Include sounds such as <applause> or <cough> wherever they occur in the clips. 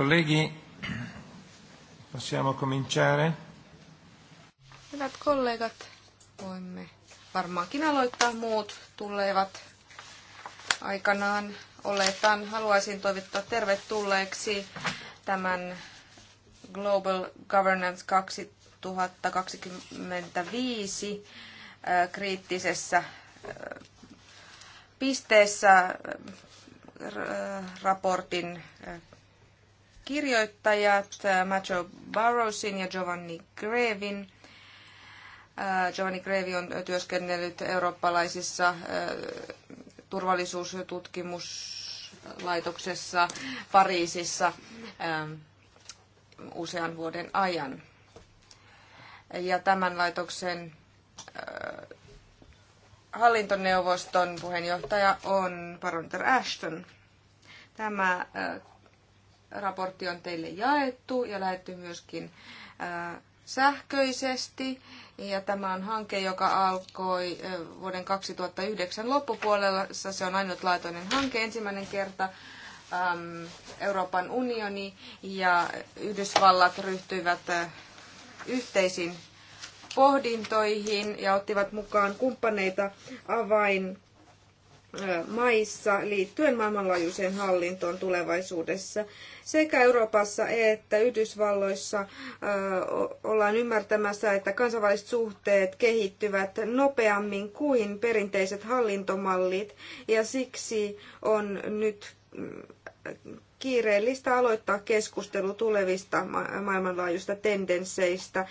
Colleghi, possiamo cominciare? Hyvät kollegat, voimme varmaankin aloittaa. Muut tulevat aikanaan. Oletan, haluaisin toivottaa tervetulleeksi tämän Global Governance 2025 äh, kriittisessä äh, pisteessä äh, raportin kirjoittajat äh, Macho Barrowsin ja Giovanni Grevin. Äh, Giovanni Grevi on työskennellyt eurooppalaisissa äh, turvallisuustutkimuslaitoksessa Pariisissa ähm, usean vuoden ajan. Ja tämän laitoksen hallintoneuvoston puheenjohtaja on Baron Ashton. Tämä raportti on teille jaettu ja lähetty myöskin sähköisesti. Ja tämä on hanke, joka alkoi vuoden 2009 loppupuolella. Se on ainutlaatuinen hanke ensimmäinen kerta. Euroopan unioni ja Yhdysvallat ryhtyivät yhteisiin pohdintoihin ja ottivat mukaan kumppaneita avain maissa liittyen maailmanlaajuiseen hallintoon tulevaisuudessa. Sekä Euroopassa että Yhdysvalloissa ollaan ymmärtämässä, että kansainväliset suhteet kehittyvät nopeammin kuin perinteiset hallintomallit, ja siksi on nyt mm, kiireellistä aloittaa keskustelu tulevista maailmanlaajuisista tendensseistä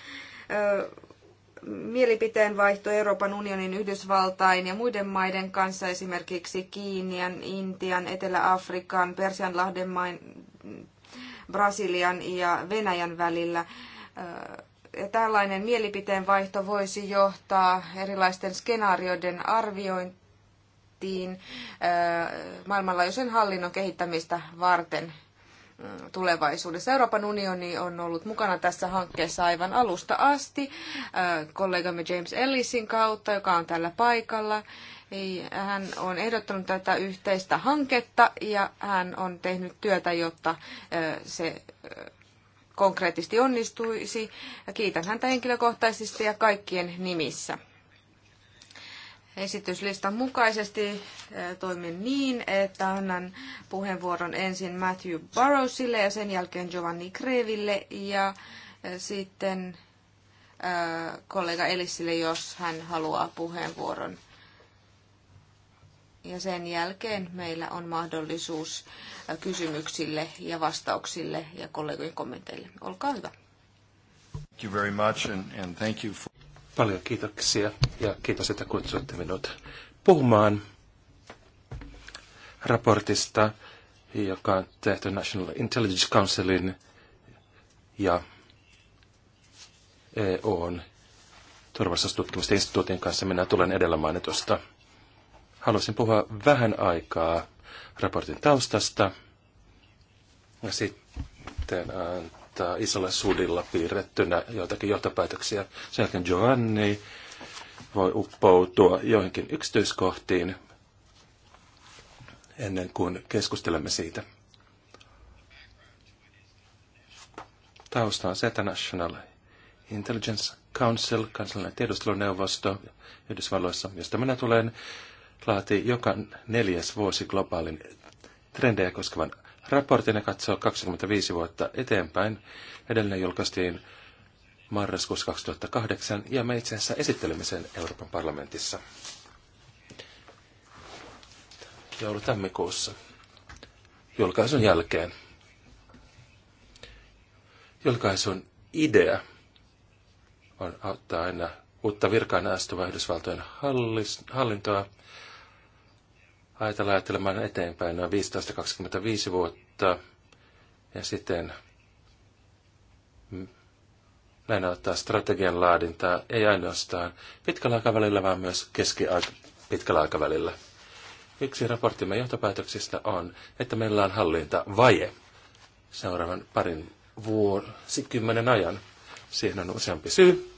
mielipiteen vaihto Euroopan unionin, Yhdysvaltain ja muiden maiden kanssa, esimerkiksi Kiinian, Intian, Etelä-Afrikan, Persianlahden main, Brasilian ja Venäjän välillä. Ja tällainen mielipiteen vaihto voisi johtaa erilaisten skenaarioiden arviointiin maailmanlaajuisen hallinnon kehittämistä varten tulevaisuudessa. Euroopan unioni on ollut mukana tässä hankkeessa aivan alusta asti äh, kollegamme James Ellisin kautta, joka on tällä paikalla. Hän on ehdottanut tätä yhteistä hanketta ja hän on tehnyt työtä, jotta äh, se äh, konkreettisesti onnistuisi. Kiitän häntä henkilökohtaisesti ja kaikkien nimissä esityslistan mukaisesti eh, toimin niin, että annan puheenvuoron ensin Matthew Burrowsille ja sen jälkeen Giovanni Kreville ja eh, sitten eh, kollega Elissille, jos hän haluaa puheenvuoron. Ja sen jälkeen meillä on mahdollisuus kysymyksille ja vastauksille ja kollegojen kommenteille. Olkaa hyvä. Thank you very much and, and thank you for... Paljon kiitoksia ja kiitos, että kutsuitte minut puhumaan raportista, joka on tehty National Intelligence Councilin ja EUn turvallisuustutkimusten instituutin kanssa. Minä tulen edellä mainitusta. Haluaisin puhua vähän aikaa raportin taustasta ja sitten äh, tota, isolla sudilla piirrettynä joitakin johtopäätöksiä. Sen jälkeen Giovanni voi uppoutua joihinkin yksityiskohtiin ennen kuin keskustelemme siitä. Tausta on se, National Intelligence Council, kansallinen tiedusteluneuvosto Yhdysvalloissa, josta minä tulen, laatii joka neljäs vuosi globaalin trendejä koskevan Raporttina katsoo 25 vuotta eteenpäin. Edelleen julkaistiin marraskuussa 2008 ja me itse asiassa esittelimme sen Euroopan parlamentissa joulu-tammikuussa julkaisun jälkeen. Julkaisun idea on auttaa aina uutta virkaan astuvaa Yhdysvaltojen hallintoa ajatella ajattelemaan eteenpäin noin 15-25 vuotta ja sitten näin ottaa strategian laadintaa ei ainoastaan pitkällä aikavälillä, vaan myös keski- pitkällä aikavälillä. Yksi raporttimme johtopäätöksistä on, että meillä on hallinta vaje seuraavan parin vuosikymmenen ajan. Siihen on useampi syy.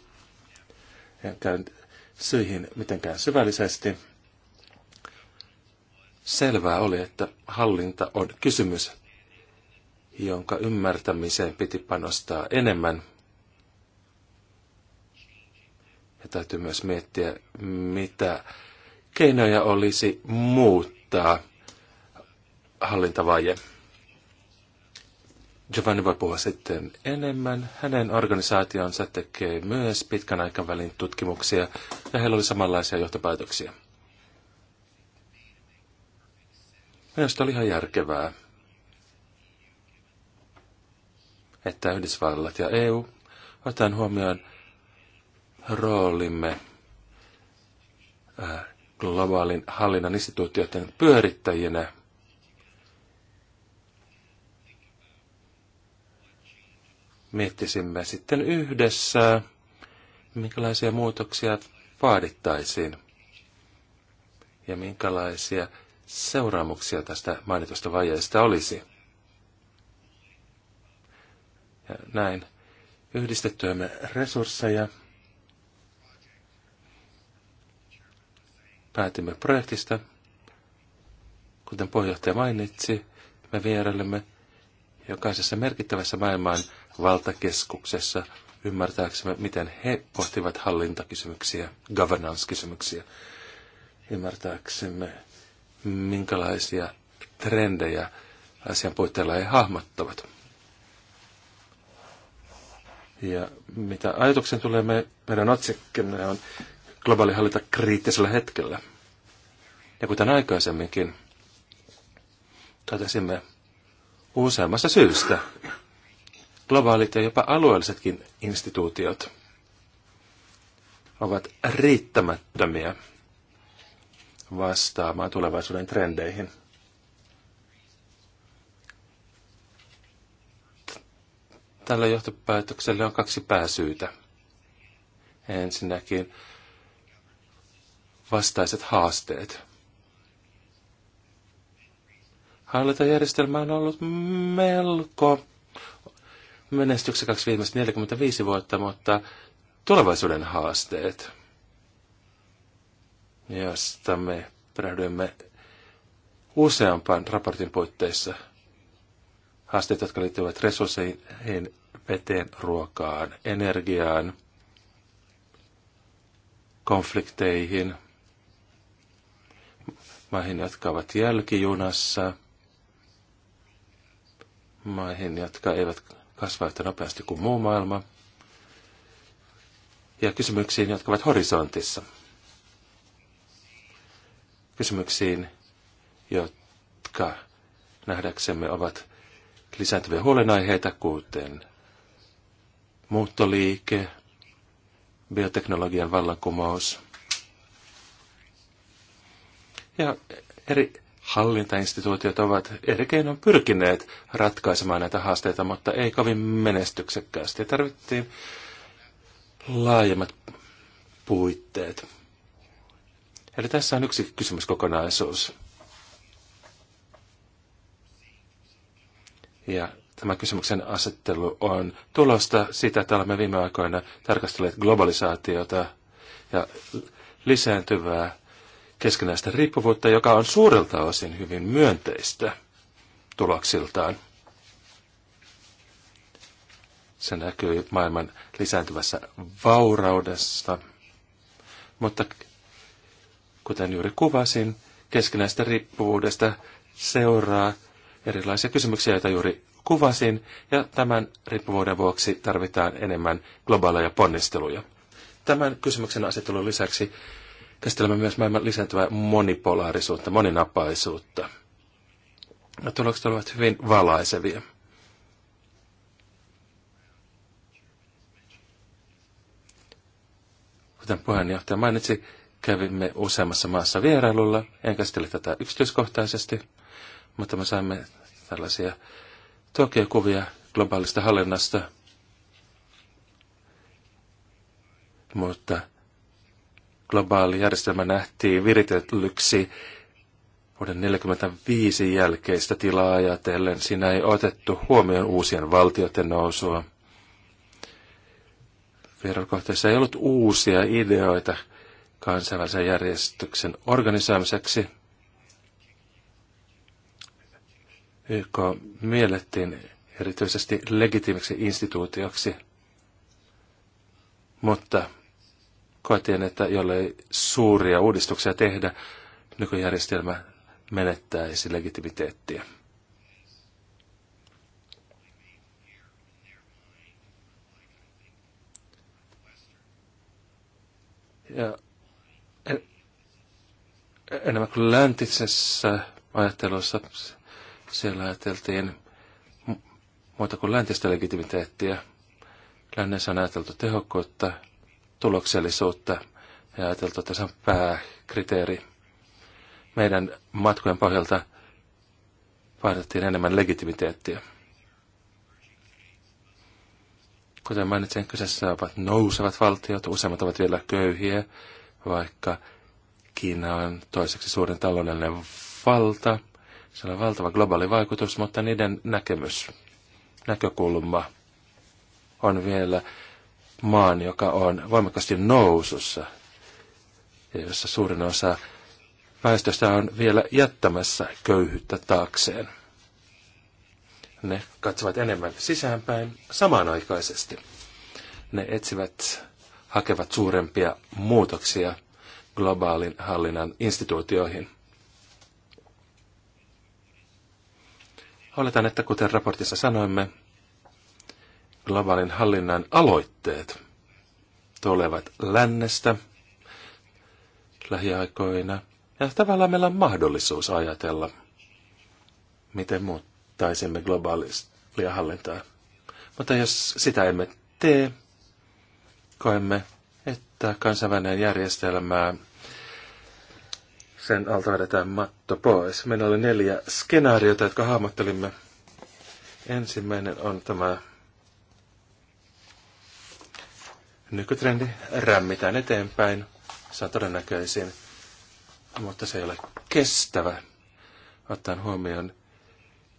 En käy syihin mitenkään syvällisesti selvää oli, että hallinta on kysymys, jonka ymmärtämiseen piti panostaa enemmän. Ja täytyy myös miettiä, mitä keinoja olisi muuttaa hallintavaje. Giovanni voi puhua sitten enemmän. Hänen organisaationsa tekee myös pitkän aikavälin tutkimuksia ja heillä oli samanlaisia johtopäätöksiä. Minusta oli ihan järkevää, että Yhdysvallat ja EU otetaan huomioon roolimme äh, globaalin hallinnan instituutioiden pyörittäjinä – miettisimme sitten yhdessä, minkälaisia muutoksia vaadittaisiin ja minkälaisia seuraamuksia tästä mainitusta vajeesta olisi. Ja näin yhdistettyämme resursseja. Päätimme projektista. Kuten puheenjohtaja mainitsi, me vierailemme jokaisessa merkittävässä maailman valtakeskuksessa ymmärtääksemme, miten he pohtivat hallintakysymyksiä, governance-kysymyksiä, ymmärtääksemme minkälaisia trendejä asian puitteilla he hahmottavat. Ja mitä ajatuksen tulee, me, meidän otsikkemme on globaali hallita kriittisellä hetkellä. Ja kuten aikaisemminkin, totesimme useammasta syystä, globaalit ja jopa alueellisetkin instituutiot ovat riittämättömiä vastaamaan tulevaisuuden trendeihin. Tällä johtopäätöksellä on kaksi pääsyytä. Ensinnäkin vastaiset haasteet. Hallintajärjestelmä on ollut melko menestyksekäksi viimeiset 45 vuotta, mutta tulevaisuuden haasteet – sitä me perehdyimme useampaan raportin puitteissa. haasteita, jotka liittyvät resursseihin, veteen, ruokaan, energiaan, konflikteihin, maihin, jotka ovat jälkijunassa, maihin, jotka eivät kasva yhtä nopeasti kuin muu maailma, ja kysymyksiin, jotka ovat horisontissa – kysymyksiin, jotka nähdäksemme ovat lisääntyviä huolenaiheita, kuten muuttoliike, bioteknologian vallankumous ja eri hallintainstituutiot ovat eri keinoin pyrkineet ratkaisemaan näitä haasteita, mutta ei kovin menestyksekkäästi. Tarvittiin laajemmat puitteet. Eli tässä on yksi kysymyskokonaisuus. Ja tämä kysymyksen asettelu on tulosta sitä, että olemme viime aikoina tarkastelleet globalisaatiota ja lisääntyvää keskinäistä riippuvuutta, joka on suurelta osin hyvin myönteistä tuloksiltaan. Se näkyy maailman lisääntyvässä vauraudessa, mutta Kuten juuri kuvasin, keskinäistä riippuvuudesta seuraa erilaisia kysymyksiä, joita juuri kuvasin, ja tämän riippuvuuden vuoksi tarvitaan enemmän globaaleja ponnisteluja. Tämän kysymyksen asettelun lisäksi käsittelemme myös maailman lisääntyvää monipolaarisuutta, moninapaisuutta. Ja no, tulokset ovat hyvin valaisevia. Kuten puheenjohtaja mainitsi, Kävimme useammassa maassa vierailulla, en käsittele tätä yksityiskohtaisesti, mutta me saimme tällaisia Tokio-kuvia globaalista hallinnasta. Mutta globaali järjestelmä nähtiin viritellyksi vuoden 1945 jälkeistä tilaa ajatellen. Siinä ei otettu huomioon uusien valtioiden nousua. Vierokohteissa ei ollut uusia ideoita kansainvälisen järjestyksen organisoimiseksi. YK miellettiin erityisesti legitiimiksi instituutioksi, mutta koettiin, että jollei suuria uudistuksia tehdä, nykyjärjestelmä menettäisi legitimiteettiä. Ja enemmän kuin läntisessä ajattelussa siellä ajateltiin muuta kuin läntistä legitimiteettiä. Lännessä on ajateltu tehokkuutta, tuloksellisuutta ja ajateltu, että se on pääkriteeri. Meidän matkojen pohjalta vaadittiin enemmän legitimiteettiä. Kuten mainitsin, kyseessä ovat nousevat valtiot, useimmat ovat vielä köyhiä, vaikka Kiina on toiseksi suurin taloudellinen valta. Se on valtava globaali vaikutus, mutta niiden näkemys, näkökulma on vielä maan, joka on voimakkaasti nousussa ja jossa suurin osa väestöstä on vielä jättämässä köyhyyttä taakseen. Ne katsovat enemmän sisäänpäin samanaikaisesti. Ne etsivät, hakevat suurempia muutoksia – globaalin hallinnan instituutioihin. Oletan, että kuten raportissa sanoimme, globaalin hallinnan aloitteet tulevat lännestä lähiaikoina, ja tavallaan meillä on mahdollisuus ajatella, miten muuttaisimme globaalia hallintaa. Mutta jos sitä emme tee, koemme käyttää kansainvälinen järjestelmää. Sen alta vedetään matto pois. Meillä oli neljä skenaariota, jotka hahmottelimme. Ensimmäinen on tämä nykytrendi. Rämmitään eteenpäin. Se on todennäköisin, mutta se ei ole kestävä. Ottaen huomioon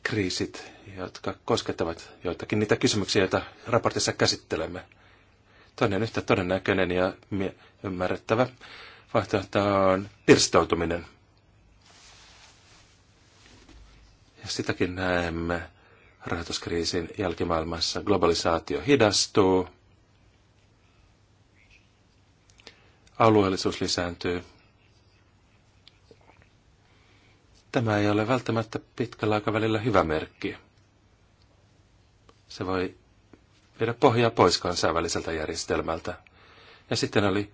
kriisit, jotka koskettavat joitakin niitä kysymyksiä, joita raportissa käsittelemme Toinen yhtä todennäköinen ja ymmärrettävä vaihtoehto on pirstoutuminen. Ja sitäkin näemme rahoituskriisin jälkimaailmassa. Globalisaatio hidastuu, alueellisuus lisääntyy. Tämä ei ole välttämättä pitkällä aikavälillä hyvä merkki. Se voi viedä pohjaa pois kansainväliseltä järjestelmältä. Ja sitten oli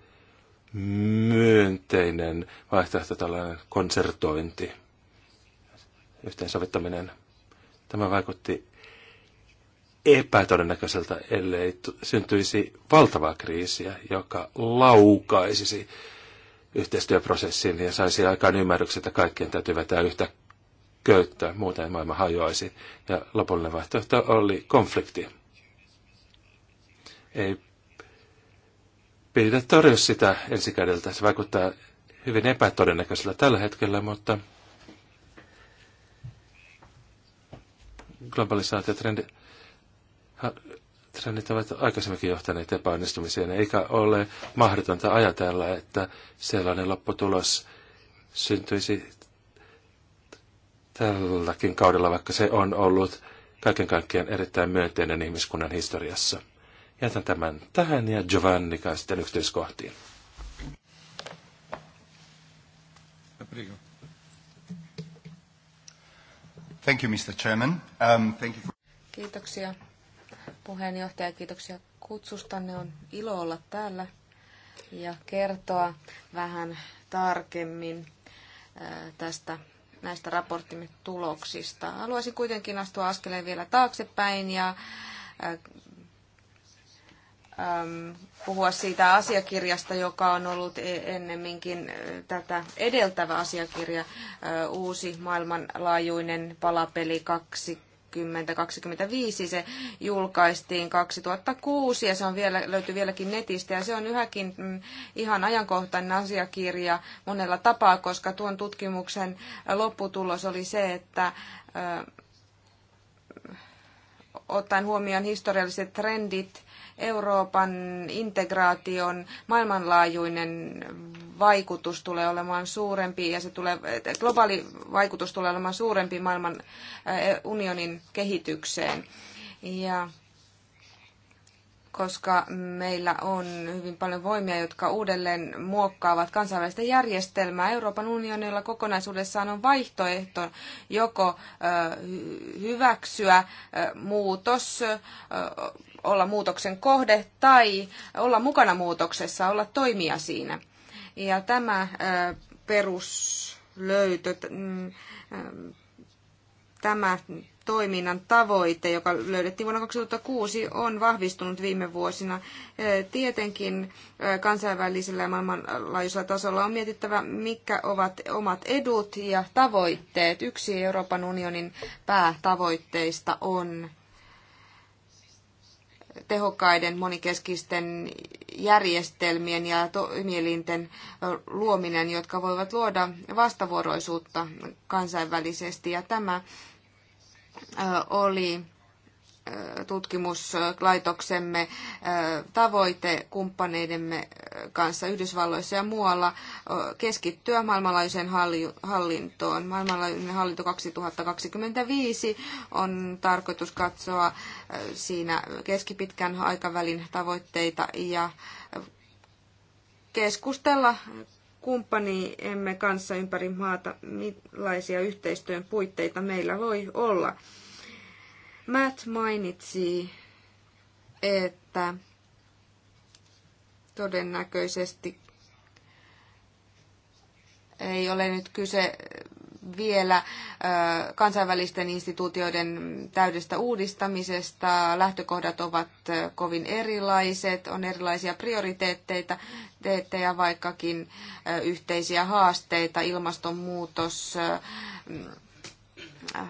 myönteinen vaihtoehto, tällainen konsertointi, yhteensovittaminen. Tämä vaikutti epätodennäköiseltä, ellei syntyisi valtavaa kriisiä, joka laukaisisi yhteistyöprosessin ja saisi aikaan ymmärryksen, että kaikkien täytyy vetää yhtä köyttä, muuten maailma hajoaisi. Ja lopullinen vaihtoehto oli konflikti ei pidä torjua sitä ensikädeltä. Se vaikuttaa hyvin epätodennäköisellä tällä hetkellä, mutta globalisaatiotrendit trendit ovat aikaisemminkin johtaneet epäonnistumiseen, eikä ole mahdotonta ajatella, että sellainen lopputulos syntyisi tälläkin kaudella, vaikka se on ollut kaiken kaikkiaan erittäin myönteinen ihmiskunnan historiassa. Jätän tämän tähän ja Giovanni kanssa sitten yhteiskohtiin. Thank you, Mr. Chairman. Um, thank you for... Kiitoksia puheenjohtaja, kiitoksia kutsusta. Ne On ilo olla täällä ja kertoa vähän tarkemmin tästä näistä raporttimme tuloksista. Haluaisin kuitenkin astua askeleen vielä taaksepäin ja Ähm, puhua siitä asiakirjasta, joka on ollut e- ennemminkin tätä edeltävä asiakirja, uusi maailmanlaajuinen palapeli 2. 2025. Se julkaistiin 2006 ja se on vielä, löytyy vieläkin netistä ja se on yhäkin mm, ihan ajankohtainen asiakirja monella tapaa, koska tuon tutkimuksen lopputulos oli se, että ö, ottaen huomioon historialliset trendit, Euroopan integraation maailmanlaajuinen vaikutus tulee olemaan suurempi ja se tulee, globaali vaikutus tulee olemaan suurempi maailman eh, unionin kehitykseen. Ja koska meillä on hyvin paljon voimia, jotka uudelleen muokkaavat kansainvälistä järjestelmää. Euroopan unionilla kokonaisuudessaan on vaihtoehto joko eh, hyväksyä eh, muutos, olla muutoksen kohde tai olla mukana muutoksessa, olla toimija siinä. Ja tämä peruslöytö, mm, tämä toiminnan tavoite, joka löydettiin vuonna 2006, on vahvistunut viime vuosina. Tietenkin kansainvälisellä ja maailmanlaajuisella tasolla on mietittävä, mitkä ovat omat edut ja tavoitteet. Yksi Euroopan unionin päätavoitteista on tehokkaiden monikeskisten järjestelmien ja toimielinten luominen, jotka voivat luoda vastavuoroisuutta kansainvälisesti. Ja tämä oli tutkimuslaitoksemme tavoite kumppaneidemme kanssa Yhdysvalloissa ja muualla keskittyä maailmanlaajuiseen hallintoon. Maailmanlaajuinen hallinto 2025 on tarkoitus katsoa siinä keskipitkän aikavälin tavoitteita ja keskustella kumppaniemme kanssa ympäri maata, millaisia yhteistyön puitteita meillä voi olla. Matt mainitsi, että todennäköisesti ei ole nyt kyse vielä kansainvälisten instituutioiden täydestä uudistamisesta. Lähtökohdat ovat kovin erilaiset, on erilaisia prioriteetteita, teettejä vaikkakin yhteisiä haasteita, ilmastonmuutos, äh,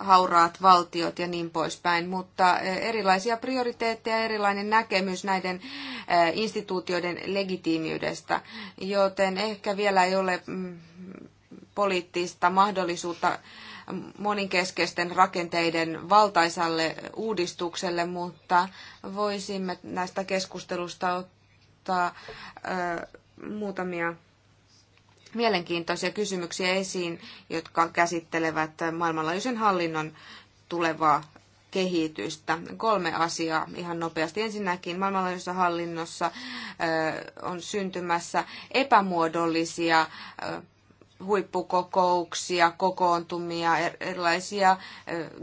hauraat valtiot ja niin poispäin, mutta eh, erilaisia prioriteetteja ja erilainen näkemys näiden eh, instituutioiden legitiimiydestä, joten ehkä vielä ei ole mm, poliittista mahdollisuutta mm, moninkeskeisten rakenteiden valtaisalle uudistukselle, mutta voisimme näistä keskustelusta ottaa eh, muutamia mielenkiintoisia kysymyksiä esiin, jotka käsittelevät maailmanlaajuisen hallinnon tulevaa kehitystä. Kolme asiaa ihan nopeasti. Ensinnäkin maailmanlaajuisessa hallinnossa on syntymässä epämuodollisia huippukokouksia, kokoontumia, er-, erilaisia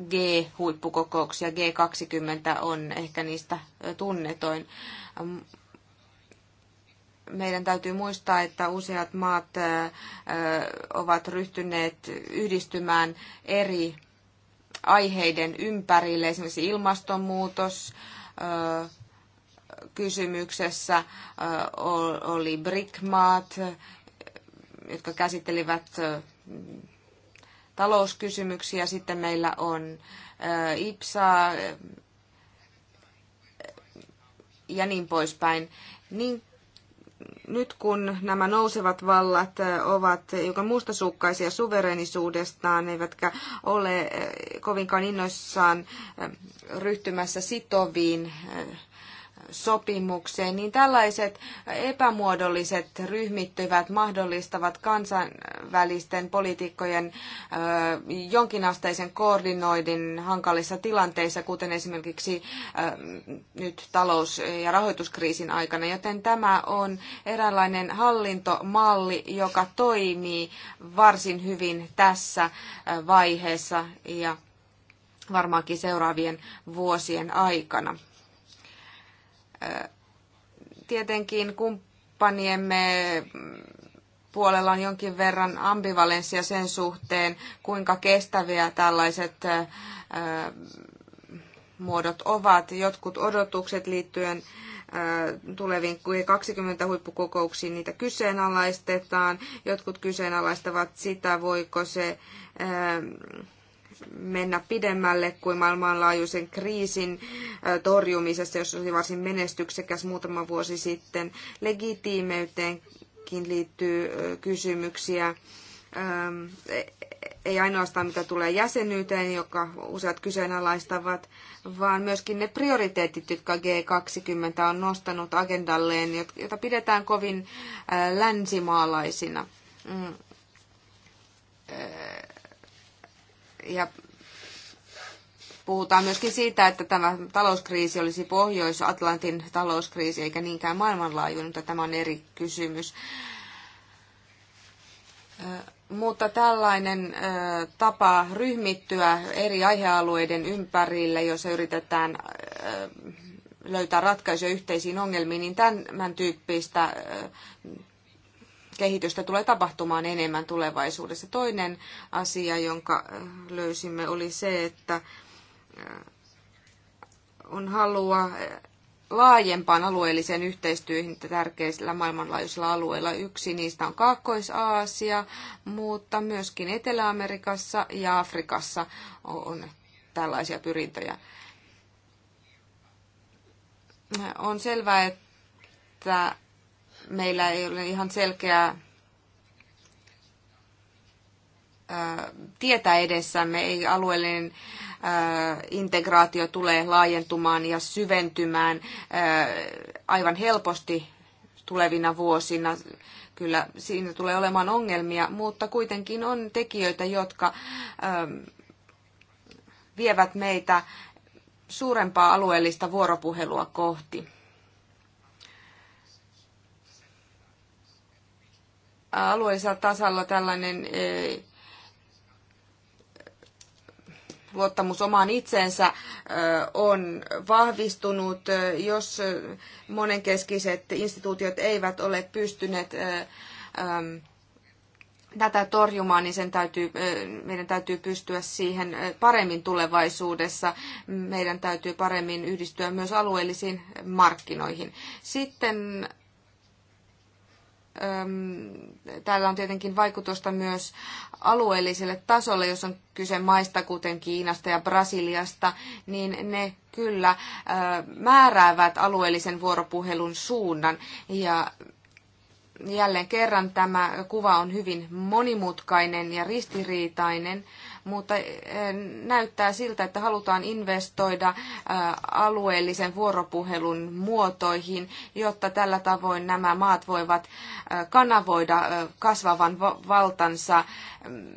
G-huippukokouksia. G20 on ehkä niistä tunnetoin meidän täytyy muistaa, että useat maat ovat ryhtyneet yhdistymään eri aiheiden ympärille, esimerkiksi ilmastonmuutos, kysymyksessä oli BRIC-maat, jotka käsittelivät talouskysymyksiä. Sitten meillä on IPSA ja niin poispäin. Niin nyt kun nämä nousevat vallat ovat hiukan mustasukkaisia suverenisuudestaan, eivätkä ole kovinkaan innoissaan ryhtymässä sitoviin sopimukseen, niin tällaiset epämuodolliset ryhmittyvät mahdollistavat kansainvälisten poliitikkojen jonkinasteisen koordinoidin hankalissa tilanteissa, kuten esimerkiksi nyt talous- ja rahoituskriisin aikana. Joten tämä on eräänlainen hallintomalli, joka toimii varsin hyvin tässä vaiheessa ja varmaankin seuraavien vuosien aikana. Tietenkin kumppaniemme puolella on jonkin verran ambivalenssia sen suhteen, kuinka kestäviä tällaiset muodot ovat. Jotkut odotukset liittyen tuleviin 20 huippukokouksiin niitä kyseenalaistetaan. Jotkut kyseenalaistavat sitä, voiko se mennä pidemmälle kuin maailmanlaajuisen kriisin torjumisessa, jos oli varsin menestyksekäs muutama vuosi sitten. Legitiimeyteenkin liittyy kysymyksiä e, e, ei ainoastaan mitä tulee jäsenyyteen, joka useat kyseenalaistavat, vaan myöskin ne prioriteetit, jotka G20 on nostanut agendalleen, jota pidetään kovin länsimaalaisina. Mm ja puhutaan myöskin siitä, että tämä talouskriisi olisi Pohjois-Atlantin talouskriisi eikä niinkään maailmanlaajuinen, mutta tämä on eri kysymys. Mutta tällainen tapa ryhmittyä eri aihealueiden ympärille, jossa yritetään löytää ratkaisuja yhteisiin ongelmiin, niin tämän tyyppistä kehitystä tulee tapahtumaan enemmän tulevaisuudessa. Toinen asia, jonka äh, löysimme, oli se, että äh, on halua äh, laajempaan alueelliseen yhteistyöhön tärkeillä maailmanlaajuisilla alueilla. Yksi niistä on Kaakkois-Aasia, mutta myöskin Etelä-Amerikassa ja Afrikassa on tällaisia pyrintöjä. On selvää, että meillä ei ole ihan selkeää tietä edessämme, ei alueellinen integraatio tulee laajentumaan ja syventymään aivan helposti tulevina vuosina. Kyllä siinä tulee olemaan ongelmia, mutta kuitenkin on tekijöitä, jotka vievät meitä suurempaa alueellista vuoropuhelua kohti. alueellisella tasalla tällainen e, luottamus omaan itseensä e, on vahvistunut, e, jos monenkeskiset instituutiot eivät ole pystyneet tätä torjumaan, niin sen täytyy, meidän täytyy pystyä siihen paremmin tulevaisuudessa. Meidän täytyy paremmin yhdistyä myös alueellisiin markkinoihin. Sitten Tällä on tietenkin vaikutusta myös alueelliselle tasolle, jos on kyse maista kuten Kiinasta ja Brasiliasta, niin ne kyllä määräävät alueellisen vuoropuhelun suunnan. Ja jälleen kerran tämä kuva on hyvin monimutkainen ja ristiriitainen mutta eh, näyttää siltä, että halutaan investoida eh, alueellisen vuoropuhelun muotoihin, jotta tällä tavoin nämä maat voivat eh, kanavoida kasvavan valtansa mm,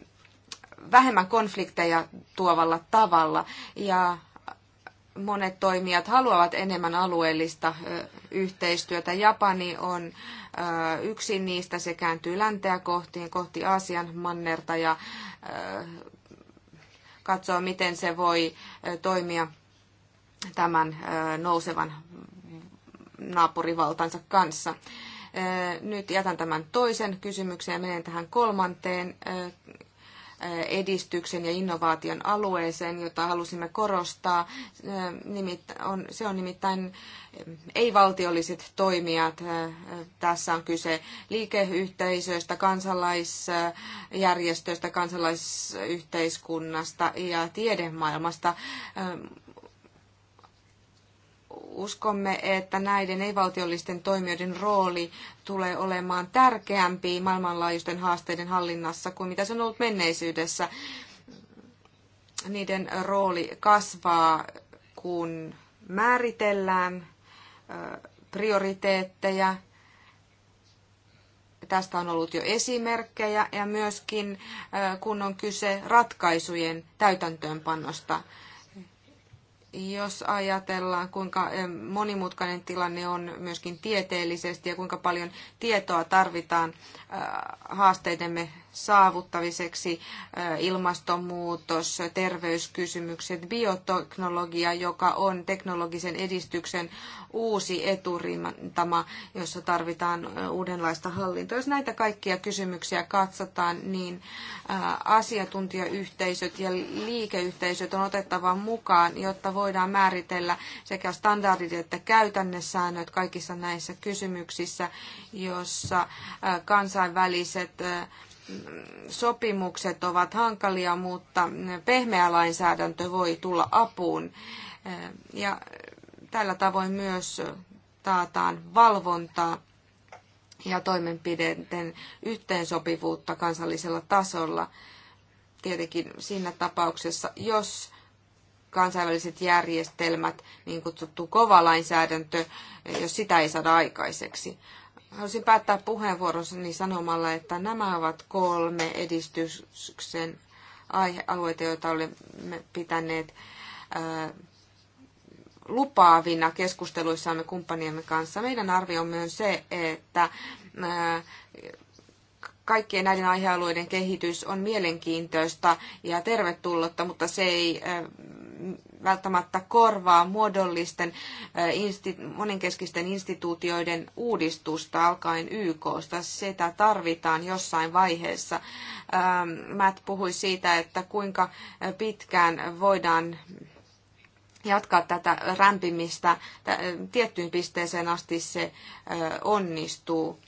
vähemmän konflikteja tuovalla tavalla. Ja monet toimijat haluavat enemmän alueellista yhteistyötä. Japani on yksi niistä, se kääntyy länteä kohti, kohti Aasian mannerta ja katsoa, miten se voi toimia tämän nousevan naapurivaltansa kanssa. Nyt jätän tämän toisen kysymyksen ja menen tähän kolmanteen Eh, edistyksen ja innovaation alueeseen, jota halusimme korostaa. Eh, se on nimittäin eh, ei-valtiolliset toimijat. Tässä on kyse liikeyhteisöistä, kansalaisjärjestöistä, kansalaisyhteiskunnasta ja tiedemaailmasta uskomme, että näiden ei-valtiollisten toimijoiden rooli tulee olemaan tärkeämpi maailmanlaajuisten haasteiden hallinnassa kuin mitä se on ollut menneisyydessä. Niiden rooli kasvaa, kun määritellään prioriteetteja. Tästä on ollut jo esimerkkejä ja myöskin kun on kyse ratkaisujen täytäntöönpanosta jos ajatellaan, kuinka eh, monimutkainen tilanne on myöskin tieteellisesti ja kuinka paljon tietoa tarvitaan eh, haasteidemme saavuttaviseksi ilmastonmuutos, terveyskysymykset, bioteknologia, joka on teknologisen edistyksen uusi eturintama, jossa tarvitaan uudenlaista hallintoa. Jos näitä kaikkia kysymyksiä katsotaan, niin asiantuntijayhteisöt ja liikeyhteisöt on otettava mukaan, jotta voidaan määritellä sekä standardit että käytännesäännöt kaikissa näissä kysymyksissä, jossa kansainväliset sopimukset ovat hankalia, mutta pehmeä lainsäädäntö voi tulla apuun. Ja tällä tavoin myös taataan valvontaa ja toimenpideiden yhteensopivuutta kansallisella tasolla. Tietenkin siinä tapauksessa, jos kansainväliset järjestelmät, niin kutsuttu kova lainsäädäntö, jos sitä ei saada aikaiseksi haluaisin päättää puheenvuorossani sanomalla, että nämä ovat kolme edistyksen aihealueita, joita olemme pitäneet äh, lupaavina keskusteluissamme kumppaniemme kanssa. Meidän arviomme on se, että äh, kaikkien näiden aihealueiden kehitys on mielenkiintoista ja tervetullutta, mutta se ei äh, välttämättä korvaa muodollisten monenkeskisten instituutioiden uudistusta alkaen YKsta. Sitä tarvitaan jossain vaiheessa. Ähm, Matt puhui siitä, että kuinka pitkään voidaan jatkaa tätä rämpimistä. Tiettyyn pisteeseen asti se onnistuu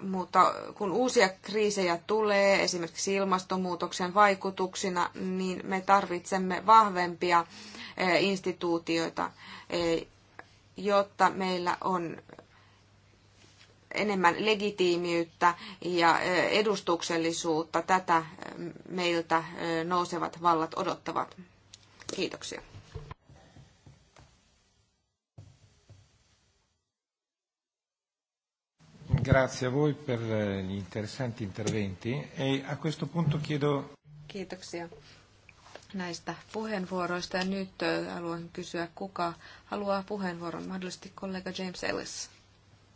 mutta kun uusia kriisejä tulee, esimerkiksi ilmastonmuutoksen vaikutuksina, niin me tarvitsemme vahvempia e, instituutioita, e, jotta meillä on enemmän legitiimiyttä ja e, edustuksellisuutta. Tätä meiltä nousevat vallat odottavat. Kiitoksia. Grazie a voi per eh, gli interessanti interventi e a questo punto chiedo... Kiitoksia näistä puheenvuoroista ja nyt eh, haluan kysyä, kuka haluaa puheenvuoron, mahdollisesti kollega James Ellis.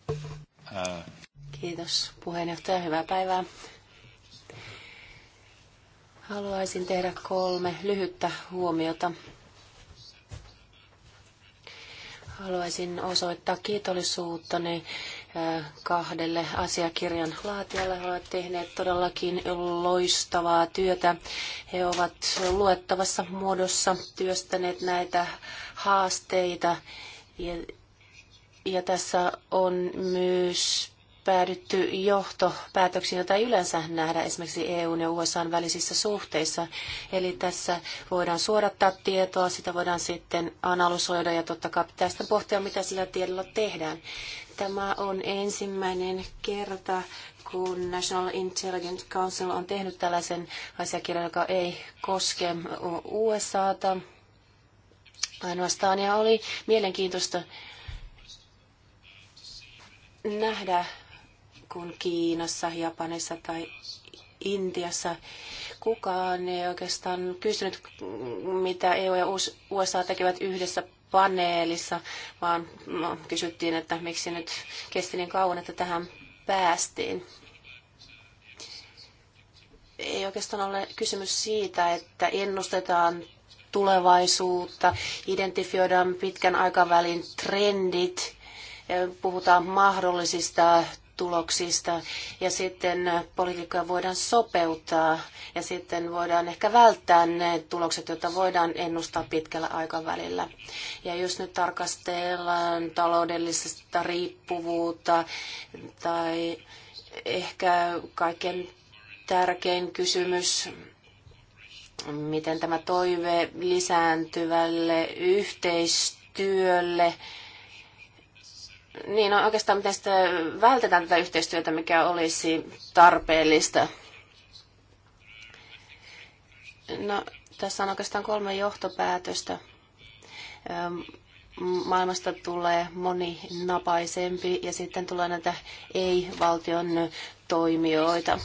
Uh. Kiitos puheenjohtaja, hyvää päivää. Haluaisin tehdä kolme lyhyttä huomiota. Haluaisin osoittaa kiitollisuuttani kahdelle asiakirjan laatijalle. He ovat tehneet todellakin loistavaa työtä. He ovat luettavassa muodossa työstäneet näitä haasteita. Ja, ja tässä on myös päädytty johtopäätöksiin, joita ei yleensä nähdä esimerkiksi EUn ja USAn välisissä suhteissa. Eli tässä voidaan suodattaa tietoa, sitä voidaan sitten analysoida ja totta kai pitää sitten pohtia, mitä sillä tiedolla tehdään. Tämä on ensimmäinen kerta, kun National Intelligence Council on tehnyt tällaisen asiakirjan, joka ei koske USAta ainoastaan. Ja oli mielenkiintoista nähdä, kuin Kiinassa, Japanissa tai Intiassa. Kukaan ei oikeastaan kysynyt, mitä EU ja USA tekevät yhdessä paneelissa, vaan no, kysyttiin, että miksi nyt kesti niin kauan, että tähän päästiin. Ei oikeastaan ole kysymys siitä, että ennustetaan tulevaisuutta, identifioidaan pitkän aikavälin trendit, puhutaan mahdollisista tuloksista ja sitten politiikkaa voidaan sopeuttaa ja sitten voidaan ehkä välttää ne tulokset, joita voidaan ennustaa pitkällä aikavälillä. Ja jos nyt tarkastellaan taloudellisesta riippuvuutta tai ehkä kaiken tärkein kysymys miten tämä toive lisääntyvälle yhteistyölle niin, no oikeastaan miten sitten vältetään tätä yhteistyötä, mikä olisi tarpeellista? No, tässä on oikeastaan kolme johtopäätöstä. Maailmasta tulee moninapaisempi ja sitten tulee näitä ei-valtion toimijoita.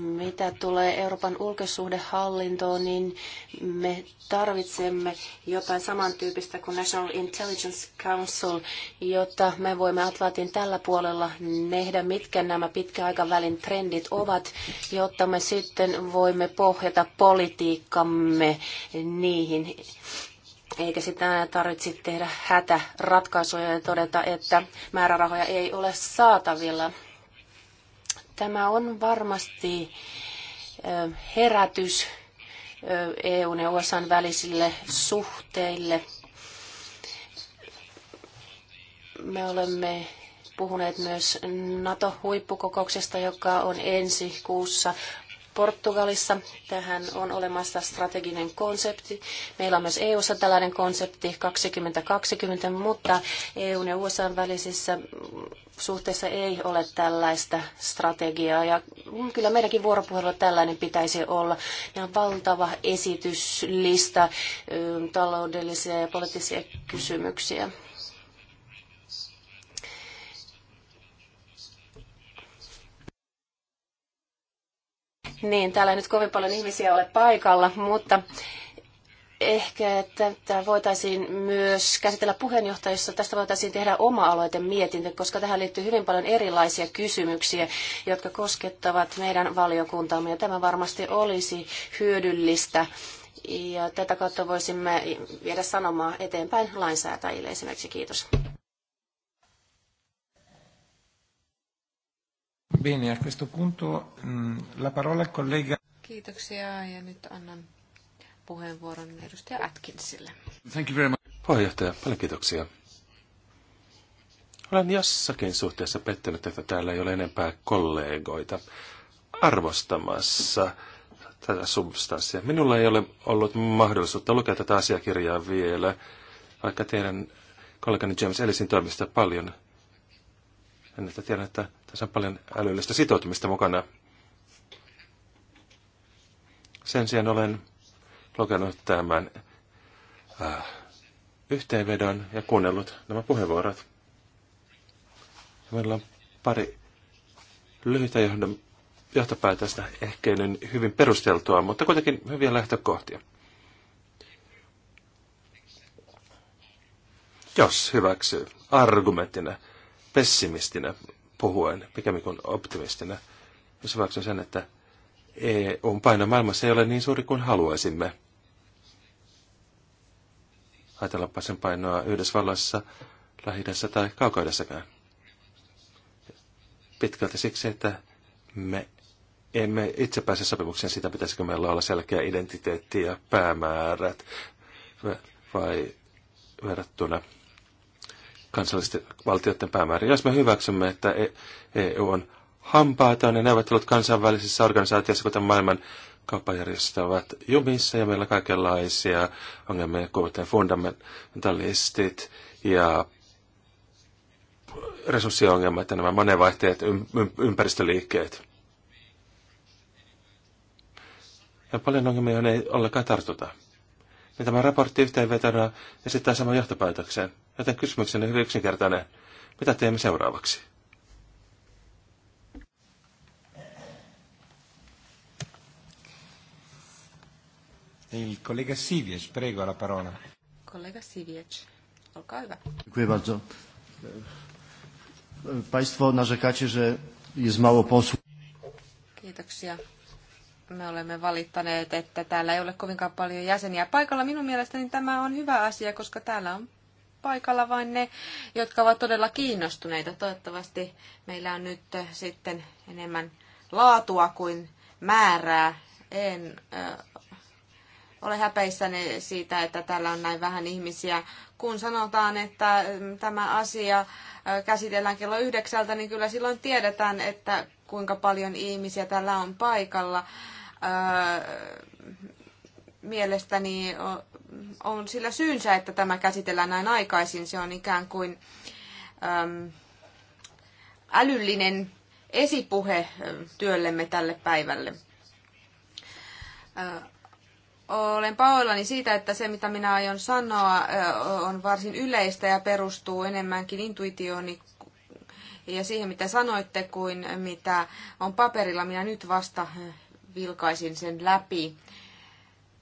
Mitä tulee Euroopan ulkosuhdehallintoon, niin me tarvitsemme jotain samantyyppistä kuin National Intelligence Council, jotta me voimme Atlantin tällä puolella nähdä, mitkä nämä pitkäaikavälin trendit ovat, jotta me sitten voimme pohjata politiikkamme niihin. Eikä sitä tarvitse tehdä hätäratkaisuja ja todeta, että määrärahoja ei ole saatavilla. Tämä on varmasti herätys EUn ja USAn välisille suhteille. Me olemme puhuneet myös NATO-huippukokouksesta, joka on ensi kuussa Portugalissa. Tähän on olemassa strateginen konsepti. Meillä on myös EU:ssa tällainen konsepti 2020, mutta EUn ja USAn välisissä suhteessa ei ole tällaista strategiaa. Ja kyllä meidänkin vuoropuhelulla tällainen pitäisi olla. ja valtava esityslista taloudellisia ja poliittisia kysymyksiä. Niin, täällä ei nyt kovin paljon ihmisiä ole paikalla, mutta ehkä tätä voitaisiin myös käsitellä puheenjohtajassa. Tästä voitaisiin tehdä oma-aloite mietintö, koska tähän liittyy hyvin paljon erilaisia kysymyksiä, jotka koskettavat meidän valiokuntaamme. Ja tämä varmasti olisi hyödyllistä. Ja tätä kautta voisimme viedä sanomaa eteenpäin lainsäätäjille esimerkiksi. Kiitos. Bene, a questo punto mm, la parola collega... Kiitoksia ja nyt annan puheenvuoron edustaja Atkinsille. Thank you very much. Puheenjohtaja, paljon kiitoksia. Olen jossakin suhteessa pettynyt, että täällä ei ole enempää kollegoita arvostamassa tätä substanssia. Minulla ei ole ollut mahdollisuutta lukea tätä asiakirjaa vielä, vaikka teidän kollegani James Ellisin toimista paljon. En että tiedän, että tässä on paljon älyllistä sitoutumista mukana. Sen sijaan olen lukenut tämän äh, yhteenvedon ja kuunnellut nämä puheenvuorot. Ja meillä on pari lyhyitä johtopäätöstä, ehkä niin hyvin perusteltua, mutta kuitenkin hyviä lähtökohtia. Jos hyväksyy argumenttina, pessimistinä, puhuen, mikä on optimistina, jos hyväksyn sen, että EUn paino maailmassa ei ole niin suuri kuin haluaisimme. Ajatellaanpa sen painoa Yhdysvalloissa, lähi tai kaukoidassakään. Pitkälti siksi, että me emme itse pääse sopimukseen siitä, pitäisikö meillä olla selkeä identiteetti ja päämäärät vai verrattuna kansallisten valtioiden päämäärä. Jos me hyväksymme, että EU e on hampaataan ja neuvottelut kansainvälisissä organisaatioissa, kuten maailman kauppajärjestöt ovat jumissa ja meillä kaikenlaisia ongelmia, kuten fundamentalistit ja resurssiongelmat ja nämä monenvaihteet ympäristöliikkeet. Ja paljon ongelmia ei ollenkaan tartuta niin tämä raportti yhteenvetona esittää saman johtopäätöksen. Joten kysymykseni on hyvin yksinkertainen. Mitä teemme seuraavaksi? Il collega Siviec, prego la parola. Kollega Siviec, olkaa hyvä. Dziękuję bardzo. Państwo narzekacie, że jest mało posłów. Kiitoksia me olemme valittaneet, että täällä ei ole kovinkaan paljon jäseniä paikalla. Minun mielestäni tämä on hyvä asia, koska täällä on paikalla vain ne, jotka ovat todella kiinnostuneita. Toivottavasti meillä on nyt sitten enemmän laatua kuin määrää. En äh, ole häpeissäni siitä, että täällä on näin vähän ihmisiä. Kun sanotaan, että mm, tämä asia käsitellään kello yhdeksältä, niin kyllä silloin tiedetään, että kuinka paljon ihmisiä täällä on paikalla mielestäni on sillä syynsä, että tämä käsitellään näin aikaisin. Se on ikään kuin älyllinen esipuhe työllemme tälle päivälle. Olen pahoillani siitä, että se mitä minä aion sanoa on varsin yleistä ja perustuu enemmänkin intuitiooni ja siihen mitä sanoitte kuin mitä on paperilla. Minä nyt vasta vilkaisin sen läpi.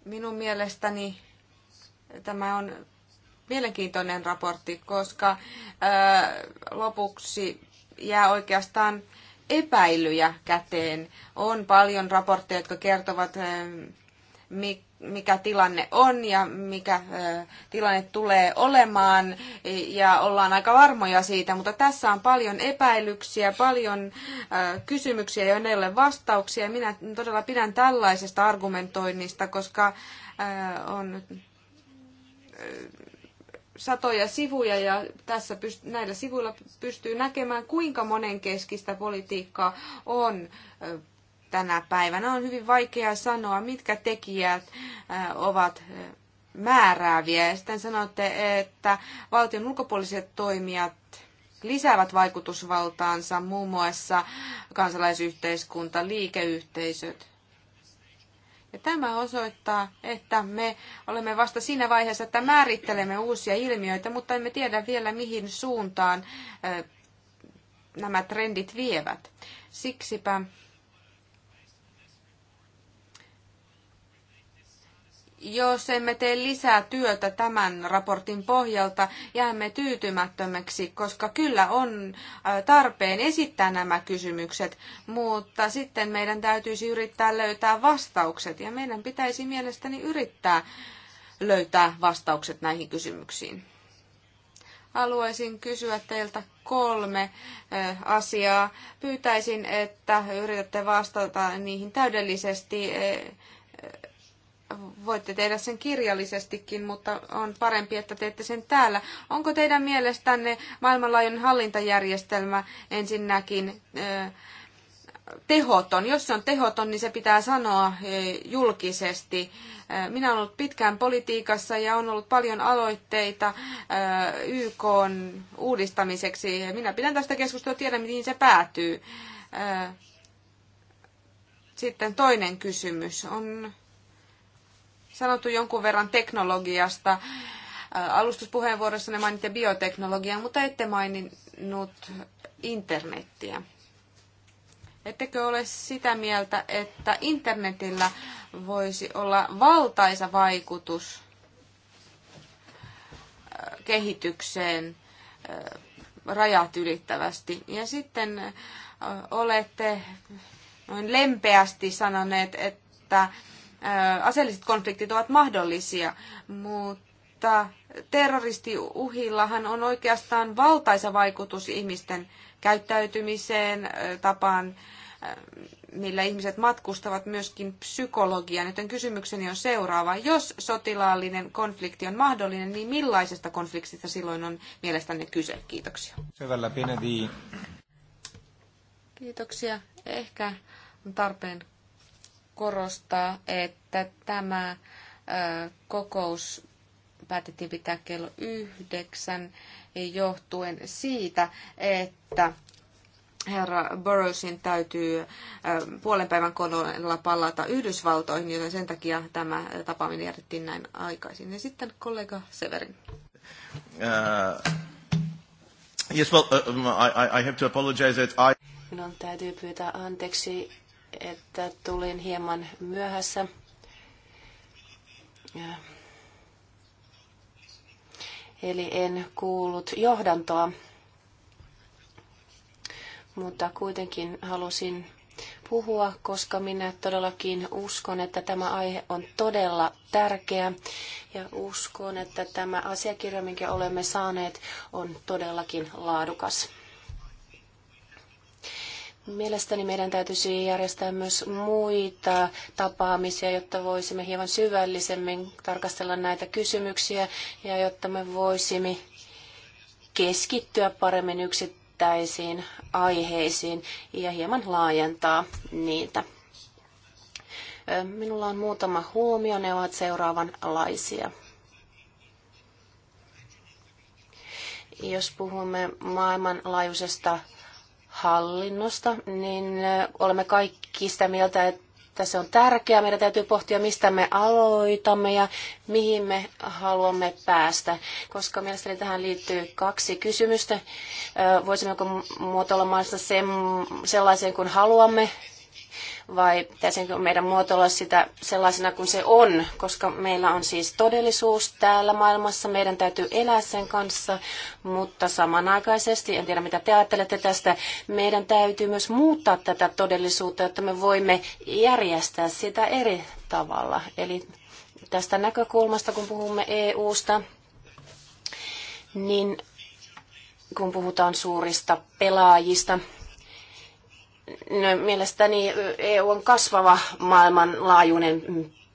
Minun mielestäni tämä on mielenkiintoinen raportti, koska lopuksi jää oikeastaan epäilyjä käteen. On paljon raportteja, jotka kertovat, mik, mikä tilanne on ja mikä tilanne tulee olemaan ja ollaan aika varmoja siitä, mutta tässä on paljon epäilyksiä, paljon kysymyksiä, ja ei ole vastauksia. Minä todella pidän tällaisesta argumentoinnista, koska on satoja sivuja ja tässä pyst- näillä sivuilla pystyy näkemään, kuinka monenkeskistä politiikkaa on tänä päivänä. On hyvin vaikea sanoa, mitkä tekijät ovat määrääviä. Ja sitten sanotte, että valtion ulkopuoliset toimijat lisäävät vaikutusvaltaansa, muun muassa kansalaisyhteiskunta, liikeyhteisöt. Ja tämä osoittaa, että me olemme vasta siinä vaiheessa, että määrittelemme uusia ilmiöitä, mutta emme tiedä vielä mihin suuntaan nämä trendit vievät. Siksipä jos emme tee lisää työtä tämän raportin pohjalta, jäämme tyytymättömäksi, koska kyllä on äh, tarpeen esittää nämä kysymykset, mutta sitten meidän täytyisi yrittää löytää vastaukset ja meidän pitäisi mielestäni yrittää löytää vastaukset näihin kysymyksiin. Haluaisin kysyä teiltä kolme äh, asiaa. Pyytäisin, että yritätte vastata niihin täydellisesti äh, voitte tehdä sen kirjallisestikin, mutta on parempi, että teette sen täällä. Onko teidän mielestänne maailmanlaajuinen hallintajärjestelmä ensinnäkin tehoton? Jos se on tehoton, niin se pitää sanoa julkisesti. Minä olen ollut pitkään politiikassa ja on ollut paljon aloitteita YK uudistamiseksi. Minä pidän tästä keskustelua, tiedä, mihin se päätyy. Sitten toinen kysymys on sanottu jonkun verran teknologiasta. Alustuspuheenvuorossa ne mainitte bioteknologiaa, mutta ette maininnut internettiä. Ettekö ole sitä mieltä, että internetillä voisi olla valtaisa vaikutus kehitykseen rajat ylittävästi? Ja sitten olette noin lempeästi sanoneet, että aseelliset konfliktit ovat mahdollisia, mutta terroristiuhillahan on oikeastaan valtaisa vaikutus ihmisten käyttäytymiseen, tapaan millä ihmiset matkustavat myöskin psykologiaan, joten kysymykseni on seuraava. Jos sotilaallinen konflikti on mahdollinen, niin millaisesta konfliktista silloin on mielestänne kyse? Kiitoksia. Kiitoksia. Ehkä on tarpeen korostaa, että tämä kokous päätettiin pitää kello yhdeksän johtuen siitä, että herra Burrowsin täytyy puolen päivän koneella palata Yhdysvaltoihin, joten sen takia tämä tapaaminen järjettiin näin aikaisin. Ja sitten kollega Severin. Uh, yes, well, uh, um, I, I have to apologize that I... Minun täytyy pyytää anteeksi että tulin hieman myöhässä. Eli en kuullut johdantoa, mutta kuitenkin halusin puhua, koska minä todellakin uskon, että tämä aihe on todella tärkeä ja uskon, että tämä asiakirja, minkä olemme saaneet, on todellakin laadukas. Mielestäni meidän täytyisi järjestää myös muita tapaamisia, jotta voisimme hieman syvällisemmin tarkastella näitä kysymyksiä ja jotta me voisimme keskittyä paremmin yksittäisiin aiheisiin ja hieman laajentaa niitä. Minulla on muutama huomio, ne ovat seuraavanlaisia. Jos puhumme maailmanlaajuisesta hallinnosta, niin olemme kaikki sitä mieltä, että se on tärkeää. Meidän täytyy pohtia, mistä me aloitamme ja mihin me haluamme päästä, koska mielestäni tähän liittyy kaksi kysymystä. Voisimmeko muotoilla maailmasta sellaiseen kuin haluamme vai pitäisikö meidän muotoilla sitä sellaisena kuin se on, koska meillä on siis todellisuus täällä maailmassa, meidän täytyy elää sen kanssa, mutta samanaikaisesti, en tiedä mitä te ajattelette tästä, meidän täytyy myös muuttaa tätä todellisuutta, jotta me voimme järjestää sitä eri tavalla. Eli tästä näkökulmasta, kun puhumme EUsta, niin kun puhutaan suurista pelaajista, No, mielestäni EU on kasvava maailmanlaajuinen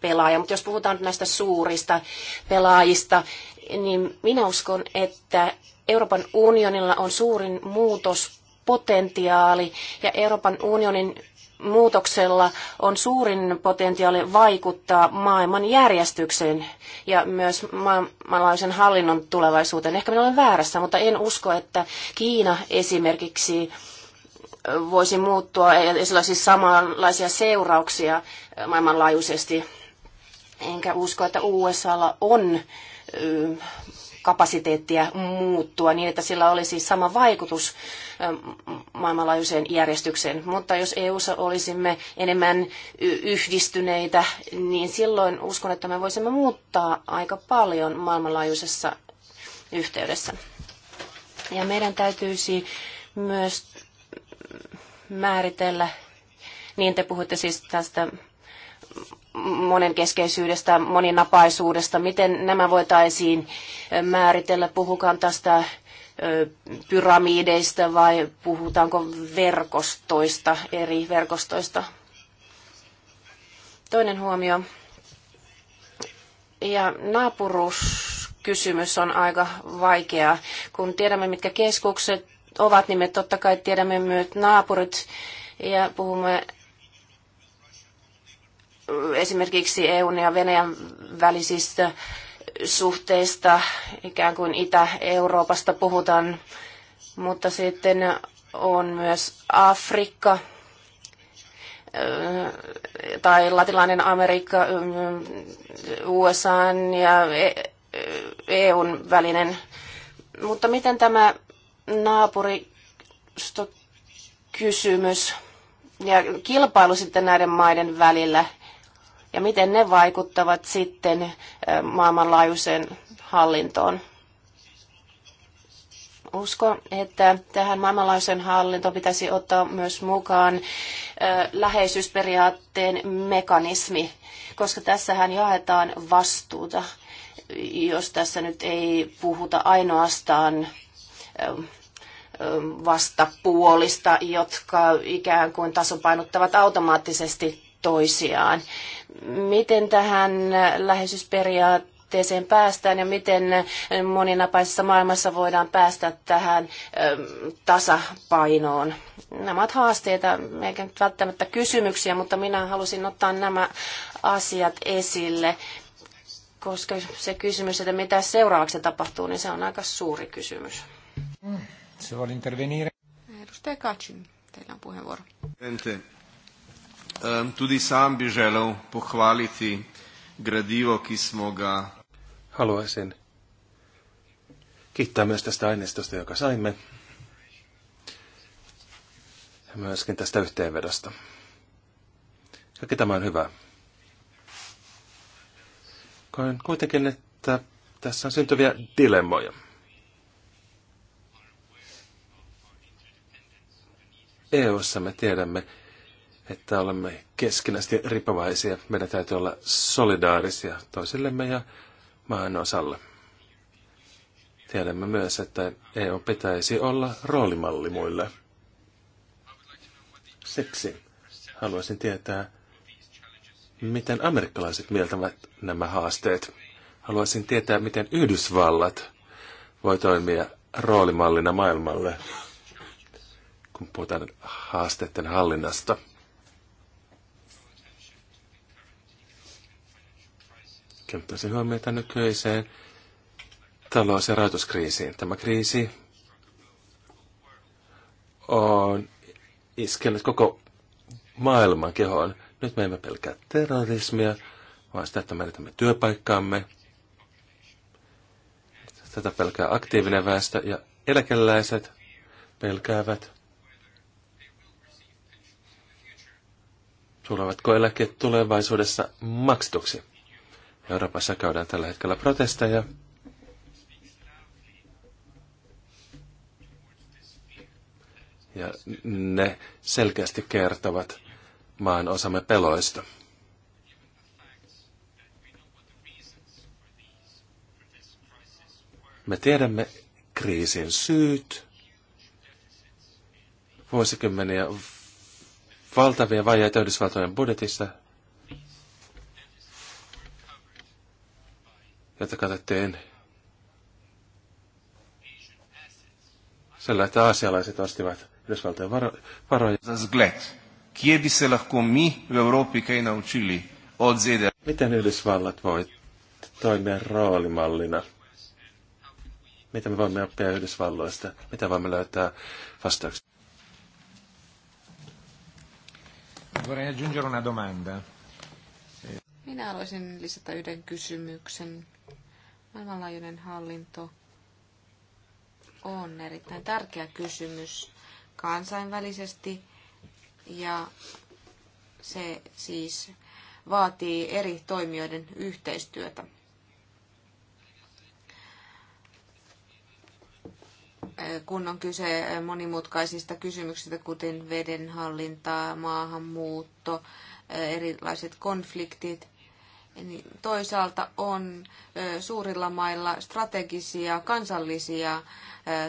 pelaaja, mutta jos puhutaan näistä suurista pelaajista, niin minä uskon, että Euroopan unionilla on suurin muutospotentiaali ja Euroopan unionin muutoksella on suurin potentiaali vaikuttaa maailman järjestykseen ja myös maailmanlaajuisen hallinnon tulevaisuuteen. Ehkä minä olen väärässä, mutta en usko, että Kiina esimerkiksi voisi muuttua ja sillä olisi samanlaisia seurauksia maailmanlaajuisesti. Enkä usko, että USAlla on kapasiteettia muuttua niin, että sillä olisi sama vaikutus maailmanlaajuiseen järjestykseen. Mutta jos EUssa olisimme enemmän yhdistyneitä, niin silloin uskon, että me voisimme muuttaa aika paljon maailmanlaajuisessa yhteydessä. Ja meidän täytyisi myös määritellä. Niin te puhutte siis tästä monenkeskeisyydestä, moninapaisuudesta. Miten nämä voitaisiin määritellä? Puhukaan tästä pyramideista vai puhutaanko verkostoista, eri verkostoista? Toinen huomio. Ja naapuruuskysymys on aika vaikea, kun tiedämme, mitkä keskukset ovat, niin me totta kai tiedämme myös naapurit ja puhumme esimerkiksi EUn ja Venäjän välisistä suhteista, ikään kuin Itä-Euroopasta puhutaan, mutta sitten on myös Afrikka äh, tai latinalainen Amerikka, äh, USA ja EUn e- e- e välinen. Mutta miten tämä kysymys ja kilpailu sitten näiden maiden välillä ja miten ne vaikuttavat sitten maailmanlaajuiseen hallintoon. Uskon, että tähän maailmanlaajuisen hallintoon pitäisi ottaa myös mukaan läheisyysperiaatteen mekanismi, koska tässähän jaetaan vastuuta, jos tässä nyt ei puhuta ainoastaan vastapuolista, jotka ikään kuin tasapainottavat automaattisesti toisiaan. Miten tähän läheisyysperiaatteeseen päästään ja miten moninapaisessa maailmassa voidaan päästä tähän ähm, tasapainoon? Nämä ovat haasteita, eikä nyt välttämättä kysymyksiä, mutta minä halusin ottaa nämä asiat esille, koska se kysymys, että mitä seuraavaksi tapahtuu, niin se on aika suuri kysymys. Se vuole intervenire. Edustaja Kacin, teillä on puheenvuoro. Ente. Ehm, tudi sam bi želel pohvaliti gradivo, ki smo ga... Haluaisin kiittää myös tästä aineistosta, joka saimme. Ja myöskin tästä yhteenvedosta. Kaikki tämä on hyvä. Koen kuitenkin, että tässä on syntyviä dilemmoja. EU-ssa me tiedämme, että olemme keskinäisesti ripavaisia. Meidän täytyy olla solidaarisia toisillemme ja maan osalle. Tiedämme myös, että EU pitäisi olla roolimalli muille. Siksi haluaisin tietää, miten amerikkalaiset mieltävät nämä haasteet. Haluaisin tietää, miten Yhdysvallat voi toimia roolimallina maailmalle kun puhutaan haasteiden hallinnasta. Kiinnittäisin huomiota nykyiseen talous- ja rahoituskriisiin. Tämä kriisi on iskenyt koko maailman kehoon. Nyt me emme pelkää terrorismia, vaan sitä, että menetämme työpaikkaamme. Tätä pelkää aktiivinen väestö ja eläkeläiset pelkäävät Tulevatko eläkkeet tulevaisuudessa maksetuksi? Euroopassa käydään tällä hetkellä protesteja. Ja ne selkeästi kertovat maan osamme peloista. Me tiedämme kriisin syyt, vuosikymmeniä valtavia vajeita Yhdysvaltojen budjetissa, jota katsottiin sillä, että aasialaiset ostivat Yhdysvaltojen varo- varoja. Miten Yhdysvallat voi toimia roolimallina? Mitä me voimme oppia Yhdysvalloista? Mitä voimme löytää vastauksia? Vorrei aggiungere una domanda. Minä haluaisin lisätä yhden kysymyksen. Maailmanlaajuinen hallinto on erittäin tärkeä kysymys kansainvälisesti ja se siis vaatii eri toimijoiden yhteistyötä. kun on kyse monimutkaisista kysymyksistä, kuten vedenhallintaa, maahanmuutto, erilaiset konfliktit, niin toisaalta on suurilla mailla strategisia kansallisia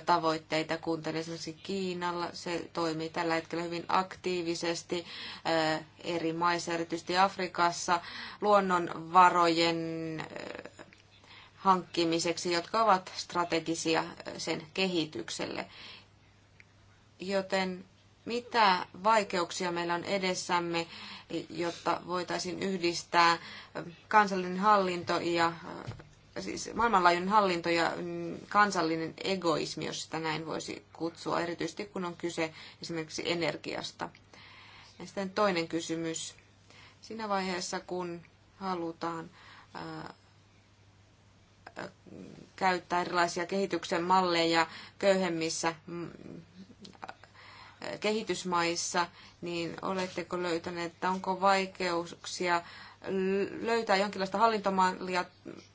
tavoitteita, kuten esimerkiksi Kiinalla. Se toimii tällä hetkellä hyvin aktiivisesti eri maissa, erityisesti Afrikassa, luonnonvarojen hankkimiseksi, jotka ovat strategisia sen kehitykselle. Joten mitä vaikeuksia meillä on edessämme, jotta voitaisiin yhdistää kansallinen hallinto ja siis maailmanlaajuinen hallinto ja mm, kansallinen egoismi, jos sitä näin voisi kutsua, erityisesti kun on kyse esimerkiksi energiasta. Ja sitten toinen kysymys. Siinä vaiheessa, kun halutaan ää, käyttää erilaisia kehityksen malleja köyhemmissä mm, kehitysmaissa, niin oletteko löytäneet, että onko vaikeuksia löytää jonkinlaista hallintomallia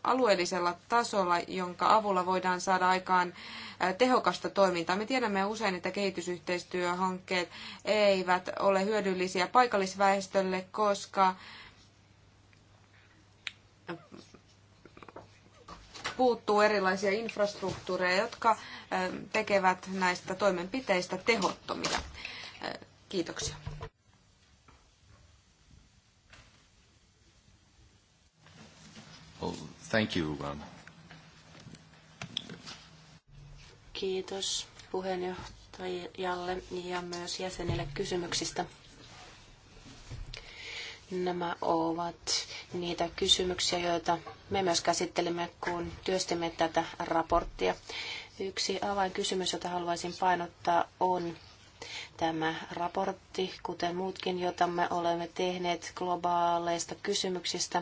alueellisella tasolla, jonka avulla voidaan saada aikaan tehokasta toimintaa. Me tiedämme usein, että kehitysyhteistyöhankkeet eivät ole hyödyllisiä paikallisväestölle, koska puuttuu erilaisia infrastruktuureja, jotka tekevät näistä toimenpiteistä tehottomia. Kiitoksia. Thank you. Kiitos puheenjohtajalle ja myös jäsenille kysymyksistä. Nämä ovat niitä kysymyksiä, joita me myös käsittelemme, kun työstimme tätä raporttia. Yksi avainkysymys, jota haluaisin painottaa, on tämä raportti, kuten muutkin, jota me olemme tehneet globaaleista kysymyksistä,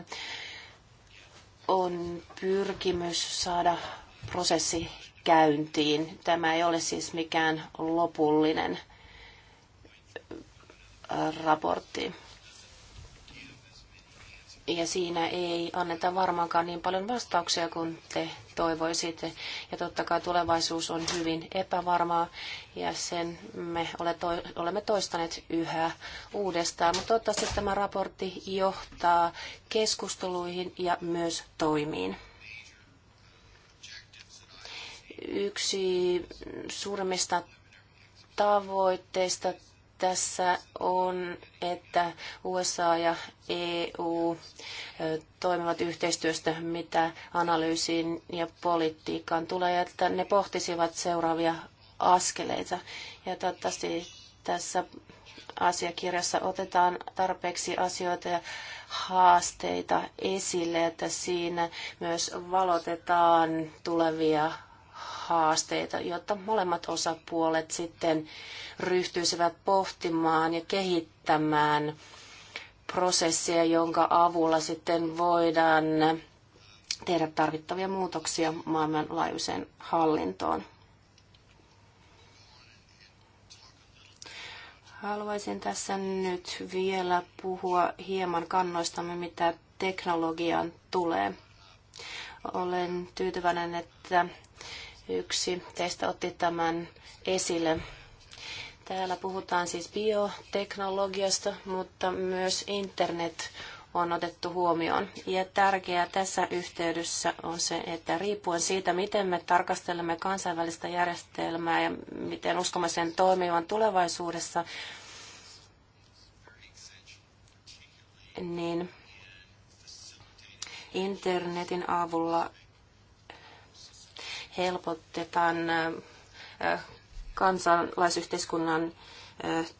on pyrkimys saada prosessi käyntiin. Tämä ei ole siis mikään lopullinen raportti ja siinä ei anneta varmaankaan niin paljon vastauksia kuin te toivoisitte. Ja totta kai tulevaisuus on hyvin epävarmaa ja sen me olemme toistaneet yhä uudestaan. Mutta toivottavasti tämä raportti johtaa keskusteluihin ja myös toimiin yksi suurimmista tavoitteista tässä on, että USA ja EU toimivat yhteistyöstä, mitä analyysiin ja politiikkaan tulee, että ne pohtisivat seuraavia askeleita. Ja toivottavasti tässä asiakirjassa otetaan tarpeeksi asioita ja haasteita esille, että siinä myös valotetaan tulevia haasteita, jotta molemmat osapuolet sitten ryhtyisivät pohtimaan ja kehittämään prosessia, jonka avulla sitten voidaan tehdä tarvittavia muutoksia maailmanlaajuiseen hallintoon. Haluaisin tässä nyt vielä puhua hieman kannoistamme, mitä teknologiaan tulee. Olen tyytyväinen, että Yksi teistä otti tämän esille. Täällä puhutaan siis bioteknologiasta, mutta myös internet on otettu huomioon. Ja tärkeää tässä yhteydessä on se, että riippuen siitä, miten me tarkastelemme kansainvälistä järjestelmää ja miten uskomme sen toimivan tulevaisuudessa, niin internetin avulla helpotetaan kansalaisyhteiskunnan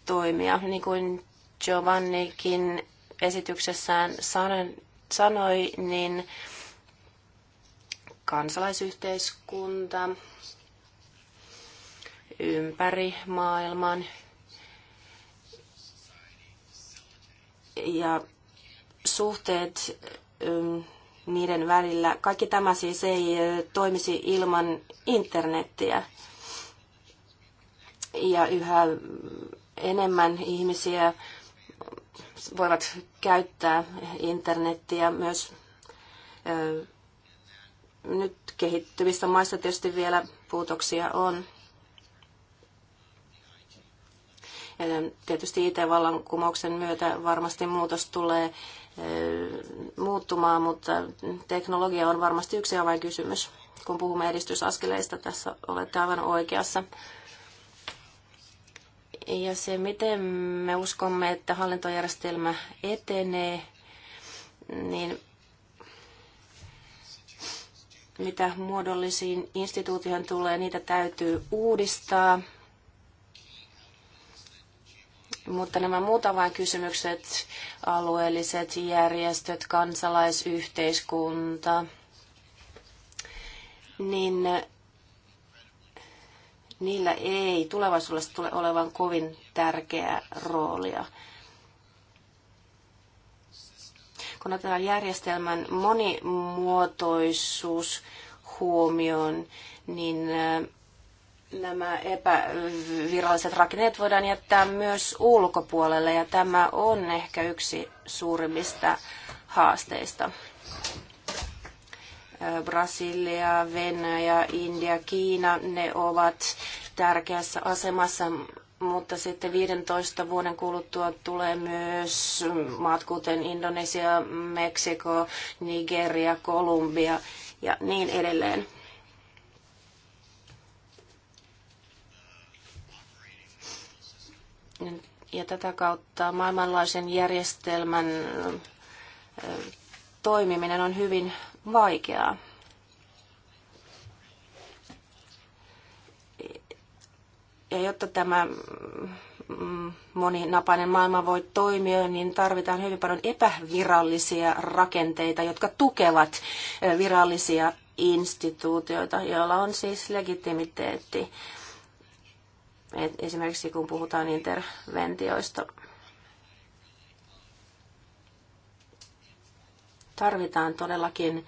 toimia. Niin kuin Giovannikin esityksessään sanoi, niin kansalaisyhteiskunta ympäri maailman ja suhteet niiden välillä. Kaikki tämä siis ei toimisi ilman internettiä. Ja yhä enemmän ihmisiä voivat käyttää internettiä myös nyt kehittyvissä maissa tietysti vielä puutoksia on. Ja tietysti IT-vallankumouksen myötä varmasti muutos tulee Eh, muuttumaan, mutta teknologia on varmasti yksi avainkysymys. Kun puhumme edistysaskeleista, tässä olette aivan oikeassa. Ja se, miten me uskomme, että hallintojärjestelmä etenee, niin mitä muodollisiin instituutioihin tulee, niitä täytyy uudistaa mutta nämä muut avainkysymykset, alueelliset järjestöt, kansalaisyhteiskunta, niin niillä ei tulevaisuudessa tule olevan kovin tärkeää roolia. Kun otetaan järjestelmän monimuotoisuus huomioon, niin nämä epäviralliset rakenteet voidaan jättää myös ulkopuolelle ja tämä on ehkä yksi suurimmista haasteista. Brasilia, Venäjä, India, Kiina, ne ovat tärkeässä asemassa, mutta sitten 15 vuoden kuluttua tulee myös maat kuten Indonesia, Meksiko, Nigeria, Kolumbia ja niin edelleen. ja tätä kautta maailmanlaisen järjestelmän toimiminen on hyvin vaikeaa. Ja jotta tämä mm, moninapainen maailma voi toimia, niin tarvitaan hyvin paljon epävirallisia rakenteita, jotka tukevat virallisia instituutioita, joilla on siis legitimiteetti esimerkiksi kun puhutaan interventioista. Tarvitaan todellakin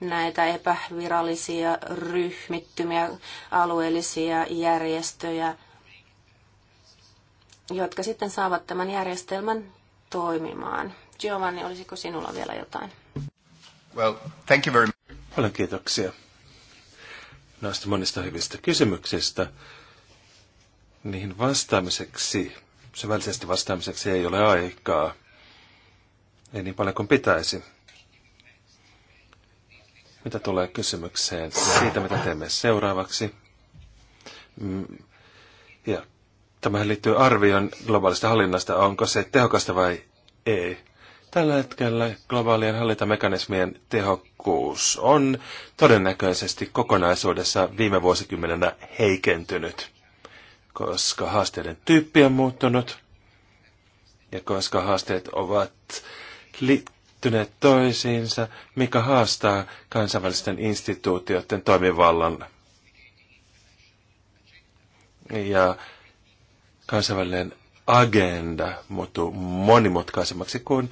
näitä epävirallisia ryhmittymiä, alueellisia järjestöjä, jotka sitten saavat tämän järjestelmän toimimaan. Giovanni, olisiko sinulla vielä jotain? Well, thank you very much. Paljon kiitoksia näistä monista hyvistä kysymyksistä niihin vastaamiseksi, syvällisesti vastaamiseksi ei ole aikaa. Ei niin paljon kuin pitäisi. Mitä tulee kysymykseen siitä, mitä teemme seuraavaksi? Mm. Ja tämähän liittyy arvion globaalista hallinnasta, onko se tehokasta vai ei. Tällä hetkellä globaalien hallintamekanismien tehokkuus on todennäköisesti kokonaisuudessa viime vuosikymmenenä heikentynyt koska haasteiden tyyppi on muuttunut ja koska haasteet ovat liittyneet toisiinsa, mikä haastaa kansainvälisten instituutioiden toimivallan. Ja kansainvälinen agenda muuttuu monimutkaisemmaksi, kun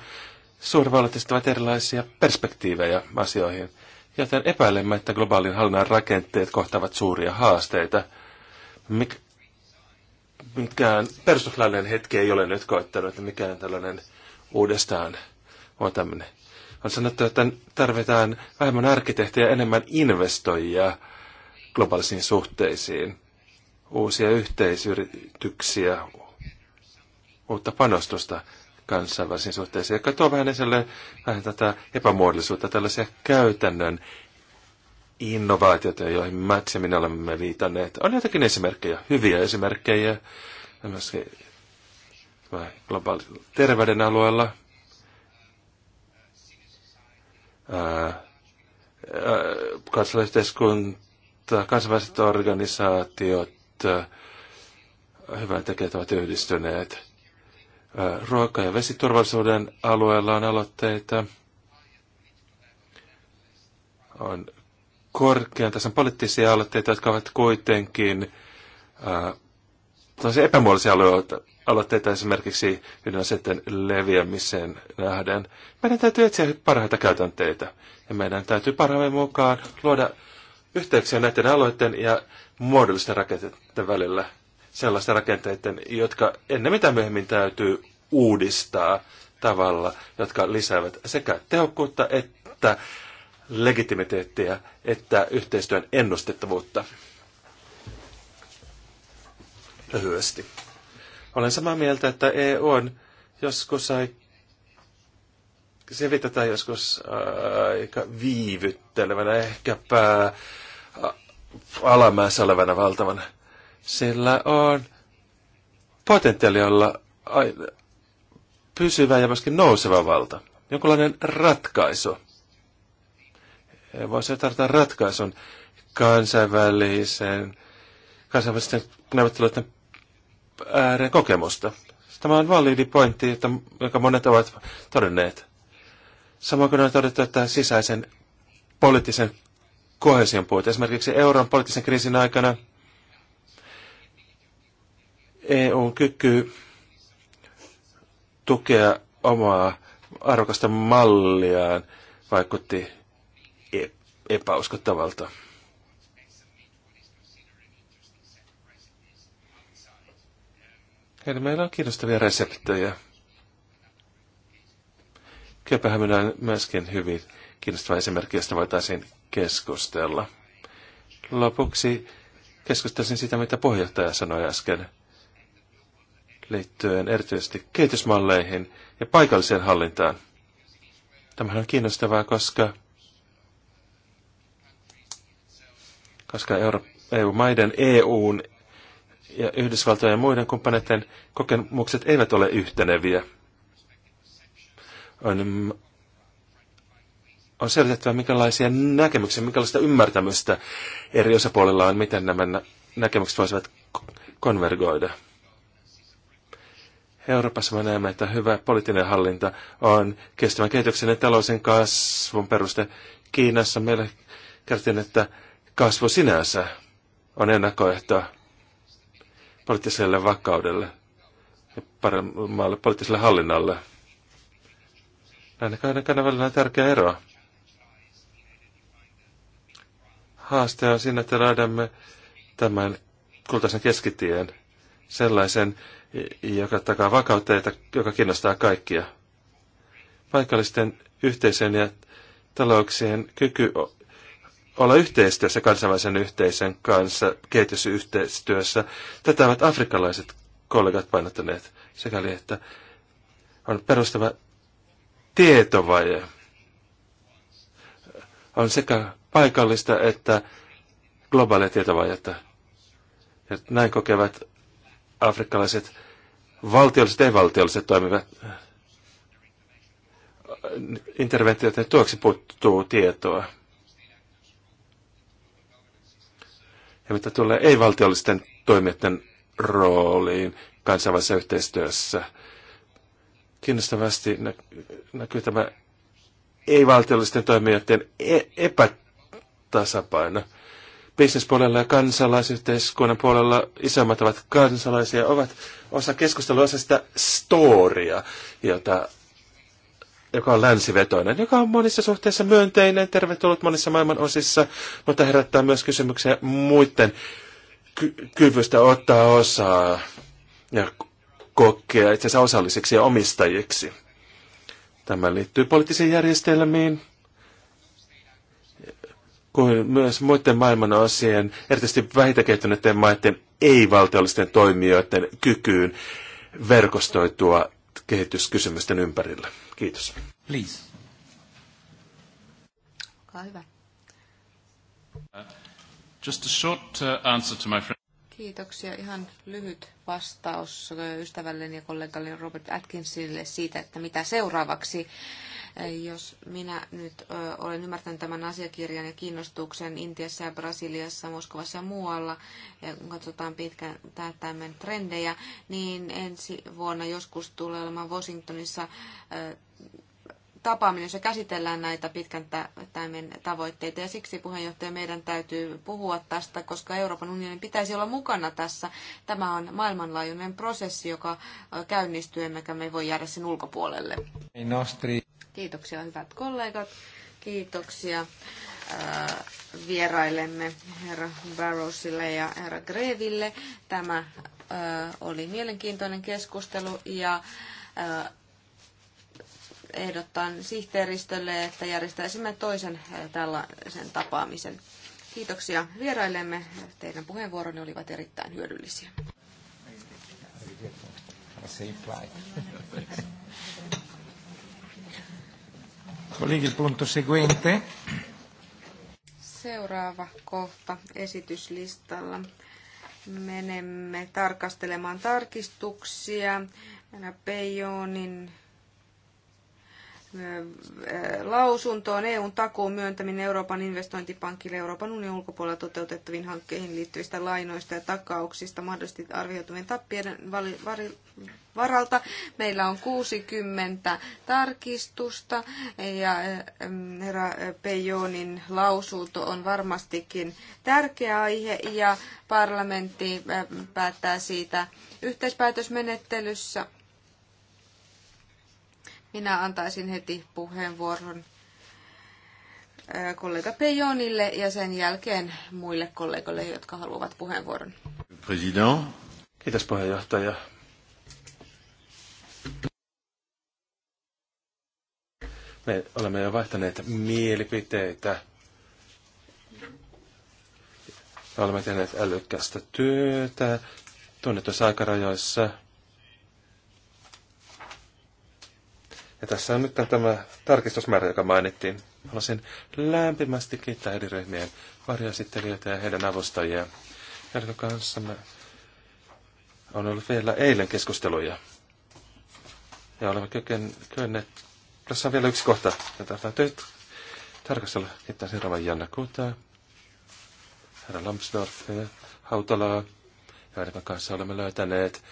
suurvallat esittävät erilaisia perspektiivejä asioihin, joten että globaalin hallinnan rakenteet kohtaavat suuria haasteita. Mik- mikään perustuslaillinen hetki ei ole nyt koittanut, että mikään tällainen uudestaan on tämmöinen. On sanottu, että tarvitaan vähemmän arkkitehtiä enemmän investoijia globaalisiin suhteisiin, uusia yhteisyrityksiä, uutta panostusta kansainvälisiin suhteisiin, joka tuo vähän esille vähän tätä epämuodollisuutta, tällaisia käytännön innovaatiota, joihin Mats ja minä olemme viitanneet. On jotakin esimerkkejä, hyviä esimerkkejä, myöskin globaalilla terveyden alueella. Kansalaisyhteiskunta, kansainväliset organisaatiot, hyvän tekijät ovat yhdistyneet. ruoka- ja vesiturvallisuuden alueella on aloitteita. On korkean tason poliittisia aloitteita, jotka ovat kuitenkin äh, epämuodollisia aloitteita, aloitteita esimerkiksi ydinaseiden leviämiseen nähden. Meidän täytyy etsiä parhaita käytänteitä ja meidän täytyy parhaamme mukaan luoda yhteyksiä näiden aloitteiden ja muodollisten rakenteiden välillä. Sellaisten rakenteiden, jotka ennen mitä myöhemmin täytyy uudistaa tavalla, jotka lisäävät sekä tehokkuutta että legitimiteettiä että yhteistyön ennustettavuutta. Lyhyesti. Olen samaa mieltä, että EU on joskus se tai joskus äh, aika viivyttelevänä, ehkäpä äh, alamäessä olevana valtavana. Sillä on potentiaali olla pysyvä ja myöskin nouseva valta. Jonkinlainen ratkaisu voisi tarjota ratkaisun kansainväliseen, kansainvälisten neuvotteluiden ääreen kokemusta. Tämä on validi pointti, jonka monet ovat todenneet. Samoin kuin on todettu, että sisäisen poliittisen kohesion puute. Esimerkiksi euron poliittisen kriisin aikana EUn kyky tukea omaa arvokasta malliaan vaikutti E, epäuskottavalta. Eli meillä on kiinnostavia reseptejä. Kööpenhaminaan on myöskin hyvin kiinnostava esimerkki, josta voitaisiin keskustella. Lopuksi keskustelisin sitä, mitä puheenjohtaja sanoi äsken liittyen erityisesti kehitysmalleihin ja paikalliseen hallintaan. Tämähän on kiinnostavaa, koska koska EU-maiden, EUn ja Yhdysvaltojen ja muiden kumppaneiden kokemukset eivät ole yhteneviä. On, on selvitettävä, minkälaisia näkemyksiä, minkälaista ymmärtämystä eri osapuolilla on, miten nämä näkemykset voisivat konvergoida. Euroopassa me näemme, että hyvä poliittinen hallinta on kestävän kehityksen ja talousen kasvun peruste. Kiinassa meille kerrottiin, että kasvu sinänsä on ennakkoehto poliittiselle vakaudelle ja paremmalle poliittiselle hallinnalle. Näin kannan välillä on tärkeä ero. Haaste on siinä, että löydämme tämän kultaisen keskitien sellaisen, joka takaa vakautta ja joka kiinnostaa kaikkia. Paikallisten yhteisöjen ja talouksien kyky olla yhteistyössä kansainvälisen yhteisön kanssa kehitysyhteistyössä. Tätä ovat afrikkalaiset kollegat painottaneet sekäli, että on perustava tietovaje. On sekä paikallista että globaalia tietovajetta. Ja näin kokevat afrikkalaiset valtiolliset ja ei-valtiolliset toimivat interventiot, ne tuoksi puuttuu tietoa. Ja mitä tulee ei-valtiollisten toimijoiden rooliin kansainvälisessä yhteistyössä, kiinnostavasti näkyy tämä ei-valtiollisten toimijoiden e-, epätasapaino. Bisnespuolella ja kansalaisyhteiskunnan puolella isommat ovat kansalaisia, ovat osa keskustelua, osa sitä storia, jota joka on länsivetoinen, joka on monissa suhteissa myönteinen, tervetullut monissa maailman osissa, mutta herättää myös kysymyksiä muiden ky- kyvystä ottaa osaa ja kokea asiassa osallisiksi ja omistajiksi. Tämä liittyy poliittisiin järjestelmiin kuin myös muiden maailman osien, erityisesti vähitäkehittyneiden maiden ei-valtiollisten toimijoiden kykyyn verkostoitua kehityskysymysten ympärillä. Kiitos. Please. Olkaa hyvä. Uh, just a short uh, answer to my friend. Kiitoksia. Ihan lyhyt vastaus uh, ystävälleni ja kollegalleni Robert Atkinsille siitä, että mitä seuraavaksi. Jos minä nyt olen ymmärtänyt tämän asiakirjan ja kiinnostuksen Intiassa ja Brasiliassa, Moskovassa ja muualla, ja kun katsotaan pitkän tähtäimen trendejä, niin ensi vuonna joskus tulee olemaan Washingtonissa tapaaminen, jossa käsitellään näitä pitkän tähtäimen tavoitteita. Ja siksi puheenjohtaja meidän täytyy puhua tästä, koska Euroopan unionin pitäisi olla mukana tässä. Tämä on maailmanlaajuinen prosessi, joka käynnistyy, emmekä me voi jäädä sen ulkopuolelle. Kiitoksia hyvät kollegat. Kiitoksia vierailemme herra Barrowsille ja herra Greville. Tämä oli mielenkiintoinen keskustelu ja ehdottaa sihteeristölle, että järjestäisimme toisen äh, tällaisen tapaamisen. Kiitoksia vieraillemme. Teidän puheenvuoronne olivat erittäin hyödyllisiä. <laughs> seguente. Seuraava kohta esityslistalla. Menemme tarkastelemaan tarkistuksia. Peijonin lausuntoon EUn takuun myöntäminen Euroopan investointipankille Euroopan unionin ulkopuolella toteutettaviin hankkeihin liittyvistä lainoista ja takauksista mahdollisesti arvioituvien tappien varalta. Meillä on 60 tarkistusta ja herra Pejonin lausunto on varmastikin tärkeä aihe ja parlamentti päättää siitä yhteispäätösmenettelyssä minä antaisin heti puheenvuoron kollega Pejonille ja sen jälkeen muille kollegoille, jotka haluavat puheenvuoron. President. Kiitos puheenjohtaja. Me olemme jo vaihtaneet mielipiteitä. Me olemme tehneet älykkästä työtä tunnetuissa aikarajoissa – Ja tässä on nyt tämä tarkistusmäärä, joka mainittiin. Haluaisin lämpimästi kiittää eri ryhmien varjoesittelijöitä ja heidän avustajia, joiden kanssa me on ollut vielä eilen keskusteluja. Ja olemme kyenneet. Tässä on vielä yksi kohta, jota täytyy tarkastella. Kiittää seuraavan Janna Kutaa, herra Lambsdorffia, Hautalaa, joiden kanssa olemme löytäneet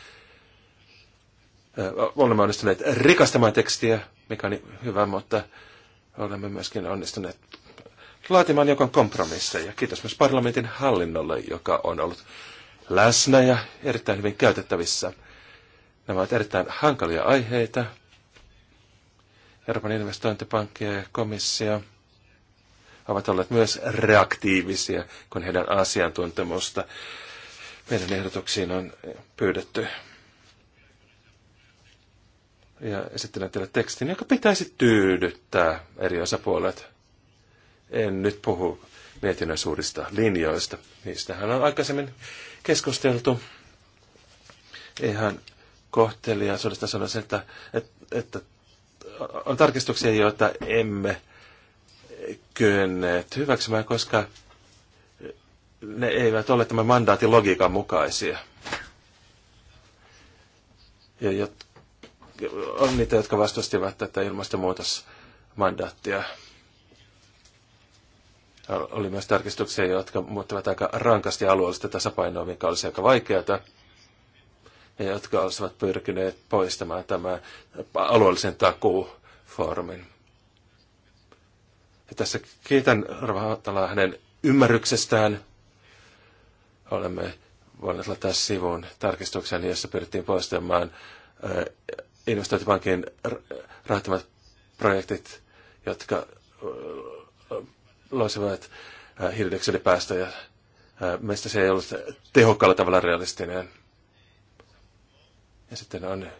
olemme onnistuneet rikastamaan tekstiä, mikä on niin hyvä, mutta olemme myöskin onnistuneet laatimaan jokin kompromisseja. Kiitos myös parlamentin hallinnolle, joka on ollut läsnä ja erittäin hyvin käytettävissä. Nämä ovat erittäin hankalia aiheita. Euroopan investointipankki ja komissio ovat olleet myös reaktiivisia, kun heidän asiantuntemusta meidän ehdotuksiin on pyydetty ja esittelen teille tekstin, joka pitäisi tyydyttää eri osapuolet. En nyt puhu mietinnön suurista linjoista. Niistähän on aikaisemmin keskusteltu ihan kohteliaisuudesta sanoisin, että, että, että on tarkistuksia, joita emme kyenneet hyväksymään, koska ne eivät ole tämän mandaatin logiikan mukaisia. Ja, on niitä, jotka vastustivat tätä ilmastonmuutosmandaattia. Oli myös tarkistuksia, jotka muuttavat aika rankasti alueellista tasapainoa, mikä olisi aika vaikeaa, ja jotka olisivat pyrkineet poistamaan tämän alueellisen takuufoorumin. Ja tässä kiitän Ravattalaa hänen ymmärryksestään. Olemme voineet laittaa sivun tarkistuksen, jossa pyrittiin poistamaan investointipankin rahoittamat projektit, jotka loisivat hiilidioksidipäästöjä. Meistä se ei ollut tehokkaalla tavalla realistinen. Ja sitten on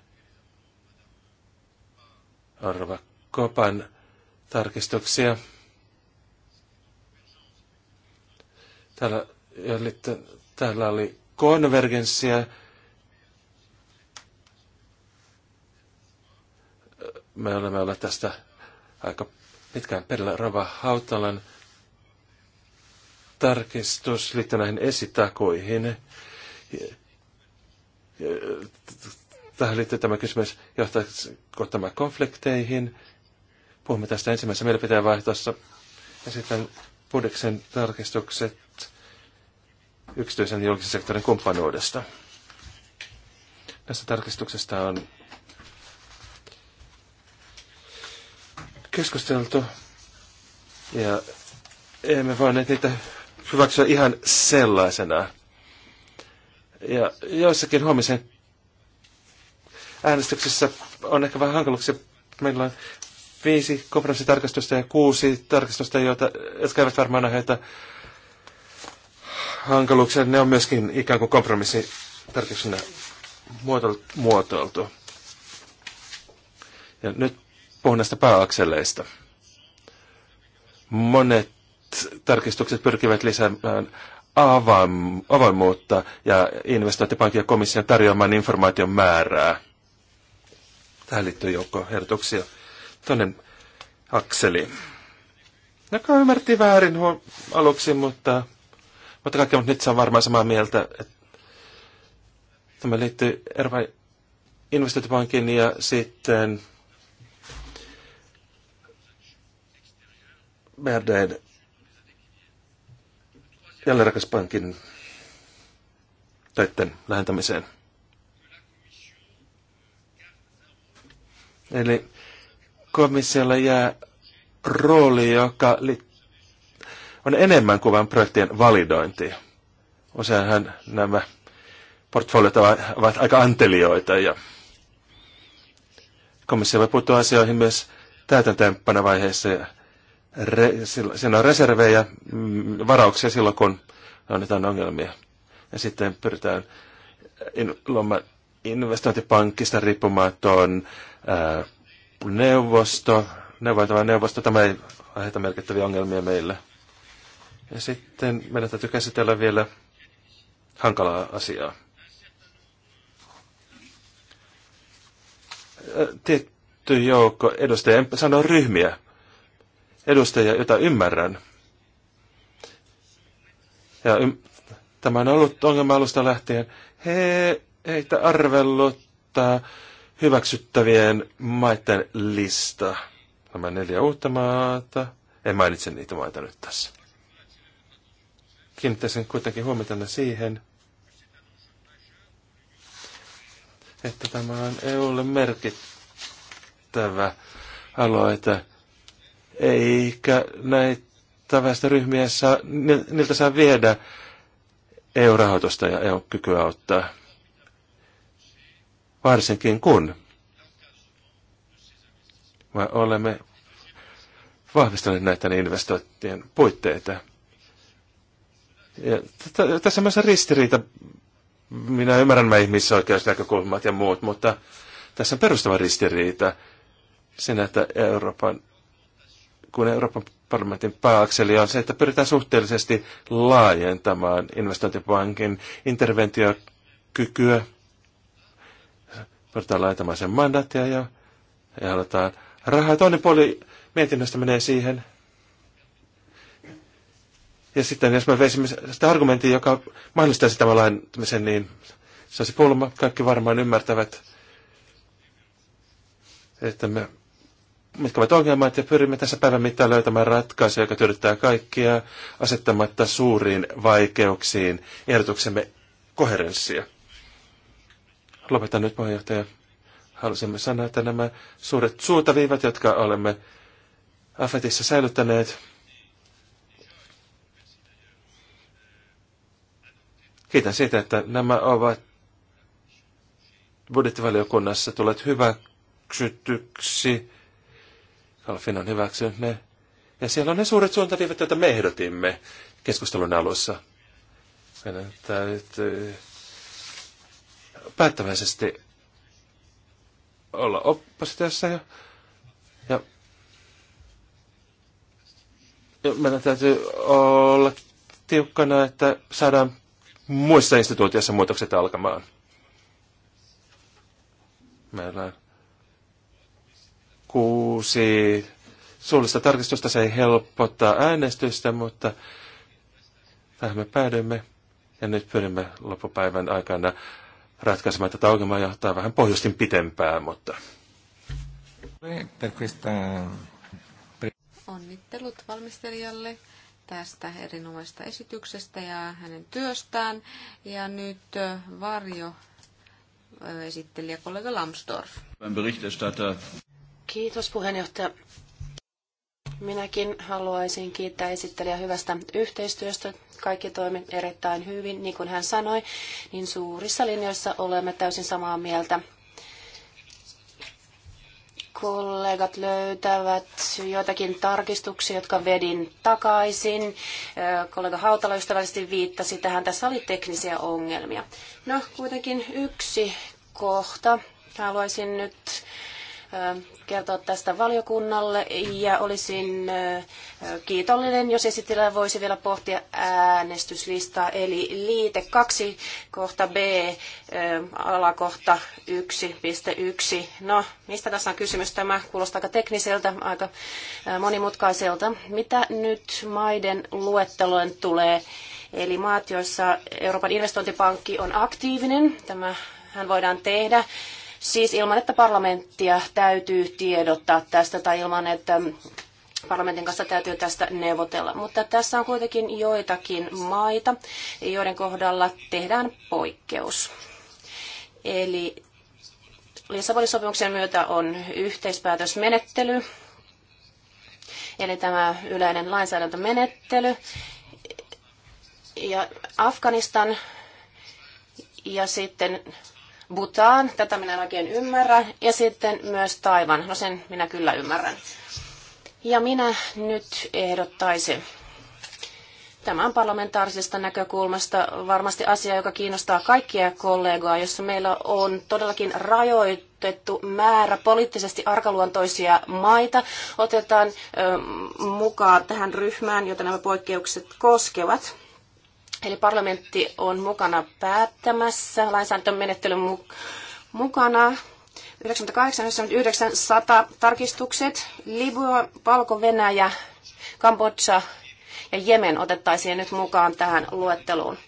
Arva Kopan tarkistuksia. Täällä, täällä oli konvergenssia me olemme olleet tästä aika pitkään perillä Rava Hautalan tarkistus liittyen näihin esitakoihin. Tähän liittyy tämä kysymys, johtaako tämä konflikteihin. Puhumme tästä ensimmäisessä mielipiteen vaihtossa. Ja sitten Budeksen tarkistukset yksityisen ja julkisen sektorin kumppanuudesta. Näistä tarkistuksista on keskusteltu ja emme voineet niitä hyväksyä ihan sellaisena Ja joissakin huomisen äänestyksessä on ehkä vähän hankaluuksia. Meillä on viisi kompromissitarkastusta ja kuusi tarkastusta, joita, jotka eivät varmaan heitä hankaluuksia. Ne on myöskin ikään kuin kompromissitarkastuksena muotoiltu. Ja nyt Puhun näistä pääakseleista. Monet tarkistukset pyrkivät lisäämään avoimuutta ja investointipankin ja komission tarjoaman informaation määrää. Tähän liittyy joukko ehdotuksia. Toinen akseli, joka no, ymmärti väärin aluksi, mutta, mutta kaikki mutta nyt se on varmaan samaa mieltä, että tämä liittyy Erva investointipankin ja sitten Merdeen jälleenrakaspankin töiden lähentämiseen. Eli komissiolle jää rooli, joka on enemmän kuin vain projektien validointi. Useinhan nämä portfoliot ovat aika antelioita ja komissio voi puuttua asioihin myös täytäntöönpanovaiheessa vaiheessa ja re, siinä on reservejä, mm, varauksia silloin, kun on ongelmia. Ja sitten pyritään in, luomaan investointipankista riippumaton ää, äh, neuvosto, neuvontava neuvosto. Tämä ei aiheuta merkittäviä ongelmia meille. Ja sitten meidän täytyy käsitellä vielä hankalaa asiaa. Äh, tietty joukko edustajia, en sano ryhmiä, edustajia, jota ymmärrän. Ja ym- tämä on ollut ongelma alusta lähtien. He, heitä arvellut hyväksyttävien maiden lista. Nämä neljä uutta maata. En mainitse niitä maita nyt tässä. Kiinnittäisin kuitenkin huomiota siihen, että tämä on EUlle merkittävä aloite eikä näitä väestöryhmiä saa, niiltä saa viedä EU-rahoitusta ja EU-kykyä auttaa. Varsinkin kun me olemme vahvistaneet näiden investointien puitteita. Ja tässä on myös ristiriita. Minä ymmärrän nämä ihmisoikeusnäkökulmat ja muut, mutta tässä on perustava ristiriita sen, että Euroopan kuin Euroopan parlamentin pääakseli on se, että pyritään suhteellisesti laajentamaan investointipankin interventiokykyä. Pyritään laajentamaan sen mandaattia ja, ja halutaan rahaa. Toinen puoli mietinnöstä menee siihen. Ja sitten jos me veisimme sitä argumenttia, joka mahdollistaisi tämän laajentamisen, niin se olisi pulma. Kaikki varmaan ymmärtävät, että me mitkä ovat ongelmat ja pyrimme tässä päivän mittaan löytämään ratkaisuja, joka tyydyttää kaikkia asettamatta suuriin vaikeuksiin ehdotuksemme koherenssia. Lopetan nyt puheenjohtaja. Halusimme sanoa, että nämä suuret suutaviivat, jotka olemme Afetissa säilyttäneet, Kiitän siitä, että nämä ovat budjettivaliokunnassa tulleet hyväksytyksi Kalfinan hyväksymme. Ja siellä on ne suuret suuntaviivat, joita me ehdotimme keskustelun alussa. Meidän täytyy päättäväisesti olla oppositiossa ja, ja, ja meidän täytyy olla tiukkana, että saadaan muissa instituutioissa muutokset alkamaan. Meillä on kuusi suullista tarkistusta. Se ei helpottaa äänestystä, mutta tähän me päädymme. Ja nyt pyrimme loppupäivän aikana ratkaisemaan tätä ongelmaa ja vähän pohjustin pitempään, mutta... Onnittelut valmistelijalle tästä erinomaisesta esityksestä ja hänen työstään. Ja nyt Varjo esittelijä kollega Lambsdorff. Kiitos puheenjohtaja. Minäkin haluaisin kiittää esittelijä hyvästä yhteistyöstä. Kaikki toimi erittäin hyvin. Niin kuin hän sanoi, niin suurissa linjoissa olemme täysin samaa mieltä. Kollegat löytävät joitakin tarkistuksia, jotka vedin takaisin. Kollega Hautala ystävällisesti viittasi tähän. Tässä oli teknisiä ongelmia. No, kuitenkin yksi kohta. Haluaisin nyt kertoa tästä valiokunnalle ja olisin kiitollinen, jos esitellä voisi vielä pohtia äänestyslistaa, eli liite 2 kohta B alakohta 1.1. No, mistä tässä on kysymys? Tämä kuulostaa aika tekniseltä, aika monimutkaiselta. Mitä nyt maiden luetteloon tulee? Eli maat, joissa Euroopan investointipankki on aktiivinen, tämä hän voidaan tehdä Siis ilman, että parlamenttia täytyy tiedottaa tästä tai ilman, että parlamentin kanssa täytyy tästä neuvotella. Mutta tässä on kuitenkin joitakin maita, joiden kohdalla tehdään poikkeus. Eli Lissabonin sopimuksen myötä on yhteispäätösmenettely, eli tämä yleinen lainsäädäntömenettely, ja Afganistan ja sitten Butaan, tätä minä en oikein ymmärrä, ja sitten myös Taivan, no sen minä kyllä ymmärrän. Ja minä nyt ehdottaisin, tämän parlamentaarisesta näkökulmasta varmasti asia, joka kiinnostaa kaikkia kollegoja, jossa meillä on todellakin rajoitettu määrä poliittisesti arkaluontoisia maita. Otetaan ö, mukaan tähän ryhmään, jota nämä poikkeukset koskevat. Eli parlamentti on mukana päättämässä lainsäädäntömenettelyn mukana. 98-99 tarkistukset. Libya, Palko, venäjä Kambodža ja Jemen otettaisiin nyt mukaan tähän luetteluun.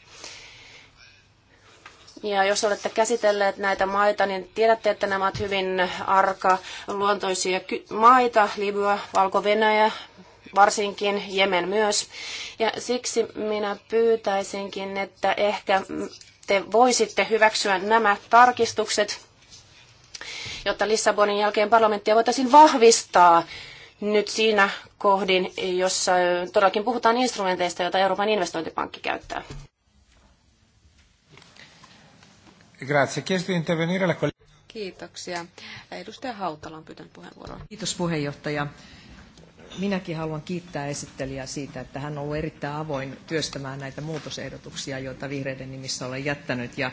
Ja jos olette käsitelleet näitä maita, niin tiedätte, että nämä ovat hyvin arka luontoisia maita, Libya, Valko-Venäjä, varsinkin Jemen myös. Ja siksi minä pyytäisinkin, että ehkä te voisitte hyväksyä nämä tarkistukset, jotta Lissabonin jälkeen parlamenttia voitaisiin vahvistaa nyt siinä kohdin, jossa todellakin puhutaan instrumenteista, joita Euroopan investointipankki käyttää. Kiitoksia. Edustaja Hautala on pyytänyt puheenvuoron. Kiitos puheenjohtaja minäkin haluan kiittää esittelijää siitä, että hän on ollut erittäin avoin työstämään näitä muutosehdotuksia, joita vihreiden nimissä olen jättänyt. Ja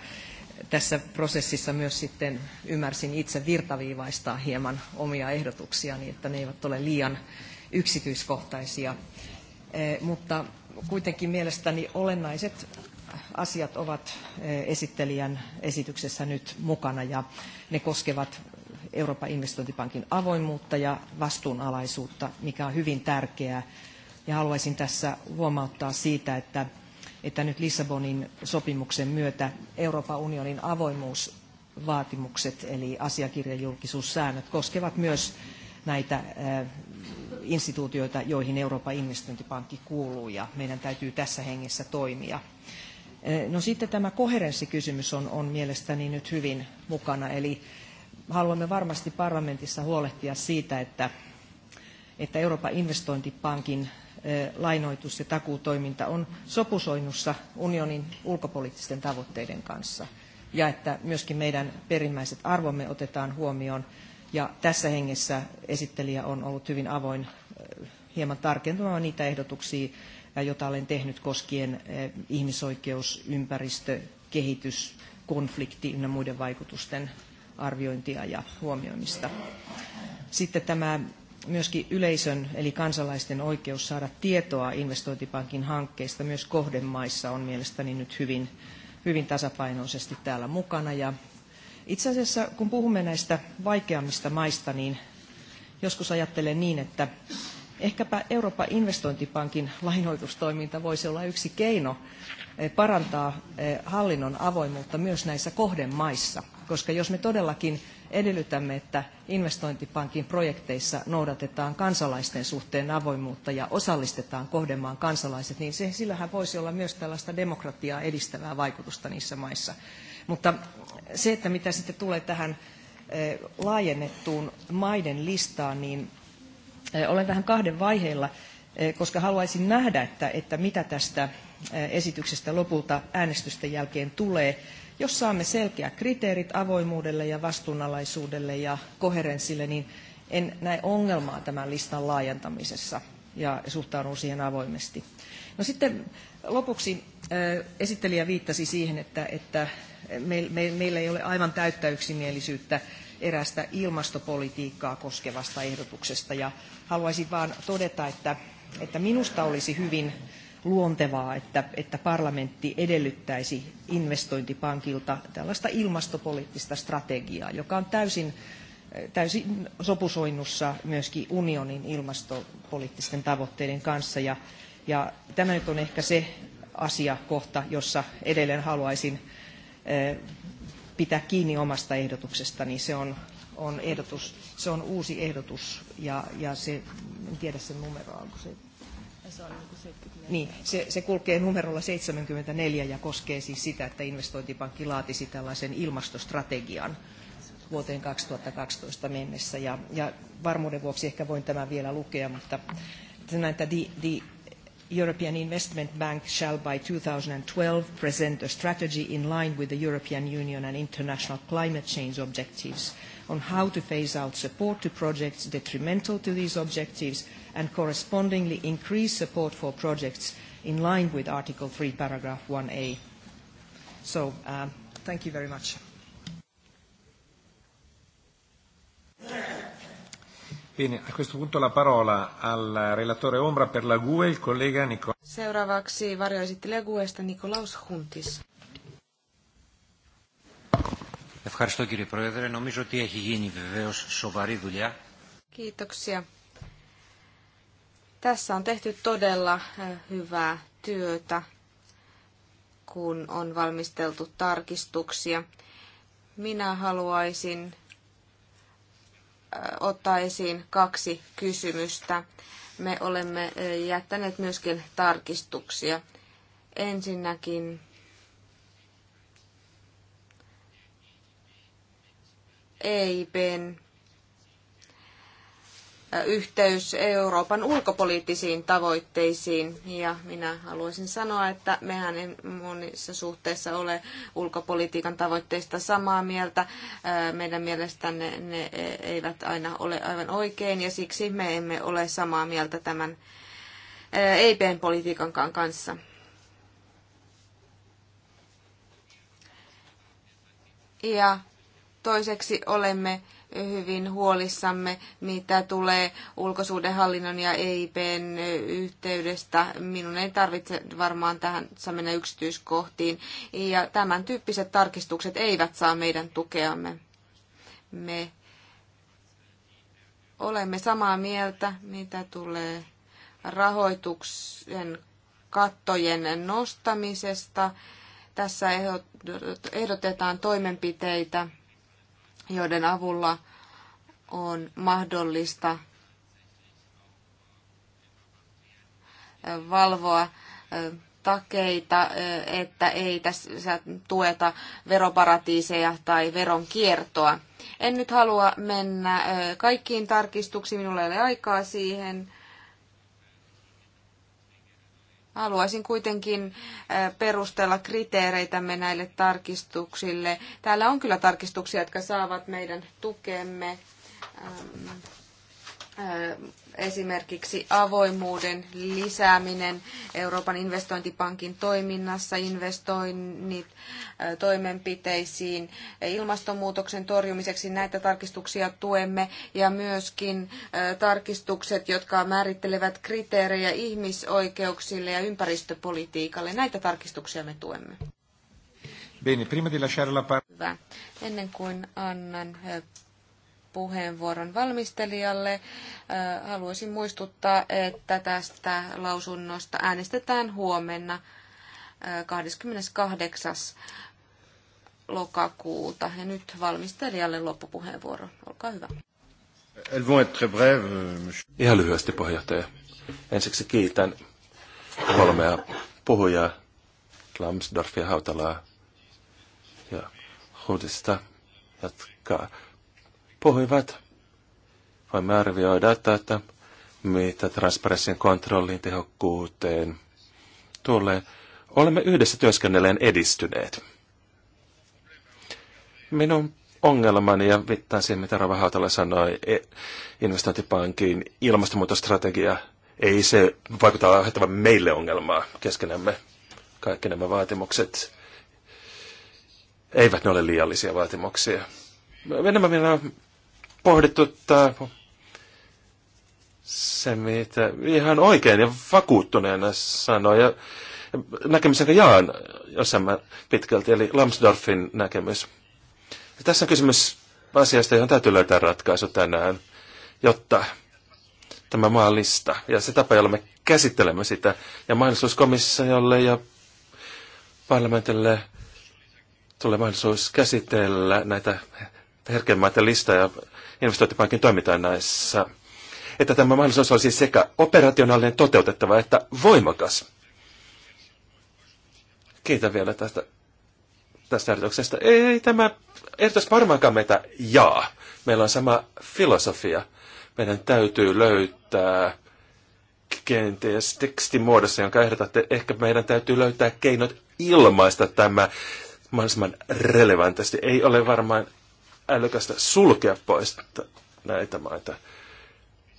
tässä prosessissa myös sitten ymmärsin itse virtaviivaistaa hieman omia ehdotuksiani, että ne eivät ole liian yksityiskohtaisia. E, mutta kuitenkin mielestäni olennaiset asiat ovat e, esittelijän esityksessä nyt mukana ja ne koskevat Euroopan investointipankin avoimuutta ja vastuunalaisuutta, mikä on hyvin tärkeää. Ja haluaisin tässä huomauttaa siitä, että, että nyt Lissabonin sopimuksen myötä Euroopan unionin avoimuusvaatimukset eli asiakirjajulkisuussäännöt koskevat myös näitä eh, instituutioita, joihin Euroopan investointipankki kuuluu ja meidän täytyy tässä hengessä toimia. Eh, no sitten tämä koherenssikysymys on, on mielestäni nyt hyvin mukana, eli haluamme varmasti parlamentissa huolehtia siitä, että, että Euroopan investointipankin lainoitus- ja takuutoiminta on sopusoinnussa unionin ulkopoliittisten tavoitteiden kanssa ja että myöskin meidän perimmäiset arvomme otetaan huomioon. Ja tässä hengessä esittelijä on ollut hyvin avoin hieman tarkentamaan niitä ehdotuksia, joita olen tehnyt koskien ihmisoikeus, ympäristö, kehitys, konflikti ynnä muiden vaikutusten arviointia ja huomioimista. Sitten tämä myöskin yleisön eli kansalaisten oikeus saada tietoa investointipankin hankkeista myös kohdemaissa on mielestäni nyt hyvin, hyvin tasapainoisesti täällä mukana. Ja itse asiassa kun puhumme näistä vaikeammista maista, niin joskus ajattelen niin, että ehkäpä Euroopan investointipankin lainoitustoiminta voisi olla yksi keino Eh, parantaa eh, hallinnon avoimuutta myös näissä kohdemaissa, koska jos me todellakin edellytämme, että investointipankin projekteissa noudatetaan kansalaisten suhteen avoimuutta ja osallistetaan kohdemaan kansalaiset, niin se, sillähän voisi olla myös tällaista demokratiaa edistävää vaikutusta niissä maissa. Mutta se, että mitä sitten tulee tähän eh, laajennettuun maiden listaan, niin olen vähän kahden vaiheilla. Eh, koska haluaisin nähdä, että, että mitä tästä eh, esityksestä lopulta äänestysten jälkeen tulee, jos saamme selkeät kriteerit avoimuudelle ja vastuunalaisuudelle ja koherenssille, niin en näe ongelmaa tämän listan laajentamisessa ja suhtaudun siihen avoimesti. No sitten lopuksi eh, esittelijä viittasi siihen, että, että meillä ei ole aivan täyttä yksimielisyyttä erästä ilmastopolitiikkaa koskevasta ehdotuksesta. Ja haluaisin vain todeta, että että minusta olisi hyvin luontevaa, että, että parlamentti edellyttäisi investointipankilta tällaista ilmastopoliittista strategiaa, joka on täysin, täysin sopusoinnussa myöskin unionin ilmastopoliittisten tavoitteiden kanssa. Ja, ja tämä nyt on ehkä se asiakohta, jossa edelleen haluaisin eh, pitää kiinni omasta ehdotuksestani. Se on on ehdotus, se on uusi ehdotus ja, ja se, en tiedä sen numeroa, onko se niin, niin, se, se kulkee numerolla 74 ja koskee siis sitä, että investointipankki laatisi tällaisen ilmastostrategian vuoteen 2012 mennessä. Ja, ja varmuuden vuoksi ehkä voin tämän vielä lukea, mutta näin, että the, the European Investment Bank shall by 2012 present a strategy in line with the European Union and international climate change objectives – on how to phase out support to projects detrimental to these objectives and correspondingly increase support for projects in line with Article 3, paragraph 1A. So uh, thank you very much. Bene, a questo punto la parola al relatore Ombra per la GUE, il collega Nicolaus. Seuraavaksi varjoesittelijä GUEsta Nikolaus Huntis. Ευχαριστώ κύριε Πρόεδρε. Νομίζω ότι έχει γίνει βεβαίως σοβαρή δουλειά. Kiitoksia. Tässä on tehty todella hyvää työtä, kun on valmisteltu tarkistuksia. Minä haluaisin ottaa esiin kaksi kysymystä. Me olemme jättäneet myöskin tarkistuksia. Ensinnäkin EIPn yhteys Euroopan ulkopoliittisiin tavoitteisiin. Ja minä haluaisin sanoa, että mehän en monissa suhteissa ole ulkopolitiikan tavoitteista samaa mieltä. Meidän mielestä ne e, eivät aina ole aivan oikein ja siksi me emme ole samaa mieltä tämän EIPn politiikankaan kanssa. Ja Toiseksi olemme hyvin huolissamme, mitä tulee ulkosuudenhallinnon ja EIPn yhteydestä. Minun ei tarvitse varmaan tähän mennä yksityiskohtiin. Ja tämän tyyppiset tarkistukset eivät saa meidän tukeamme. Me olemme samaa mieltä, mitä tulee rahoituksen kattojen nostamisesta. Tässä ehdotetaan toimenpiteitä joiden avulla on mahdollista valvoa takeita, että ei tässä tueta veroparatiiseja tai veronkiertoa. En nyt halua mennä kaikkiin tarkistuksiin, minulla ei ole aikaa siihen, Haluaisin kuitenkin perustella kriteereitämme näille tarkistuksille. Täällä on kyllä tarkistuksia, jotka saavat meidän tukemme esimerkiksi avoimuuden lisääminen Euroopan investointipankin toiminnassa, investoinnit toimenpiteisiin ilmastonmuutoksen torjumiseksi. Näitä tarkistuksia tuemme ja myöskin tarkistukset, jotka määrittelevät kriteerejä ihmisoikeuksille ja ympäristöpolitiikalle. Näitä tarkistuksia me tuemme. Bene, prima di lasciare la Ennen kuin annan puheenvuoron valmistelijalle. Äh, haluaisin muistuttaa, että tästä lausunnosta äänestetään huomenna 28. Äh, lokakuuta. Ja nyt valmistelijalle loppupuheenvuoro. Olkaa hyvä. Euh, Ihan lyhyesti, puheenjohtaja. Ensiksi kiitän kolmea puhujaa, Klamsdorfia, Hautalaa ja Hudista, jotka puhuivat. Voimme arvioida tätä, mitä transparenssin kontrollin tehokkuuteen tulee. Olemme yhdessä työskennelleen edistyneet. Minun ongelmani ja viittaan siihen, mitä Rava Hautala sanoi, e, investointipankin ilmastonmuutostrategia ei se vaikuta aiheuttavan meille ongelmaa keskenämme. Kaikki nämä vaatimukset eivät ne ole liiallisia vaatimuksia. Enemmän minä että se, mitä ihan oikein ja vakuuttuneena sanoi. Ja näkemys, jaan jossain mä pitkälti, eli Lambsdorffin näkemys. Ja tässä on kysymys asiasta, johon täytyy löytää ratkaisu tänään, jotta tämä lista ja se tapa, jolla me käsittelemme sitä, ja mahdollisuuskomissiolle ja parlamentille tulee mahdollisuus käsitellä näitä herkemmäitä listaa ja investointipankin toimintaan näissä. Että tämä mahdollisuus olisi sekä operationaalinen toteutettava että voimakas. Kiitän vielä tästä, tästä ehdotuksesta. Ei tämä ehdotus varmaankaan meitä jaa. Meillä on sama filosofia. Meidän täytyy löytää kenties tekstimuodossa, jonka ehdotatte, ehkä meidän täytyy löytää keinot ilmaista tämä mahdollisimman relevantisti. Ei ole varmaan älykästä sulkea pois näitä maita.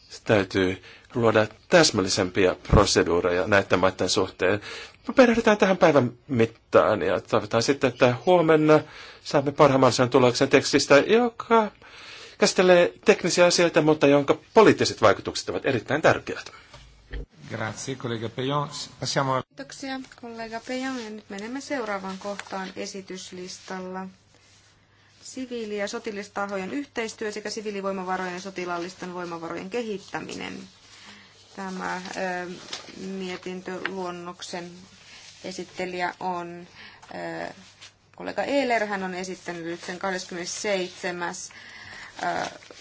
Se täytyy luoda täsmällisempiä proseduureja näiden maiden suhteen. Me perehdytään tähän päivän mittaan ja toivotaan sitten, että huomenna saamme parhaimmallisen tuloksen tekstistä, joka käsittelee teknisiä asioita, mutta jonka poliittiset vaikutukset ovat erittäin tärkeät. Grazie, kollega Pejon. Passiamo... Kiitoksia, kollega Pejon. Ja nyt menemme seuraavaan kohtaan esityslistalla siviili- ja sotilastahojen yhteistyö sekä siviilivoimavarojen ja sotilaallisten voimavarojen kehittäminen. Tämä mietintöluonnoksen esittelijä on kollega Eeler. Hän on esittänyt sen 27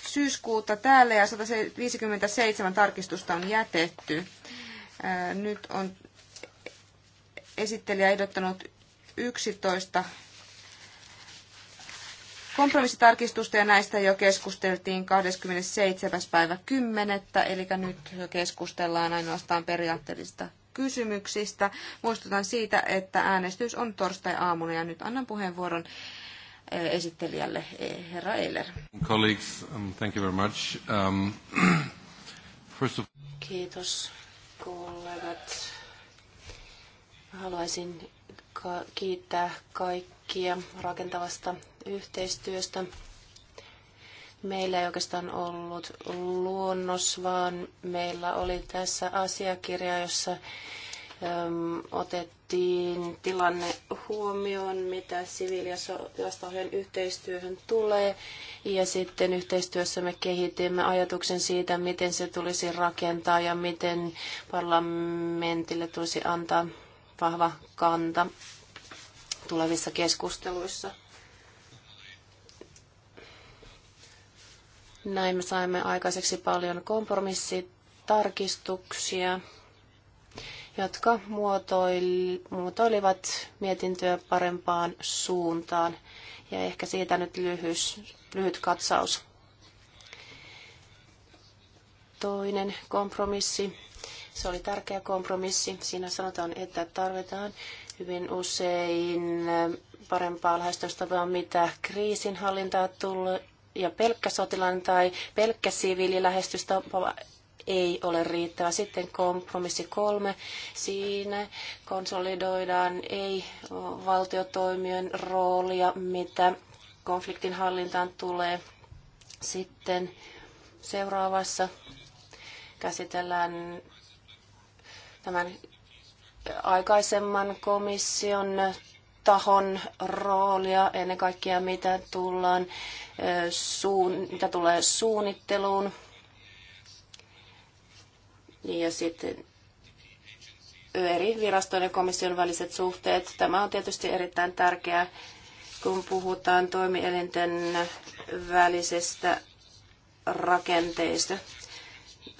syyskuuta täällä ja 157 tarkistusta on jätetty. Nyt on esittelijä ehdottanut 11 kompromissitarkistusta ja näistä jo keskusteltiin 27. päivä 10. Eli nyt keskustellaan ainoastaan periaatteellisista kysymyksistä. Muistutan siitä, että äänestys on torstai-aamuna ja nyt annan puheenvuoron eh, esittelijälle eh, herra Eiler. Colleagues, um, thank you very much. Um, <clears throat> first of... Kiitos kollegat. Haluaisin kiittää kaikkia rakentavasta yhteistyöstä. Meillä ei oikeastaan ollut luonnos, vaan meillä oli tässä asiakirja, jossa otettiin tilanne huomioon, mitä siviili- ja sotilastahojen yhteistyöhön tulee. Ja sitten yhteistyössä me kehitimme ajatuksen siitä, miten se tulisi rakentaa ja miten parlamentille tulisi antaa vahva kanta tulevissa keskusteluissa. Näin me saimme aikaiseksi paljon kompromissitarkistuksia, jotka muotoilivat mietintöä parempaan suuntaan. Ja ehkä siitä nyt lyhys, lyhyt katsaus. Toinen kompromissi. Se oli tärkeä kompromissi. Siinä sanotaan, että tarvitaan hyvin usein parempaa lähestymistapaa, mitä kriisinhallintaa tulee ja pelkkä sotilainen tai pelkkä siviililähestystapa ei ole riittävä. Sitten kompromissi kolme. Siinä konsolidoidaan ei-valtiotoimijoiden roolia, mitä konfliktin hallintaan tulee. Sitten seuraavassa käsitellään tämän aikaisemman komission tahon roolia, ennen kaikkea mitä tullaan suun, mitä tulee suunnitteluun. Ja sitten eri virastojen ja komission väliset suhteet. Tämä on tietysti erittäin tärkeää, kun puhutaan toimielinten välisestä rakenteista.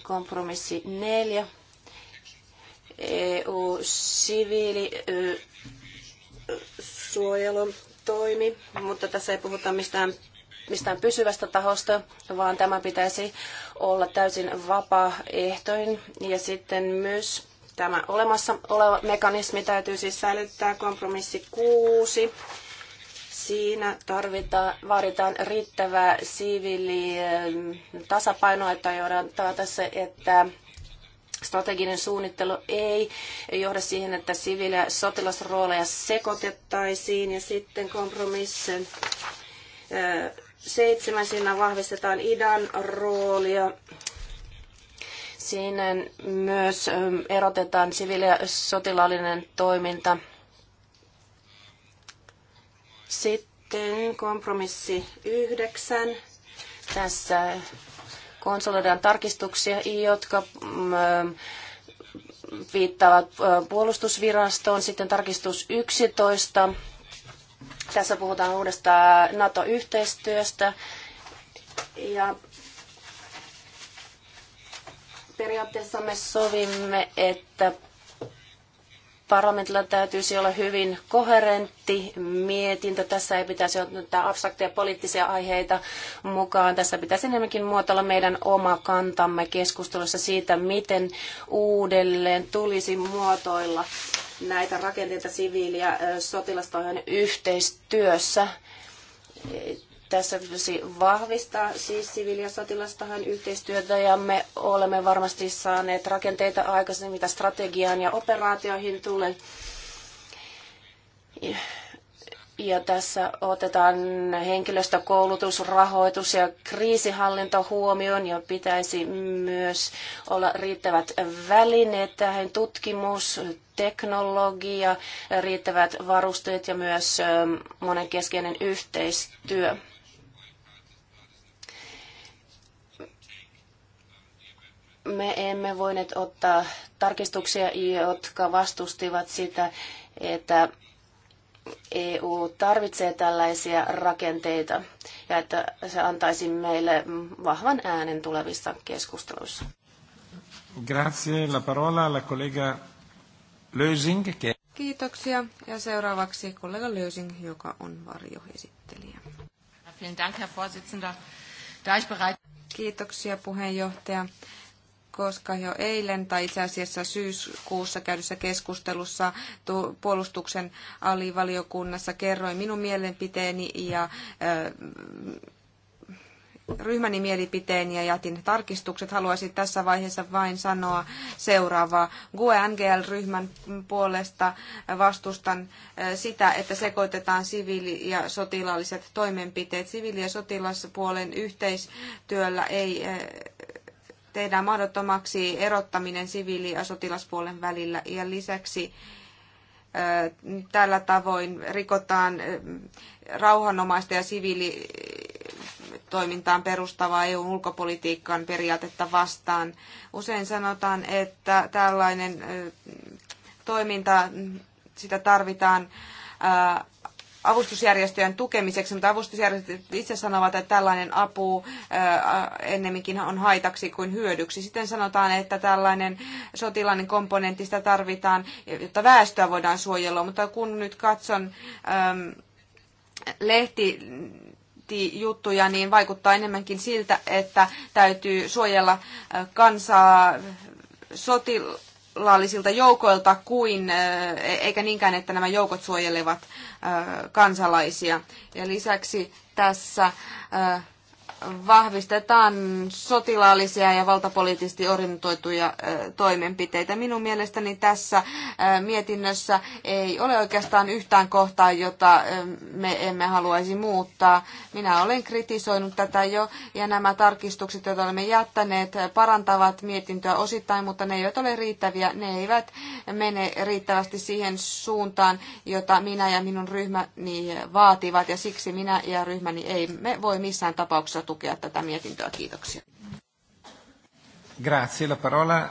Kompromissi neljä. eu toimi, mutta tässä ei puhuta mistään mistään pysyvästä tahosta, vaan tämä pitäisi olla täysin vapaaehtoinen. Ja sitten myös tämä olemassa oleva mekanismi täytyy siis säilyttää kompromissi 6. Siinä tarvitaan, vaaditaan riittävää siviilitasapainoa, tasapainoa, että joudutaan tässä, että strateginen suunnittelu ei johda siihen, että siviili- ja sotilasrooleja sekoitettaisiin. Ja sitten kompromissin seitsemän siinä vahvistetaan idän roolia. Siinä myös ähm, erotetaan siviili- ja sotilaallinen toiminta. Sitten kompromissi yhdeksän. Tässä konsolidaan tarkistuksia, jotka mm, ähm, viittaavat äh, puolustusvirastoon. Sitten tarkistus 11 tässä puhutaan uudesta NATO-yhteistyöstä ja periaatteessa me sovimme, että Parlamentilla täytyisi olla hyvin koherentti mietintö. Tässä ei pitäisi ottaa abstrakteja poliittisia aiheita mukaan. Tässä pitäisi enemmänkin muotoilla meidän oma kantamme keskustelussa siitä, miten uudelleen tulisi muotoilla näitä rakenteita siviili- ja sotilastojen yhteistyössä tässä tietysti vahvistaa siis siviili- ja sotilastahan yhteistyötä ja me olemme varmasti saaneet rakenteita aikaisemmin, mitä strategiaan ja operaatioihin tulee. Ja tässä otetaan henkilöstökoulutus, rahoitus ja kriisihallinto huomioon ja pitäisi myös olla riittävät välineet tähän tutkimus, teknologia, riittävät varusteet ja myös monenkeskeinen yhteistyö. me emme voineet ottaa tarkistuksia, jotka vastustivat sitä, että EU tarvitsee tällaisia rakenteita ja että se antaisi meille vahvan äänen tulevissa keskusteluissa. Grazie. La parola alla collega Lösing. Kiitoksia. Ja seuraavaksi kollega Lösing, joka on varjoesittelijä. Vielen Dank, Herr Vorsitzender. Kiitoksia puheenjohtaja koska jo eilen tai itse asiassa syyskuussa käydyssä keskustelussa puolustuksen alivaliokunnassa kerroin minun mielipiteeni ja ryhmäni mielipiteeni ja jätin tarkistukset. Haluaisin tässä vaiheessa vain sanoa seuraavaa. GUE-NGL-ryhmän puolesta vastustan sitä, että sekoitetaan siviili- ja sotilaalliset toimenpiteet. Siviili- ja sotilaspuolen yhteistyöllä ei tehdään mahdottomaksi erottaminen siviili- ja sotilaspuolen välillä ja lisäksi tällä tavoin rikotaan rauhanomaista ja siviilitoimintaan perustavaa EUn ulkopolitiikan periaatetta vastaan. Usein sanotaan, että tällainen toiminta, sitä tarvitaan avustusjärjestöjen tukemiseksi, mutta avustusjärjestöt itse sanovat, että tällainen apu ennemminkin on haitaksi kuin hyödyksi. Sitten sanotaan, että tällainen sotilainen komponentti sitä tarvitaan, jotta väestöä voidaan suojella, mutta kun nyt katson lehti juttuja, niin vaikuttaa enemmänkin siltä, että täytyy suojella kansaa sotil- sotilaallisilta joukoilta kuin, e- eikä niinkään, että nämä joukot suojelevat kansalaisia. Ja lisäksi tässä vahvistetaan sotilaallisia ja valtapoliittisesti orientoituja toimenpiteitä. Minun mielestäni tässä mietinnössä ei ole oikeastaan yhtään kohtaa, jota me emme haluaisi muuttaa. Minä olen kritisoinut tätä jo, ja nämä tarkistukset, joita olemme jättäneet, parantavat mietintöä osittain, mutta ne eivät ole riittäviä. Ne eivät mene riittävästi siihen suuntaan, jota minä ja minun ryhmäni vaativat, ja siksi minä ja ryhmäni ei me voi missään tapauksessa tukea tätä mietintöä. Kiitoksia. Grazie, la parola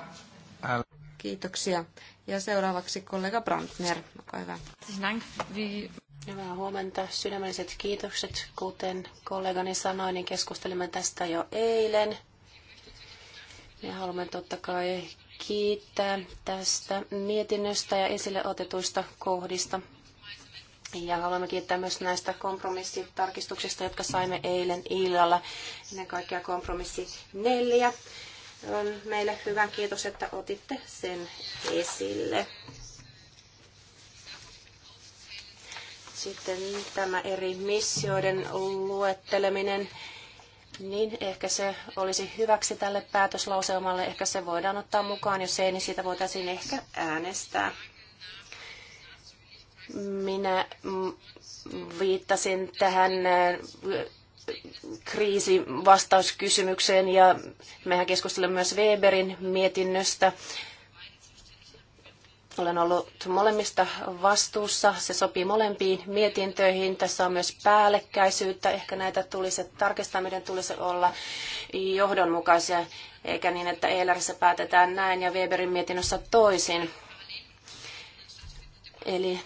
al... Kiitoksia. Ja seuraavaksi kollega Brandner, olkaa hyvä. Hyvää huomenta, sydämelliset kiitokset. Kuten kollegani sanoi, niin keskustelimme tästä jo eilen. Ja haluamme totta kai kiittää tästä mietinnöstä ja esille otetuista kohdista. Ja haluamme kiittää myös näistä kompromissitarkistuksista, jotka saimme eilen illalla. Ennen kaikkea kompromissi neljä on meille hyvä. Kiitos, että otitte sen esille. Sitten tämä eri missioiden luetteleminen, niin ehkä se olisi hyväksi tälle päätöslauselmalle. Ehkä se voidaan ottaa mukaan, jos ei, niin siitä voitaisiin ehkä äänestää. Minä viittasin tähän äh, kriisivastauskysymykseen vastauskysymykseen ja mehän keskustelemme myös Weberin mietinnöstä. Olen ollut molemmista vastuussa. Se sopii molempiin mietintöihin. Tässä on myös päällekkäisyyttä. Ehkä näitä tulisi tarkistaa. Meidän tulisi olla johdonmukaisia, eikä niin, että Eilerissä päätetään näin ja Weberin mietinnössä toisin. Eli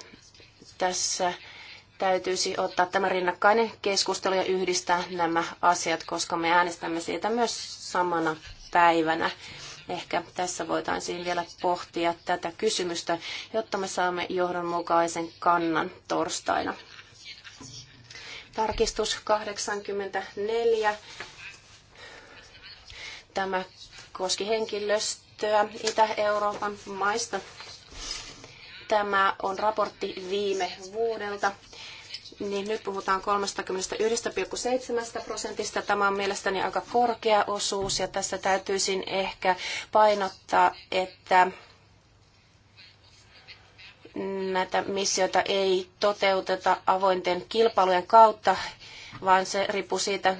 tässä täytyisi ottaa tämä rinnakkainen keskustelu ja yhdistää nämä asiat, koska me äänestämme siitä myös samana päivänä. Ehkä tässä voitaisiin vielä pohtia tätä kysymystä, jotta me saamme johdonmukaisen kannan torstaina. Tarkistus 84. Tämä koski henkilöstöä Itä-Euroopan maista. Tämä on raportti viime vuodelta. Niin nyt puhutaan 31,7 prosentista. Tämä on mielestäni aika korkea osuus ja tässä täytyisin ehkä painottaa, että näitä missioita ei toteuteta avointen kilpailujen kautta, vaan se riippuu siitä,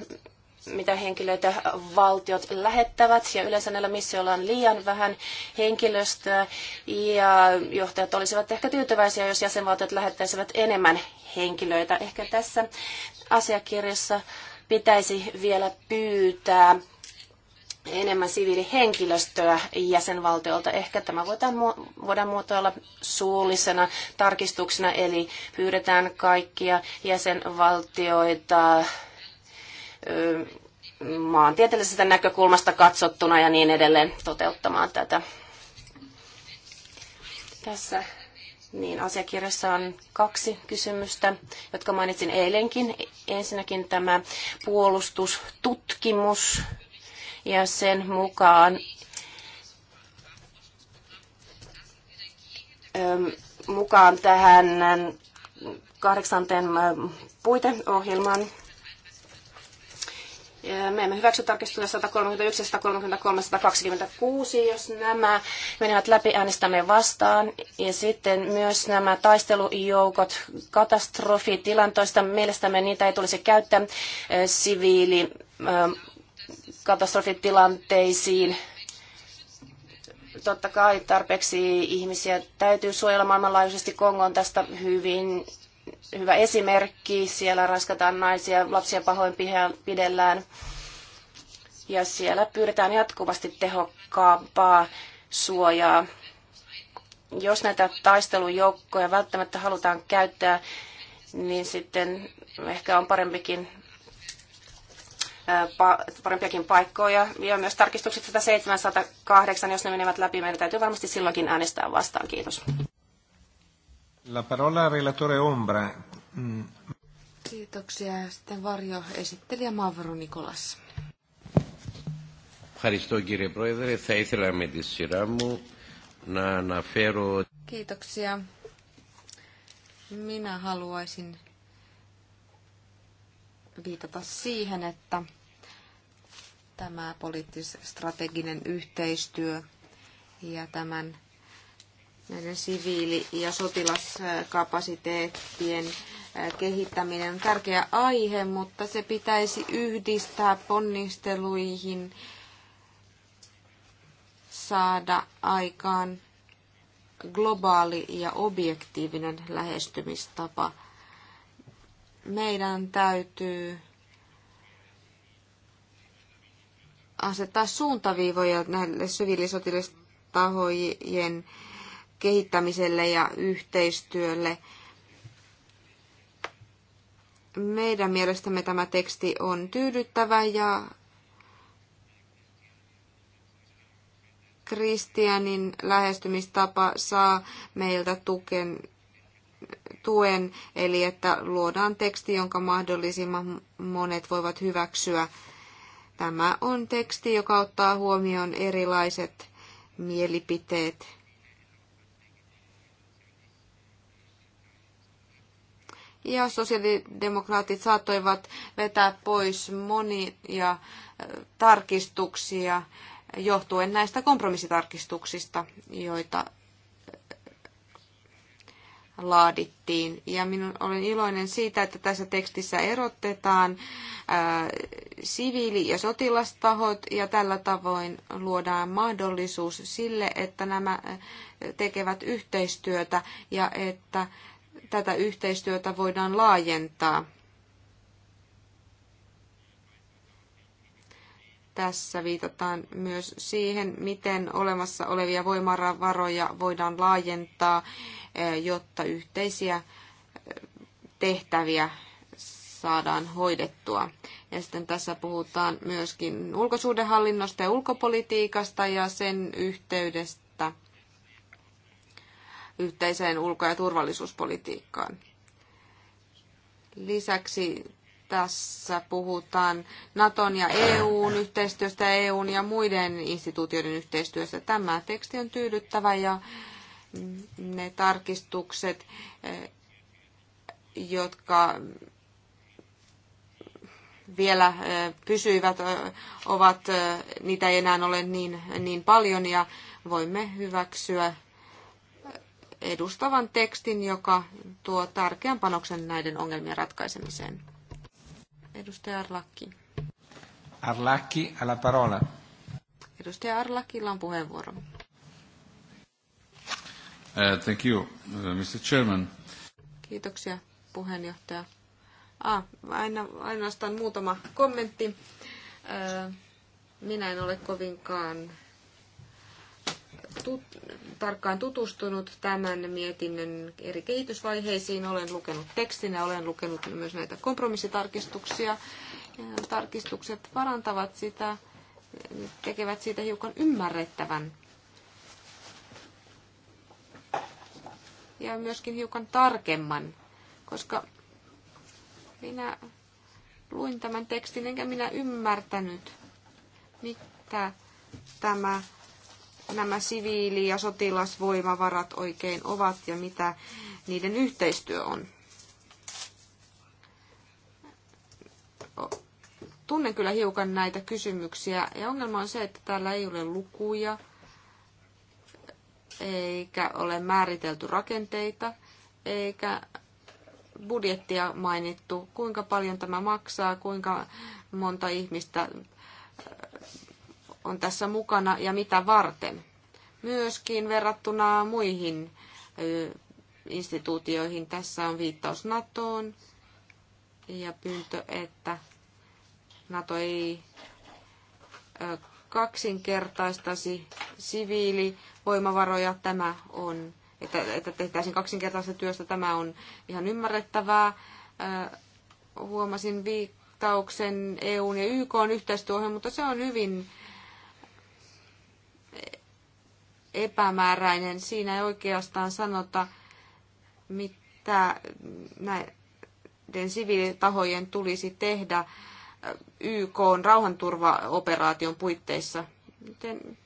mitä henkilöitä valtiot lähettävät. Ja yleensä näillä missioilla on liian vähän henkilöstöä ja johtajat olisivat ehkä tyytyväisiä, jos jäsenvaltiot lähettäisivät enemmän henkilöitä. Ehkä tässä asiakirjassa pitäisi vielä pyytää enemmän siviilihenkilöstöä jäsenvaltiolta. Ehkä tämä voidaan, voidaan muotoilla suullisena tarkistuksena, eli pyydetään kaikkia jäsenvaltioita maantieteellisestä näkökulmasta katsottuna ja niin edelleen toteuttamaan tätä. Tässä niin, asiakirjassa on kaksi kysymystä, jotka mainitsin eilenkin. Ensinnäkin tämä puolustustutkimus ja sen mukaan mukaan tähän kahdeksanteen puiteohjelmaan me emme hyväksy tarkistusta 131, 133, 126, jos nämä menevät läpi, äänestämme vastaan. Ja sitten myös nämä taistelujoukot katastrofitilantoista. Mielestämme niitä ei tulisi käyttää eh, siviili eh, katastrofitilanteisiin. Totta kai tarpeeksi ihmisiä täytyy suojella maailmanlaajuisesti. Kongo on tästä hyvin hyvä esimerkki. Siellä raskataan naisia, lapsia pidellään ja siellä pyydetään jatkuvasti tehokkaampaa suojaa. Jos näitä taistelujoukkoja välttämättä halutaan käyttää, niin sitten ehkä on parempikin parempiakin paikkoja. Ja myös tarkistukset 178, jos ne menevät läpi, meidän täytyy varmasti silloinkin äänestää vastaan. Kiitos. La parola relatore Ombra. Mm. Kiitoksia. Sitten varjo esittelijä Mavro Nikolas. Kiitoksia. Minä haluaisin viitata siihen, että tämä poliittis-strateginen yhteistyö ja tämän näiden siviili- ja sotilaskapasiteettien kehittäminen on tärkeä aihe, mutta se pitäisi yhdistää ponnisteluihin saada aikaan globaali ja objektiivinen lähestymistapa. Meidän täytyy asettaa suuntaviivoja näille siviilisotilastahojen kehittämiselle ja yhteistyölle. Meidän mielestämme tämä teksti on tyydyttävä ja Kristianin lähestymistapa saa meiltä tuken, tuen, eli että luodaan teksti, jonka mahdollisimman monet voivat hyväksyä. Tämä on teksti, joka ottaa huomioon erilaiset mielipiteet. ja sosiaalidemokraatit saattoivat vetää pois monia äh, tarkistuksia johtuen näistä kompromissitarkistuksista, joita äh, laadittiin. Ja minun olen iloinen siitä, että tässä tekstissä erotetaan ää, äh, siviili- ja sotilastahot ja tällä tavoin luodaan mahdollisuus sille, että nämä tekevät yhteistyötä ja että tätä yhteistyötä voidaan laajentaa. Tässä viitataan myös siihen, miten olemassa olevia voimavaroja voidaan laajentaa, eh, jotta yhteisiä eh, tehtäviä saadaan hoidettua. Ja sitten tässä puhutaan myöskin ulkosuudenhallinnosta ja ulkopolitiikasta ja sen yhteydestä yhteiseen ulko- ja turvallisuuspolitiikkaan. Lisäksi tässä puhutaan Naton ja EUn yhteistyöstä, EUn ja muiden instituutioiden yhteistyöstä. Tämä teksti on tyydyttävä ja ne tarkistukset, jotka vielä pysyivät, ovat, niitä ei enää ole niin, niin paljon ja voimme hyväksyä edustavan tekstin, joka tuo tärkeän panoksen näiden ongelmien ratkaisemiseen. Edustaja Arlakki. Arlakki, alla parola. Edustaja Arlakilla on puheenvuoro. Uh, thank you, uh, Mr. Chairman. Kiitoksia, puheenjohtaja. Ah, aina, ainoastaan muutama kommentti. Uh, minä en ole kovinkaan tut- tarkkaan tutustunut tämän mietinnön eri kehitysvaiheisiin. Olen lukenut tekstin ja olen lukenut myös näitä kompromissitarkistuksia. Tarkistukset parantavat sitä, tekevät siitä hiukan ymmärrettävän. Ja myöskin hiukan tarkemman, koska minä luin tämän tekstin enkä minä ymmärtänyt, mitä tämä nämä siviili- ja sotilasvoimavarat oikein ovat ja mitä niiden yhteistyö on. Tunnen kyllä hiukan näitä kysymyksiä ja ongelma on se, että täällä ei ole lukuja eikä ole määritelty rakenteita eikä budjettia mainittu, kuinka paljon tämä maksaa, kuinka monta ihmistä on tässä mukana ja mitä varten. Myöskin verrattuna muihin instituutioihin tässä on viittaus NATOon ja pyyntö, että NATO ei kaksinkertaistaisi siviilivoimavaroja. Tämä on, että, että tehtäisiin kaksinkertaista työstä, tämä on ihan ymmärrettävää. Huomasin viittauksen EUn ja YK on yhteistyöhön, mutta se on hyvin epämääräinen. Siinä ei oikeastaan sanota, mitä näiden siviilitahojen tulisi tehdä YK on rauhanturvaoperaation puitteissa. Miten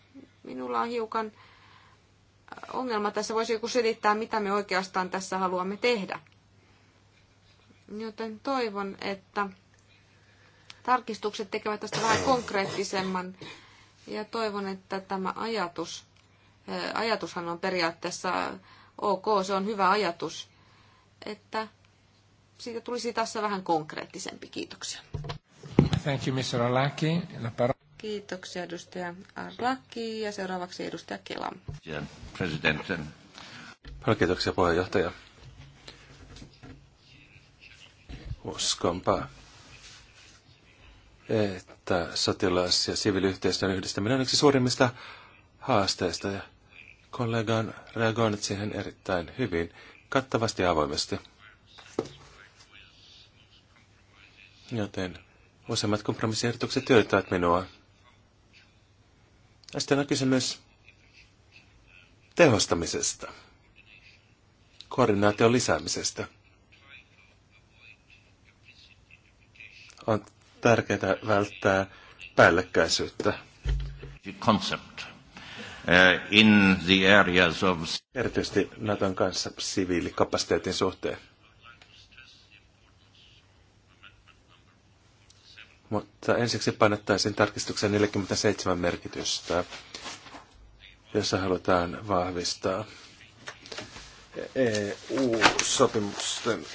minulla on hiukan ongelma tässä. Voisi joku selittää, mitä me oikeastaan tässä haluamme tehdä. Joten toivon, että tarkistukset tekevät tästä vähän konkreettisemman. Ja toivon, että tämä ajatus ajatushan on periaatteessa ok, se on hyvä ajatus, että siitä tulisi tässä vähän konkreettisempi. Kiitoksia. Thank you, Mr. Kiitoksia, edustaja Arlaki. Ja seuraavaksi edustaja Kela. President. Paljon kiitoksia, puheenjohtaja. Uskonpa, että sotilas- ja siviiliyhteistyön yhdistäminen on yksi suurimmista haasteista ja kollega on reagoinut siihen erittäin hyvin, kattavasti ja avoimesti. Joten useimmat kompromissiehdotukset työtävät minua. Ja sitten on kysymys tehostamisesta, koordinaation lisäämisestä. On tärkeää välttää päällekkäisyyttä. Concept Uh, in the areas of... Erityisesti Naton kanssa siviilikapasiteetin suhteen. Mutta ensiksi painottaisin tarkistuksen 47 merkitystä, jossa halutaan vahvistaa EU-sopimusten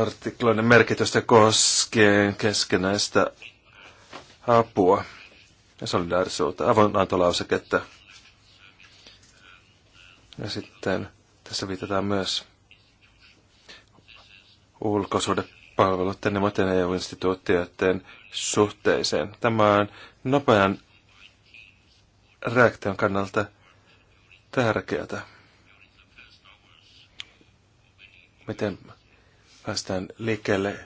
artikloiden merkitystä koskien keskenäistä apua ja solidaarisuutta, että Ja sitten tässä viitataan myös ulkosuhdepalveluiden ja muiden EU-instituutioiden suhteeseen. Tämä on nopean reaktion kannalta tärkeää. Miten päästään liikkeelle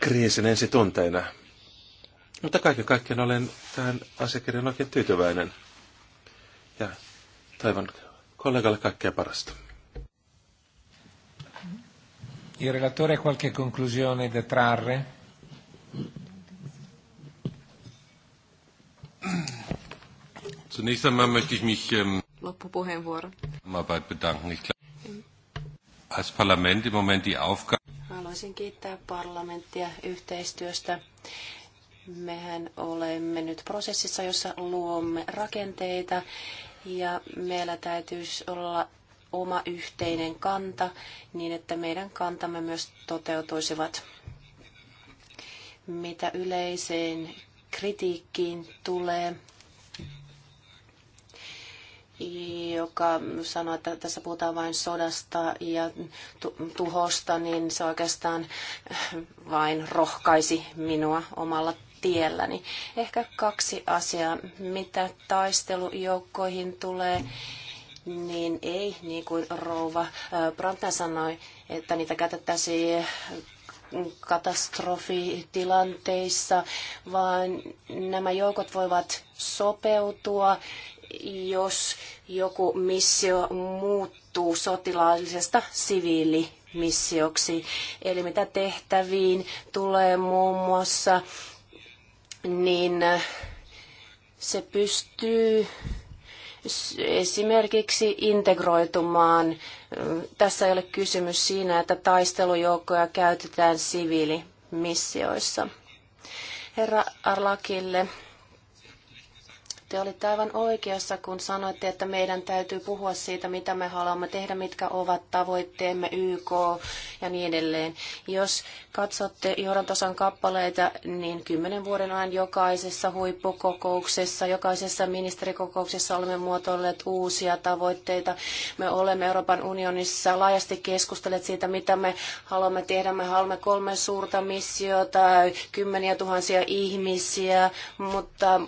kriisin ensi tunteina? Mutta kaiken kaikkiaan olen tähän asiakirjan oikein tyytyväinen. Ja toivon kollegalle kaikkea parasta. Il relatore qualche conclusione da trarre? Zunächst einmal möchte ich mich ähm, Loppupuheenvuoro. Arbeit bedanken. Ich glaube, als Parlament im Moment die Aufgabe. Haluaisin kiittää parlamenttia yhteistyöstä. Mehän olemme nyt prosessissa, jossa luomme rakenteita ja meillä täytyisi olla oma yhteinen kanta niin, että meidän kantamme myös toteutuisivat. Mitä yleiseen kritiikkiin tulee, joka sanoo, että tässä puhutaan vain sodasta ja tuhosta, niin se oikeastaan vain rohkaisi minua omalla tielläni. Ehkä kaksi asiaa, mitä taistelujoukkoihin tulee, niin ei, niin kuin rouva Branta sanoi, että niitä käytettäisiin katastrofitilanteissa, vaan nämä joukot voivat sopeutua, jos joku missio muuttuu sotilaallisesta siviili missioksi. Eli mitä tehtäviin tulee muun muassa niin äh, se pystyy esimerkiksi integroitumaan. Äh, tässä ei ole kysymys siinä, että taistelujoukkoja käytetään siviilimissioissa. Herra Arlakille te olitte aivan oikeassa, kun sanoitte, että meidän täytyy puhua siitä, mitä me haluamme tehdä, mitkä ovat tavoitteemme, YK ja niin edelleen. Jos katsotte johdantosan kappaleita, niin kymmenen vuoden ajan jokaisessa huippukokouksessa, jokaisessa ministerikokouksessa olemme muotoilleet uusia tavoitteita. Me olemme Euroopan unionissa laajasti keskustelleet siitä, mitä me haluamme tehdä. Me haluamme kolme suurta missiota, kymmeniä tuhansia ihmisiä, mutta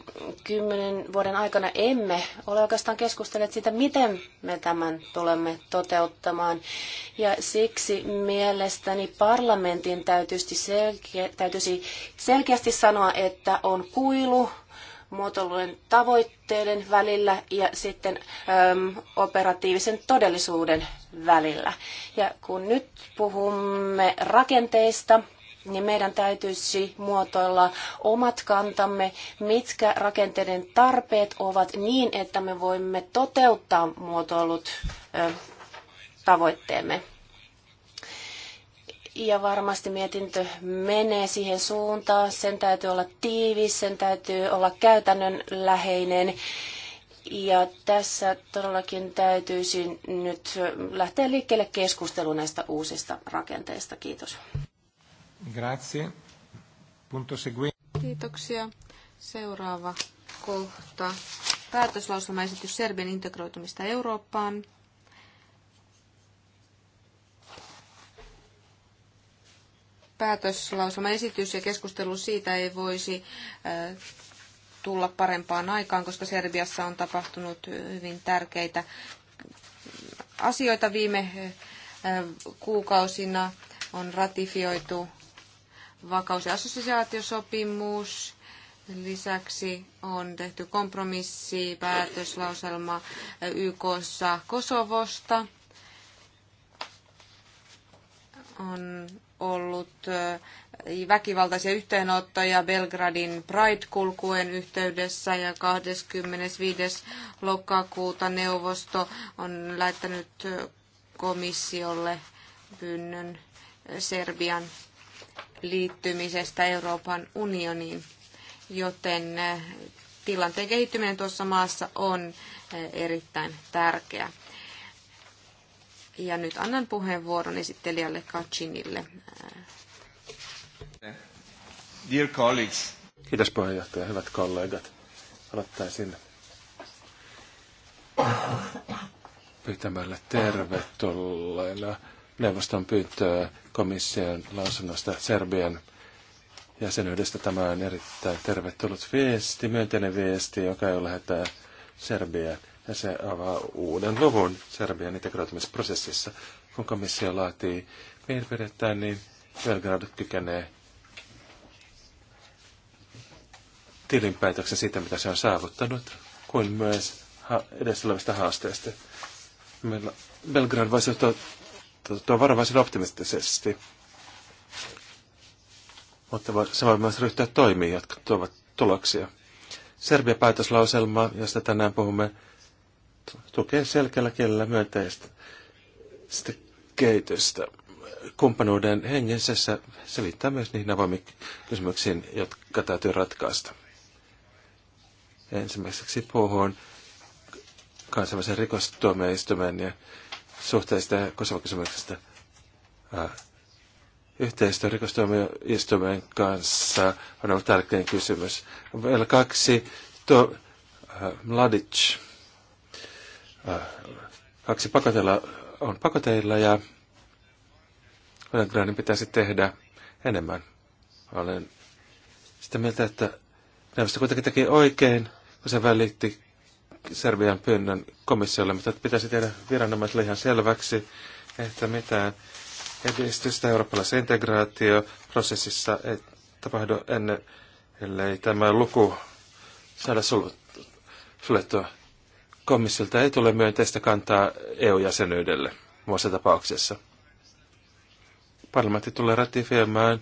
kymmenen vuoden aikana emme ole oikeastaan keskustelleet siitä, miten me tämän tulemme toteuttamaan. Ja siksi mielestäni parlamentin täytyisi, selkeä, täytyisi selkeästi sanoa, että on kuilu muotoilujen tavoitteiden välillä ja sitten äm, operatiivisen todellisuuden välillä. Ja kun nyt puhumme rakenteista, niin meidän täytyisi muotoilla omat kantamme, mitkä rakenteiden tarpeet ovat niin, että me voimme toteuttaa muotoilut tavoitteemme. Ja varmasti mietintö menee siihen suuntaan. Sen täytyy olla tiivis, sen täytyy olla käytännönläheinen. Ja tässä todellakin täytyisi nyt lähteä liikkeelle keskustelu näistä uusista rakenteista. Kiitos. Grazie. Punto seguente. Kiitoksia. Seuraava kohta. Päätöslauselmaesitys Serbian integroitumista Eurooppaan. Päätöslauselmaesitys ja keskustelu siitä ei voisi tulla parempaan aikaan, koska Serbiassa on tapahtunut hyvin tärkeitä asioita viime kuukausina. On ratifioitu vakaus- ja assosiaatiosopimus. Lisäksi on tehty kompromissi, päätöslauselma YKssa Kosovosta. On ollut äh, väkivaltaisia yhteenottoja Belgradin pride kulkuen yhteydessä ja 25. lokakuuta neuvosto on lähettänyt komissiolle pyynnön Serbian liittymisestä Euroopan unioniin, joten eh, tilanteen kehittyminen tuossa maassa on eh, erittäin tärkeä. Ja nyt annan puheenvuoron esittelijälle Kacinille. Eh, dear colleagues. Kiitos puheenjohtaja, hyvät kollegat. Aloittaisin pitämällä tervetulleena neuvoston pyyntöä komission lausunnosta Serbian jäsenyydestä. Tämä on erittäin tervetullut viesti, myönteinen viesti, joka jo lähettää Serbiaan. Ja se avaa uuden luvun Serbian integroitumisprosessissa. Kun komissio laatii mielipidettään, niin Belgrad kykenee tilinpäätöksen siitä, mitä se on saavuttanut, kuin myös ha- edessä olevista haasteista. Belgrad voisi ottaa suhtautua varovaisen optimistisesti. Mutta se voi myös ryhtyä toimiin, jotka tuovat tuloksia. Serbian päätöslauselma, josta tänään puhumme, tukee selkeällä kielellä myönteistä sitä kehitystä. Kumppanuuden hengessä se liittää myös niihin avoimiin kysymyksiin, jotka täytyy ratkaista. Ensimmäiseksi puhun kansainvälisen rikostuomioistuimen ja suhteista ja Kosovo-kysymyksestä. Yhteistyö rikostuomioistuimen kanssa on ollut tärkein kysymys. Vielä kaksi. Tuo, Mladic. kaksi pakotella on pakoteilla ja Belgradin pitäisi tehdä enemmän. Olen sitä mieltä, että neuvosto kuitenkin teki oikein, kun se välitti Serbian pyynnön komissiolle, mutta pitäisi tehdä viranomaisille ihan selväksi, että mitään edistystä eurooppalaisessa integraatioprosessissa ei tapahdu ennen, ellei tämä luku saada suljettua. Komissiolta ei tule myönteistä kantaa EU-jäsenyydelle muussa tapauksessa. Parlamentti tulee ratifioimaan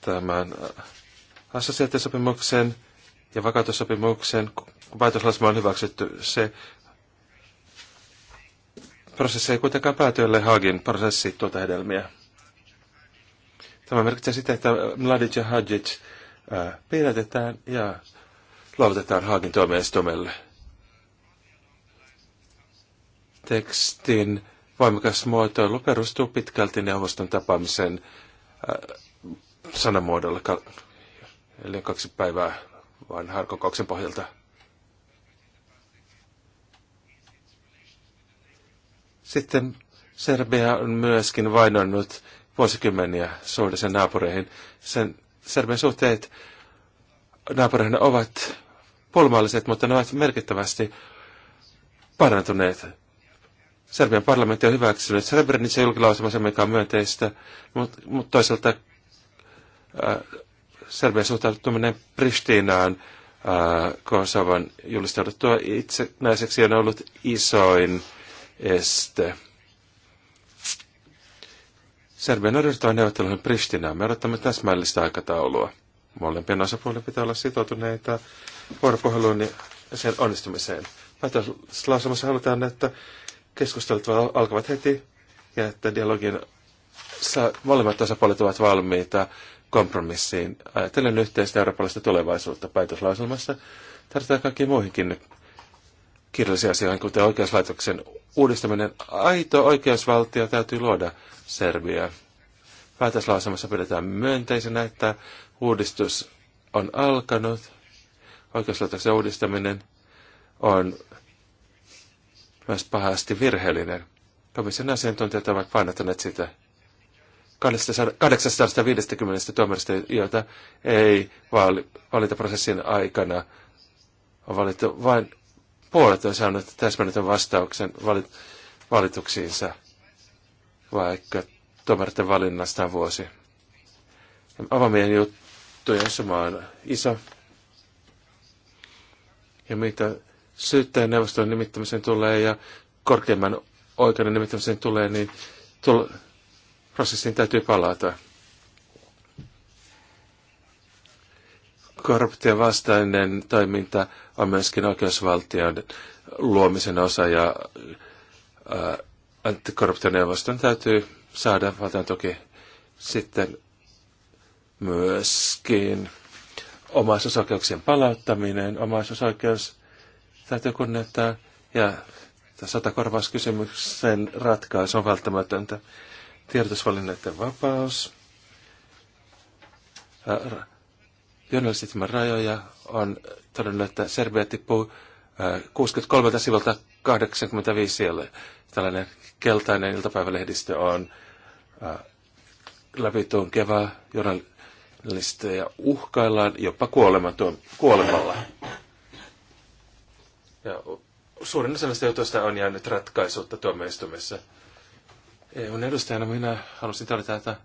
tämän assosiaatiosopimuksen ja vakautussopimuksen päätöslausuma on hyväksytty. Se prosessi ei kuitenkaan pääty, ellei Hagin prosessi tuota hedelmiä. Tämä merkitsee sitä, että Mladic ja Hadjic pidätetään ja luovutetaan hagin tuomioistuimelle. Tekstin voimakas muotoilu perustuu pitkälti neuvoston tapaamisen sanamuodolle, eli kaksi päivää vanhan kokouksen pohjalta. Sitten Serbia on myöskin vainonnut vuosikymmeniä suhdessa naapureihin. Sen Serbian suhteet naapureihin ovat pulmalliset, mutta ne ovat merkittävästi parantuneet. Serbian parlamentti on hyväksynyt Srebrenica julkilausumansa, mikä on myönteistä, mutta mut toisaalta äh, Serbian suhtautuminen Pristinaan äh, Kosovan julistauduttua itsenäiseksi on ollut isoin este. Serbian odotetaan neuvotteluihin Pristinaan. Me odotamme täsmällistä aikataulua. Molempien osapuolien pitää olla sitoutuneita vuoropuheluun ja sen onnistumiseen. Päätöslausumassa halutaan, että keskustelut alkavat heti ja että dialogin molemmat osapuolet ovat valmiita kompromissiin. Ajattelen yhteistä eurooppalaista tulevaisuutta päätöslauselmassa. Tarvitaan kaikkiin muihinkin kirjallisiin asioihin, kuten oikeuslaitoksen uudistaminen. Aito oikeusvaltio täytyy luoda Serbia Päätöslauselmassa pidetään myönteisenä, että uudistus on alkanut. Oikeuslaitoksen uudistaminen on myös pahasti virheellinen. Komission asiantuntijat ovat painottaneet sitä. 850 tuomarista, joita ei vaali, valintaprosessin aikana on valittu. Vain puolet on saanut täsmännetön vastauksen valituksiinsa, vaikka tuomarten valinnasta on vuosi. Avamien juttujen summa on iso. Ja mitä syyttäjän neuvoston nimittämiseen tulee ja korkeimman oikeuden nimittämiseen tulee, niin prosessiin täytyy palata. Korruption vastainen toiminta on myöskin oikeusvaltion luomisen osa ja äh, antikorruptioneuvoston täytyy saada valtion toki sitten myöskin omaisuusoikeuksien palauttaminen, omaisuusoikeus täytyy kunnioittaa ja sotakorvauskysymyksen ratkaisu on välttämätöntä tiedotusvälineiden vapaus, journalistitimen rajoja on todennut, että Serbia tippuu 63 sivulta 85 siellä. tällainen keltainen iltapäivälehdistö on kevää journalisteja uhkaillaan jopa kuolematon, kuolemalla. Ja suurin osa näistä jutuista on jäänyt ratkaisuutta tuomioistumissa. EUn edustajana minä halusin todeta, että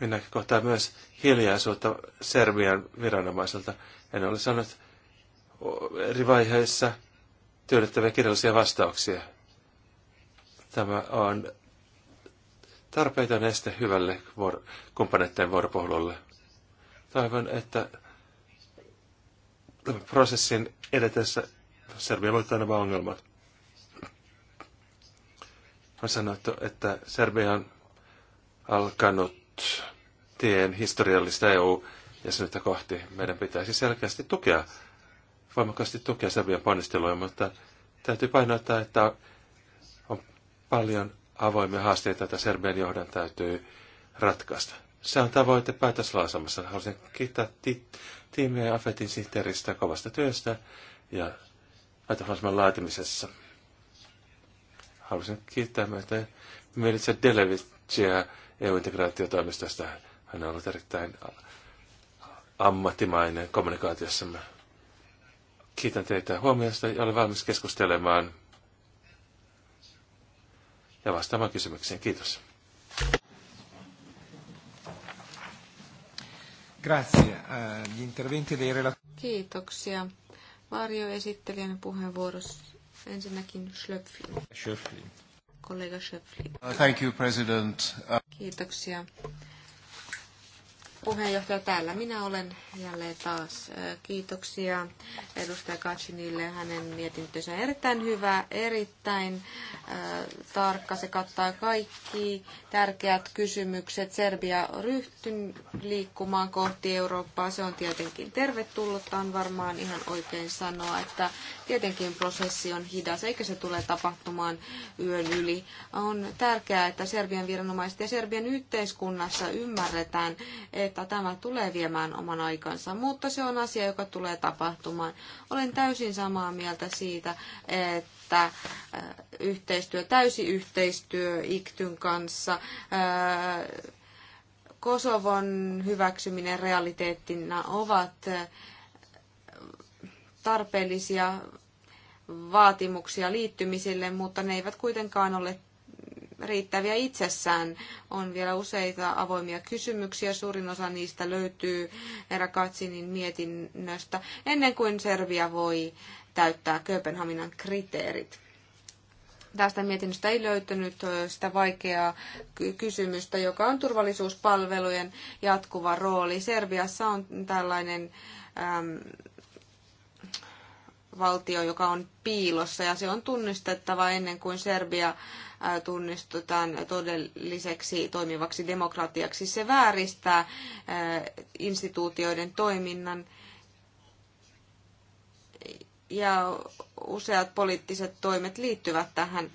minä kohtaan myös hiljaisuutta Serbian viranomaiselta. En ole saanut eri vaiheissa tyydyttäviä kirjallisia vastauksia. Tämä on tarpeeton este hyvälle vuoro- kumppaneiden vuoropuhelulle. Toivon, että prosessin edetessä Serbia voittaa nämä ongelmat. Hän sanoi, että Serbia on alkanut tien historiallista EU-jäsenyyttä kohti. Meidän pitäisi selkeästi tukea, voimakkaasti tukea Serbian ponnisteluja, mutta täytyy painottaa, että on paljon avoimia haasteita, että Serbian johdon täytyy ratkaista. Se on tavoite päätöslausamassa. Haluaisin kiittää ti- tiimiä ja Afetin sihteeristä kovasta työstä ja päätöslausaman laatimisessa. Haluaisin kiittää meitä Melissa Delevitsiä EU-integraatiotoimistosta. Hän on ollut erittäin ammattimainen kommunikaatiossamme. Kiitän teitä huomiosta ja olen valmis keskustelemaan ja vastaamaan kysymyksiin. Kiitos. Eh, Kiitoksia. Gli esittelijän Kiitoksia. puheenvuorossa Ensinnäkin Schlöpflin. Schöpflin. Kollega Schöpflin. thank you, President. Kiitoksia puheenjohtaja, täällä minä olen jälleen taas. Kiitoksia edustaja Katsinille. Hänen mietintönsä on erittäin hyvä, erittäin äh, tarkka. Se kattaa kaikki tärkeät kysymykset. Serbia ryhtyy liikkumaan kohti Eurooppaa. Se on tietenkin tervetullutta. On varmaan ihan oikein sanoa, että tietenkin prosessi on hidas, eikä se tule tapahtumaan yön yli. On tärkeää, että Serbian viranomaiset ja Serbian yhteiskunnassa ymmärretään, että että tämä tulee viemään oman aikansa, mutta se on asia, joka tulee tapahtumaan. Olen täysin samaa mieltä siitä, että äh, yhteistyö, täysi yhteistyö Iktyn kanssa, äh, Kosovon hyväksyminen realiteettina ovat äh, tarpeellisia vaatimuksia liittymisille, mutta ne eivät kuitenkaan ole riittäviä itsessään. On vielä useita avoimia kysymyksiä. Suurin osa niistä löytyy erakatsinin Katsinin mietinnöstä ennen kuin Serbia voi täyttää Kööpenhaminan kriteerit tästä mietinnöstä ei löytynyt sitä vaikeaa kysymystä, joka on turvallisuuspalvelujen jatkuva rooli. Serbiassa on tällainen äm, valtio, joka on piilossa ja se on tunnistettava ennen kuin Serbia tunnistetaan todelliseksi toimivaksi demokratiaksi. Se vääristää instituutioiden toiminnan ja useat poliittiset toimet liittyvät tähän.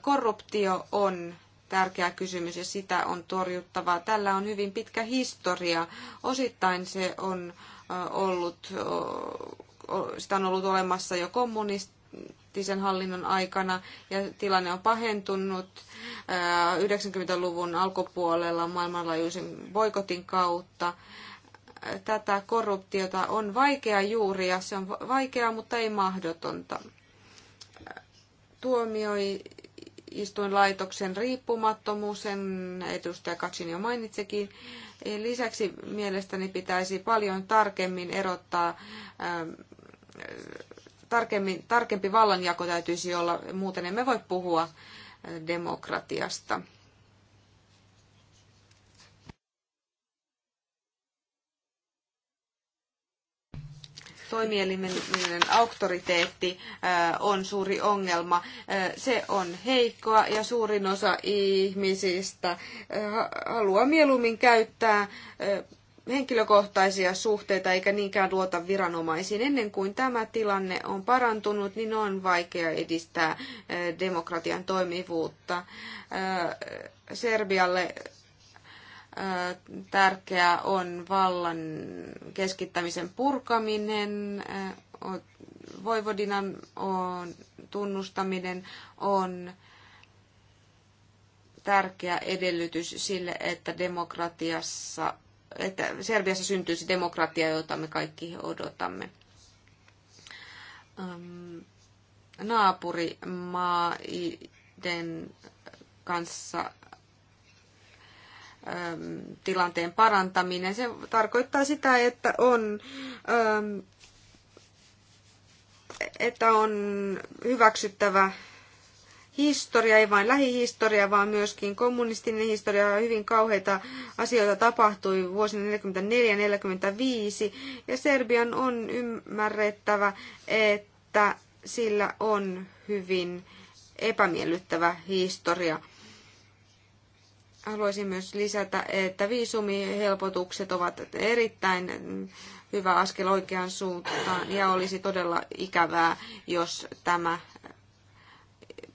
Korruptio on tärkeä kysymys ja sitä on torjuttava. Tällä on hyvin pitkä historia. Osittain se on ollut, sitä on ollut olemassa jo kommunist poliittisen hallinnon aikana ja tilanne on pahentunut 90-luvun alkupuolella maailmanlaajuisen boikotin kautta. Tätä korruptiota on vaikea juuria, se on vaikeaa, mutta ei mahdotonta. Tuomioistuinlaitoksen riippumattomuus, sen edustaja Katsin jo mainitsikin, Lisäksi mielestäni pitäisi paljon tarkemmin erottaa tarkemmin, tarkempi vallanjako täytyisi olla, muuten emme voi puhua äh, demokratiasta. Toimielimen auktoriteetti äh, on suuri ongelma. Äh, se on heikkoa ja suurin osa ihmisistä haluaa mieluummin käyttää henkilökohtaisia suhteita eikä niinkään luota viranomaisiin. Ennen kuin tämä tilanne on parantunut, niin on vaikea edistää eh, demokratian toimivuutta. Eh, Serbialle eh, tärkeää on vallan keskittämisen purkaminen, voivodinan on, tunnustaminen on tärkeä edellytys sille, että demokratiassa että Serbiassa se demokratia, jota me kaikki odotamme. Naapurimaiden kanssa tilanteen parantaminen. Se tarkoittaa sitä, että on, että on hyväksyttävä historia, ei vain lähihistoria, vaan myöskin kommunistinen historia. Hyvin kauheita asioita tapahtui vuosina 1944-1945 ja Serbian on ymmärrettävä, että sillä on hyvin epämiellyttävä historia. Haluaisin myös lisätä, että viisumihelpotukset ovat erittäin hyvä askel oikeaan suuntaan ja olisi todella ikävää, jos tämä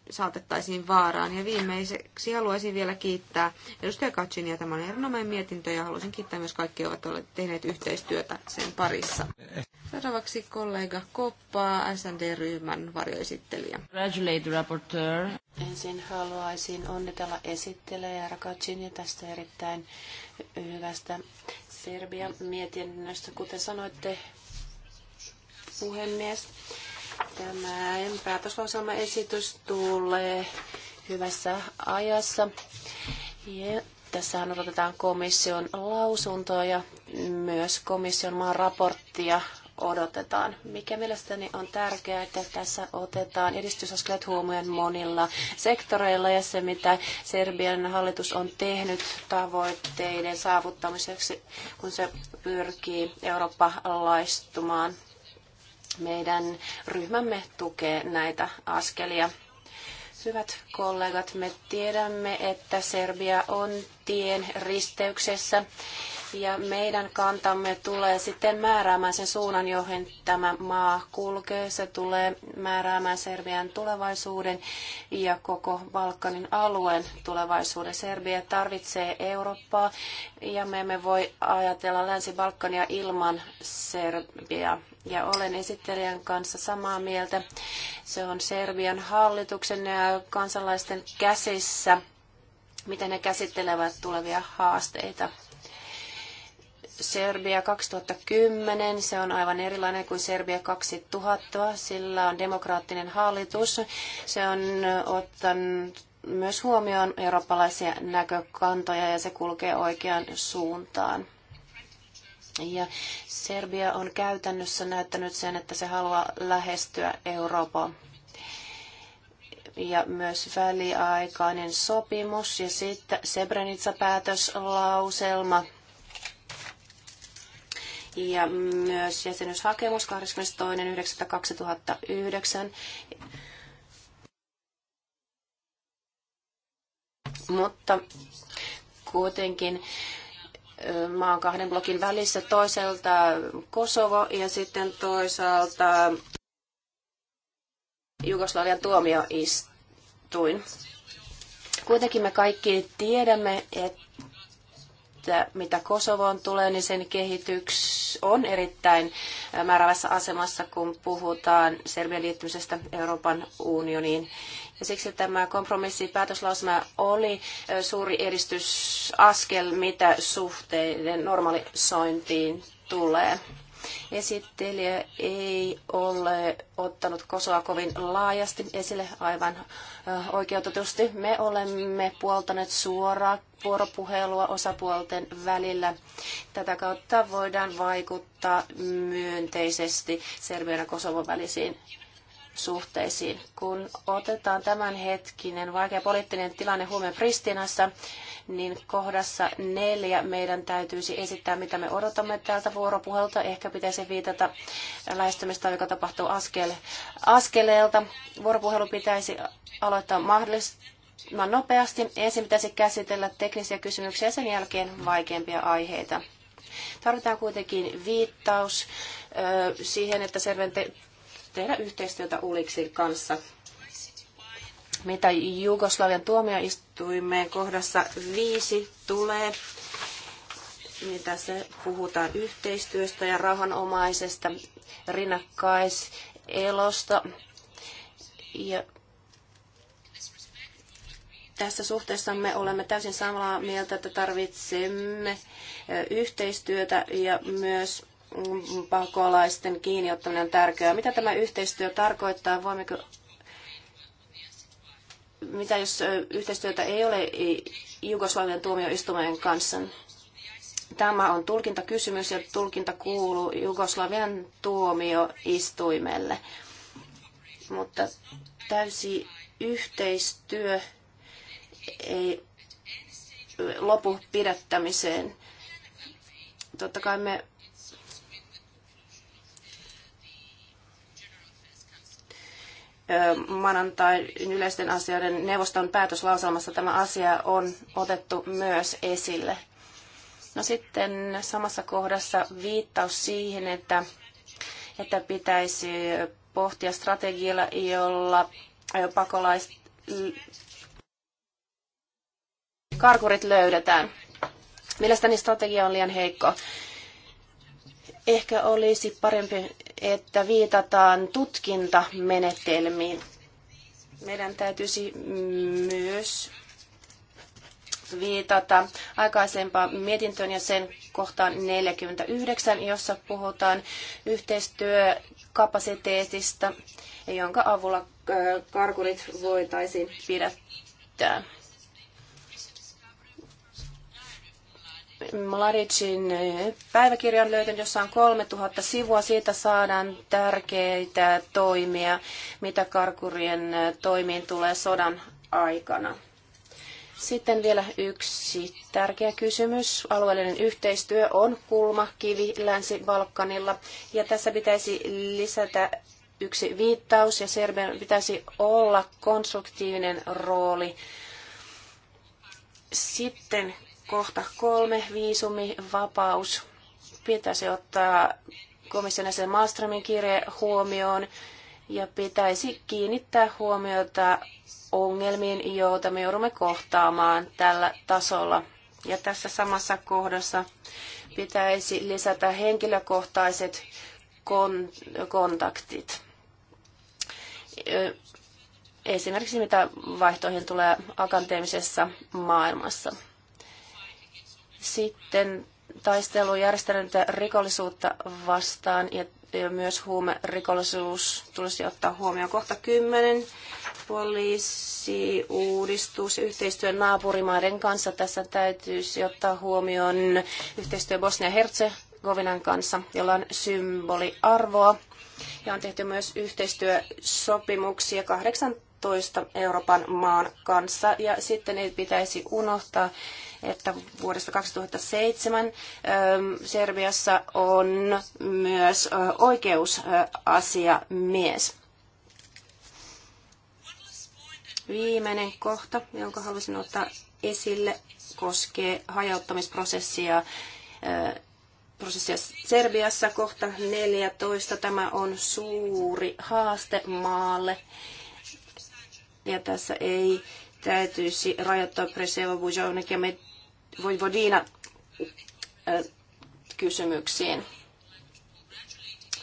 saatettaisiin vaaraan. Ja viimeiseksi haluaisin vielä kiittää edustaja Katsinia. Tämä on erinomainen mietintö ja haluaisin kiittää myös kaikki, jotka ovat tehneet yhteistyötä sen parissa. Seuraavaksi kollega Koppaa, SND-ryhmän varjoesittelijä. Congratulate rapporteur. Ensin haluaisin onnitella esittelejä Rakacinia tästä erittäin hyvästä Serbian mietinnöstä. Kuten sanoitte, puhemies, Tämä esitys tulee hyvässä ajassa. Ja tässähän odotetaan komission lausuntoa ja myös komission maan raporttia odotetaan. Mikä mielestäni on tärkeää, että tässä otetaan edistysaskeleet huomioon monilla sektoreilla ja se, mitä Serbian hallitus on tehnyt tavoitteiden saavuttamiseksi, kun se pyrkii eurooppalaistumaan. Meidän ryhmämme tukee näitä askelia. Hyvät kollegat, me tiedämme, että Serbia on tien risteyksessä ja meidän kantamme tulee sitten määräämään sen suunnan, johon tämä maa kulkee. Se tulee määräämään Serbian tulevaisuuden ja koko Balkanin alueen tulevaisuuden. Serbia tarvitsee Eurooppaa ja me emme voi ajatella Länsi-Balkania ilman Serbiaa ja olen esittelijän kanssa samaa mieltä. Se on Serbian hallituksen ja kansalaisten käsissä, miten ne käsittelevät tulevia haasteita. Serbia 2010, se on aivan erilainen kuin Serbia 2000, sillä on demokraattinen hallitus. Se on ottanut myös huomioon eurooppalaisia näkökantoja ja se kulkee oikeaan suuntaan. Ja Serbia on käytännössä näyttänyt sen, että se haluaa lähestyä Eurooppaa. Ja myös väliaikainen sopimus ja sitten Sebrenica-päätöslauselma. Ja myös jäsenyyshakemus 22.9.2009. Mutta kuitenkin maan kahden blokin välissä, toiselta Kosovo ja sitten toisaalta Jugoslavian tuomioistuin. Kuitenkin me kaikki tiedämme, että mitä Kosovoon tulee, niin sen kehityks on erittäin määrävässä asemassa, kun puhutaan Serbian liittymisestä Euroopan unioniin. Ja siksi tämä kompromissipäätöslausuma oli suuri edistysaskel, mitä suhteiden normalisointiin tulee. Esittelijä ei ole ottanut Kosoa kovin laajasti esille aivan oikeutetusti. Me olemme puoltaneet suoraa vuoropuhelua osapuolten välillä. Tätä kautta voidaan vaikuttaa myönteisesti Serbian ja Kosovon välisiin suhteisiin. Kun otetaan tämänhetkinen vaikea poliittinen tilanne huomioon Pristinassa, niin kohdassa neljä meidän täytyisi esittää, mitä me odotamme täältä vuoropuhelta. Ehkä pitäisi viitata lähestymistä, joka tapahtuu askele- askeleelta. Vuoropuhelu pitäisi aloittaa mahdollisimman nopeasti. Ensin pitäisi käsitellä teknisiä kysymyksiä ja sen jälkeen vaikeampia aiheita. Tarvitaan kuitenkin viittaus siihen, että tehdä yhteistyötä Uliksin kanssa. Mitä Jugoslavian tuomioistuimeen kohdassa viisi tulee, niin tässä puhutaan yhteistyöstä ja rauhanomaisesta rinnakkaiselosta. Ja tässä suhteessa me olemme täysin samaa mieltä, että tarvitsemme yhteistyötä ja myös pakolaisten kiinniottaminen on tärkeää. Mitä tämä yhteistyö tarkoittaa? Voimmeko mitä jos yhteistyötä ei ole Jugoslavian tuomioistuimen kanssa? Tämä on tulkintakysymys ja tulkinta kuuluu Jugoslavian tuomioistuimelle. Mutta täysi yhteistyö ei lopu pidättämiseen. Totta kai me maanantain yleisten asioiden neuvoston päätöslauselmassa tämä asia on otettu myös esille. No sitten samassa kohdassa viittaus siihen, että, että pitäisi pohtia strategialla, jolla pakolaiset karkurit löydetään. Mielestäni strategia on liian heikko. Ehkä olisi parempi että viitataan tutkintamenetelmiin. Meidän täytyisi myös viitata aikaisempaan mietintöön ja sen kohtaan 49, jossa puhutaan yhteistyökapasiteetista, jonka avulla karkurit voitaisiin pidättää. Mladicin päiväkirjan löytänyt, jossa on 3000 sivua. Siitä saadaan tärkeitä toimia, mitä karkurien toimiin tulee sodan aikana. Sitten vielä yksi tärkeä kysymys. Alueellinen yhteistyö on kulmakivi Länsi-Balkanilla. Ja tässä pitäisi lisätä yksi viittaus ja Serbian pitäisi olla konstruktiivinen rooli. Sitten Kohta kolme, viisumi vapaus Pitäisi ottaa komission jäsen Malmströmin kirje huomioon ja pitäisi kiinnittää huomiota ongelmiin, joita me joudumme kohtaamaan tällä tasolla. Ja tässä samassa kohdassa pitäisi lisätä henkilökohtaiset kontaktit. Esimerkiksi mitä vaihtoihin tulee akateemisessa maailmassa. Sitten taistelu järjestäytynyttä rikollisuutta vastaan ja myös huumerikollisuus tulisi ottaa huomioon. Kohta 10. uudistus, yhteistyö naapurimaiden kanssa. Tässä täytyisi ottaa huomioon yhteistyö Bosnia-Herzegovinan kanssa, jolla on symboliarvoa. Ja on tehty myös yhteistyösopimuksia 18 Euroopan maan kanssa. Ja sitten ei pitäisi unohtaa että vuodesta 2007 ähm, Serbiassa on myös äh, oikeusasiamies. Viimeinen kohta, jonka haluaisin ottaa esille, koskee hajauttamisprosessia äh, prosessia Serbiassa kohta 14. Tämä on suuri haaste maalle. Ja tässä ei täytyisi rajoittaa Presevo Bujonik ja Vojvodina kysymyksiin.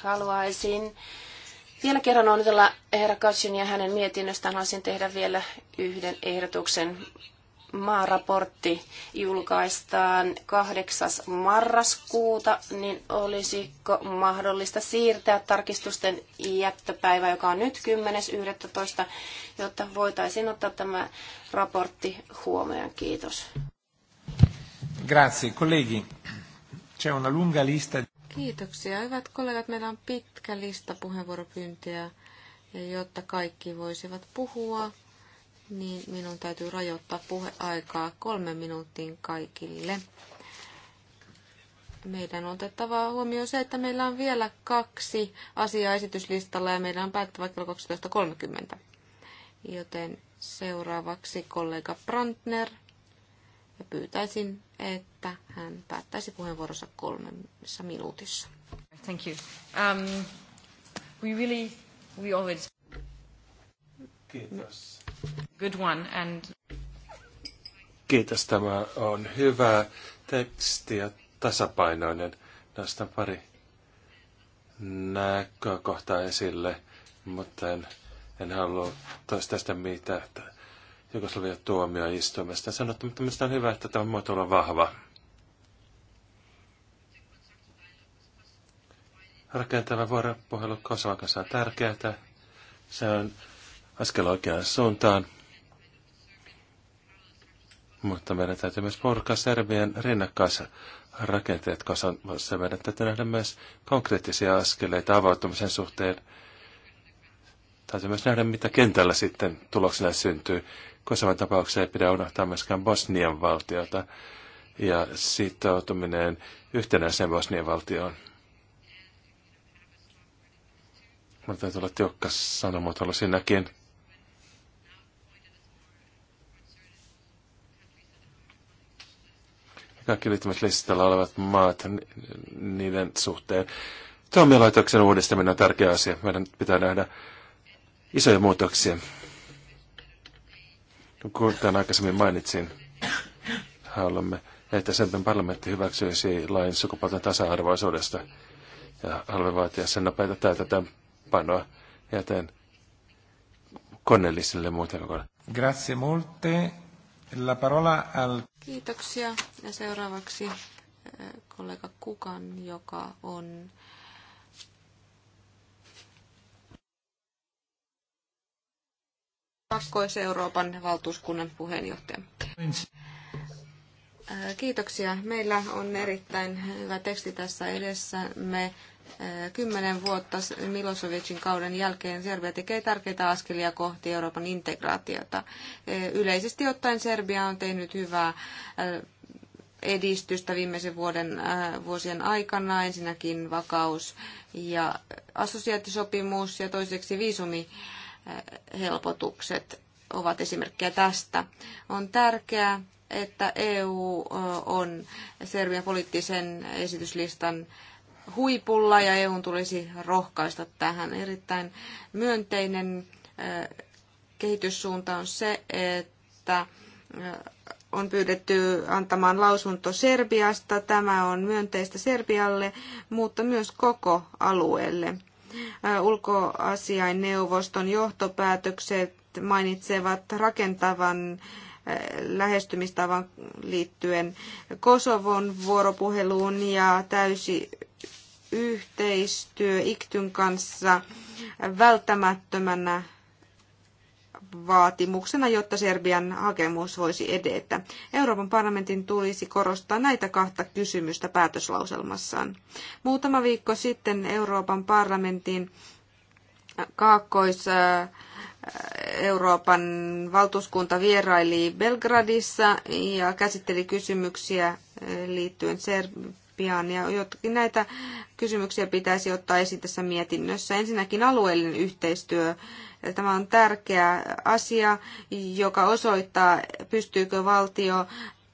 Haluaisin vielä kerran onnitella herra Katsin ja hänen mietinnöstään. Haluaisin tehdä vielä yhden ehdotuksen maaraportti julkaistaan 8. marraskuuta, niin olisiko mahdollista siirtää tarkistusten jättöpäivä, joka on nyt 10.11., jotta voitaisiin ottaa tämä raportti huomioon. Kiitos. Grazie, colleghi. C'è una lunga lista. Kiitoksia. Hyvät kollegat, meillä on pitkä lista puheenvuoropyyntöjä, jotta kaikki voisivat puhua niin minun täytyy rajoittaa puheaikaa kolme minuuttiin kaikille. Meidän on otettava huomioon se, että meillä on vielä kaksi asiaa esityslistalla ja meidän on päättävä kello 12.30. Joten seuraavaksi kollega Brandner. Ja pyytäisin, että hän päättäisi puheenvuorossa kolmessa minuutissa. Thank you. Um, we really, we always... Kiitos. Good one and... Kiitos, tämä on hyvä teksti ja tasapainoinen. Nostan pari näkökohtaa esille, mutta en, en halua toistaa sitä mitä, että Jugoslavia tuomioistuimesta sanottu, mutta minusta on hyvä, että tämä muoto on vahva. Rakentava vuoropuhelu Kosovan kanssa on tärkeää. Se on askel oikeaan suuntaan. Mutta meidän täytyy myös purkaa Serbian on se Meidän täytyy nähdä myös konkreettisia askeleita avautumisen suhteen. Täytyy myös nähdä, mitä kentällä sitten tuloksena syntyy. Kosovan tapauksessa ei pidä unohtaa myöskään Bosnian valtiota ja sitoutuminen yhtenäiseen Bosnian valtioon. Mutta täytyy olla tiukka sanomuotoilu sinäkin. kaikki listalla olevat maat niiden suhteen. Toimialaitoksen uudistaminen on tärkeä asia. Meidän pitää nähdä isoja muutoksia. Kuten aikaisemmin mainitsin, haluamme, että Sempen parlamentti hyväksyisi lain sukupuolten tasa-arvoisuudesta ja haluamme vaatia sen nopeita täytäntöönpanoa. Jätän Cornelisille muuten kokonaan. Grazie molte. La parola al... Kiitoksia. Ja seuraavaksi eh, kollega Kukan, joka on Kakkois-Euroopan valtuuskunnan puheenjohtaja. Eh, kiitoksia. Meillä on erittäin hyvä teksti tässä edessä. Me Kymmenen vuotta Milosevicin kauden jälkeen Serbia tekee tärkeitä askelia kohti Euroopan integraatiota. Yleisesti ottaen Serbia on tehnyt hyvää edistystä viimeisen vuoden, vuosien aikana. Ensinnäkin vakaus ja assosiaattisopimus ja toiseksi viisumihelpotukset ovat esimerkkejä tästä. On tärkeää, että EU on Serbian poliittisen esityslistan huipulla ja EUn tulisi rohkaista tähän. Erittäin myönteinen eh, kehityssuunta on se, että eh, on pyydetty antamaan lausunto Serbiasta. Tämä on myönteistä Serbialle, mutta myös koko alueelle. Eh, Ulkoasiainneuvoston johtopäätökset mainitsevat rakentavan lähestymistavan liittyen Kosovon vuoropuheluun ja täysi yhteistyö Iktyn kanssa välttämättömänä vaatimuksena, jotta Serbian hakemus voisi edetä. Euroopan parlamentin tulisi korostaa näitä kahta kysymystä päätöslauselmassaan. Muutama viikko sitten Euroopan parlamentin kaakkois äh, Euroopan valtuuskunta vieraili Belgradissa ja käsitteli kysymyksiä liittyen Serbian pian. Ja jotkin näitä kysymyksiä pitäisi ottaa esiin tässä mietinnössä. Ensinnäkin alueellinen yhteistyö. Tämä on tärkeä asia, joka osoittaa, pystyykö valtio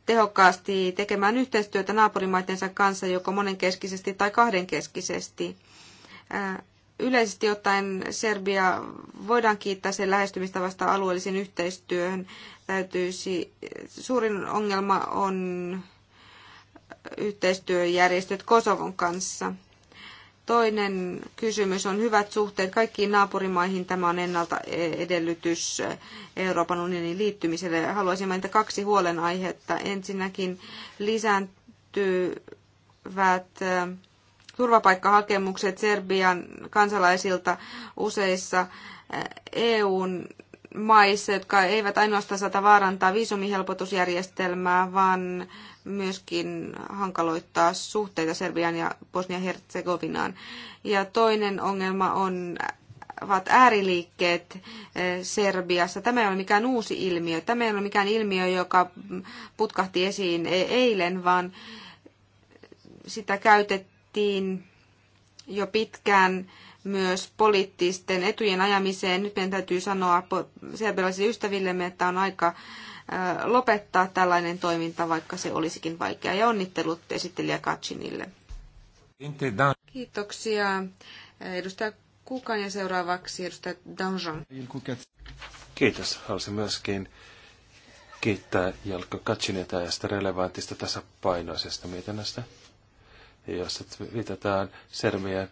tehokkaasti tekemään yhteistyötä naapurimaitensa kanssa joko monenkeskisesti tai kahdenkeskisesti. Yleisesti ottaen Serbia voidaan kiittää sen lähestymistavasta alueellisen yhteistyöhön. Täytyisi, suurin ongelma on yhteistyöjärjestöt Kosovon kanssa. Toinen kysymys on hyvät suhteet kaikkiin naapurimaihin. Tämä on ennalta edellytys Euroopan unionin liittymiselle. Haluaisin mainita kaksi huolenaihetta. Ensinnäkin lisääntyvät turvapaikkahakemukset Serbian kansalaisilta useissa EUn maissa, jotka eivät ainoastaan saata vaarantaa viisumihelpotusjärjestelmää, vaan myöskin hankaloittaa suhteita Serbian ja Bosnia-Herzegovinaan. Ja toinen ongelma on ovat ääriliikkeet eh, Serbiassa. Tämä ei ole mikään uusi ilmiö. Tämä ei ole mikään ilmiö, joka putkahti esiin e- eilen, vaan sitä käytettiin jo pitkään myös poliittisten etujen ajamiseen. Nyt meidän täytyy sanoa serbialaisille ystävillemme, että on aika äh, lopettaa tällainen toiminta, vaikka se olisikin vaikea. Ja onnittelut esittelijä Kacinille. Kiitoksia. Edustaja Kukan ja seuraavaksi edustaja Danjan. Kiitos. Haluaisin myöskin kiittää Jalko Kacinia tästä relevantista tasapainoisesta mietinnöstä, jossa viitataan Serbian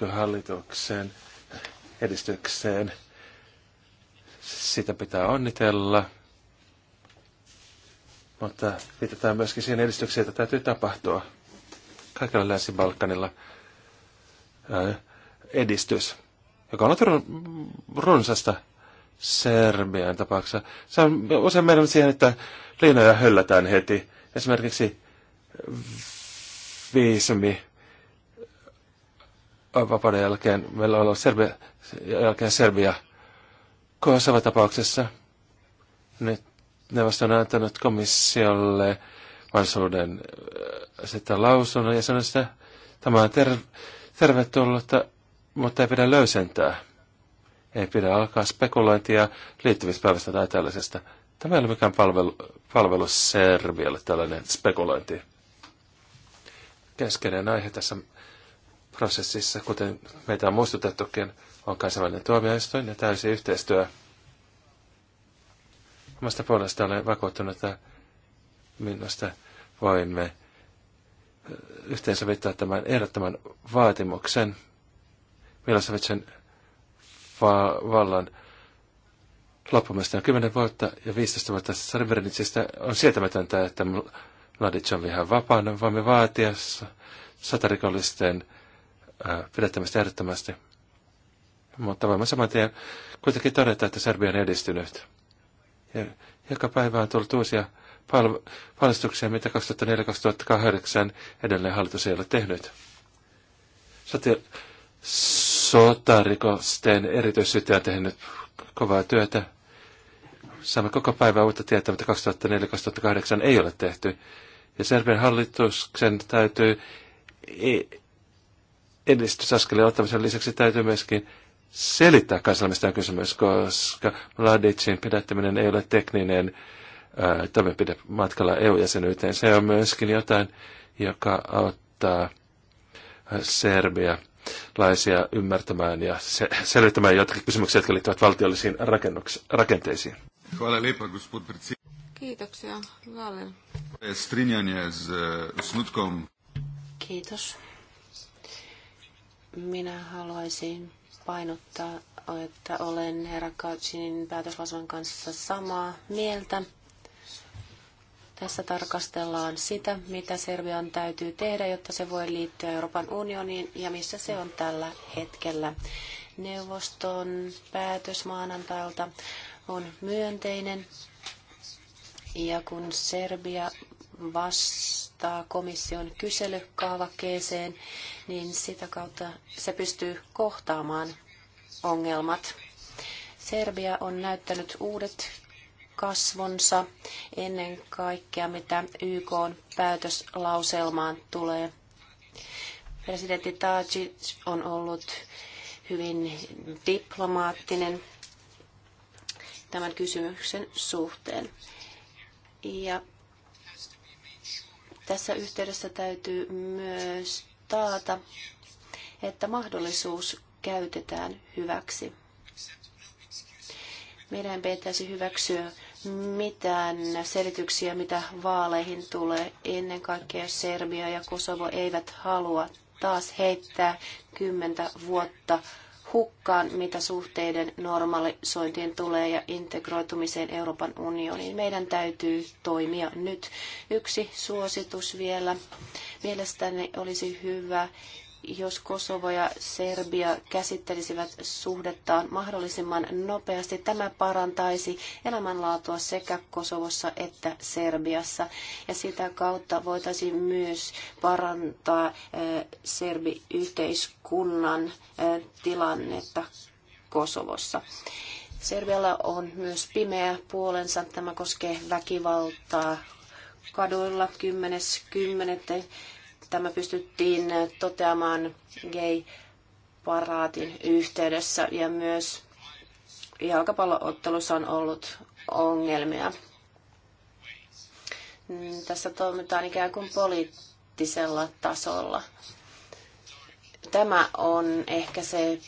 ja hallitukseen edistykseen. Sitä pitää onnitella, mutta viitataan myöskin siihen edistykseen, että täytyy tapahtua kaikilla Länsi-Balkanilla edistys, joka on otettu runsasta Serbian tapauksessa. Se on usein meidän siihen, että liinoja höllätään heti. Esimerkiksi viisumi vapauden jälkeen, meillä on Serbia, jälkeen Serbia Kosova-tapauksessa. Nyt vasta on antanut komissiolle mahdollisuuden äh, sitten lausunnon ja sanoi, että tämä on ter- tervetullutta, mutta ei pidä löysentää. Ei pidä alkaa spekulointia liittymispäivästä tai tällaisesta. Tämä ei ole mikään palvelu, palvelu Serbialle tällainen spekulointi. Keskeinen aihe tässä prosessissa, kuten meitä on muistutettukin, on kansainvälinen tuomioistuin ja täysi yhteistyö. Omasta puolesta olen vakuuttunut, että minusta voimme yhteensovittaa tämän ehdottoman vaatimuksen Milosevicin va- vallan loppumista on 10 vuotta ja 15 vuotta Srebrenicistä on sietämätöntä, että Mladic on ihan vapaana. Voimme vaatia satarikollisten pidättämistä ehdottomasti. Mutta voimme saman tien kuitenkin todeta, että Serbia on edistynyt. Ja joka päivä on tullut uusia pal- paljastuksia, mitä 2004-2008 edelleen hallitus ei ole tehnyt. Soti- sotarikosten erityisyyttä on tehnyt kovaa työtä. Saamme koko päivän uutta tietoa, mitä 2004-2008 ei ole tehty. Ja Serbian hallituksen täytyy edistysaskeleen ottamisen lisäksi täytyy myöskin selittää kansalaisista kysymys, koska Mladicin pidättäminen ei ole tekninen ää, toimenpide matkalla EU-jäsenyyteen. Se on myöskin jotain, joka auttaa Serbia laisia ymmärtämään ja se, selvittämään jotakin kysymyksiä, jotka liittyvät valtiollisiin rakenteisiin. Kiitoksia. Kiitos. Minä haluaisin painottaa, että olen herra Kautsinin päätöslauselman kanssa samaa mieltä. Tässä tarkastellaan sitä, mitä Serbian täytyy tehdä, jotta se voi liittyä Euroopan unioniin ja missä se on tällä hetkellä. Neuvoston päätös maanantailta on myönteinen ja kun Serbia vastaa komission kyselykaavakkeeseen, niin sitä kautta se pystyy kohtaamaan ongelmat. Serbia on näyttänyt uudet kasvonsa ennen kaikkea, mitä YK on päätöslauselmaan tulee. Presidentti Tajic on ollut hyvin diplomaattinen tämän kysymyksen suhteen. Ja tässä yhteydessä täytyy myös taata, että mahdollisuus käytetään hyväksi. Meidän ei pitäisi hyväksyä mitään selityksiä, mitä vaaleihin tulee. Ennen kaikkea Serbia ja Kosovo eivät halua taas heittää kymmentä vuotta hukkaan, mitä suhteiden normalisointien tulee ja integroitumiseen Euroopan unioniin. Meidän täytyy toimia nyt. Yksi suositus vielä. Mielestäni olisi hyvä, jos Kosovo ja Serbia käsittelisivät suhdettaan mahdollisimman nopeasti. Tämä parantaisi elämänlaatua sekä Kosovossa että Serbiassa. Ja sitä kautta voitaisiin myös parantaa eh, serbiyhteiskunnan eh, tilannetta Kosovossa. Serbialla on myös pimeä puolensa. Tämä koskee väkivaltaa kaduilla 10.10. 10 Tämä pystyttiin toteamaan gay-paraatin yhteydessä ja myös jalkapalloottelussa on ollut ongelmia. Tässä toimitaan ikään kuin poliittisella tasolla. Tämä on ehkä se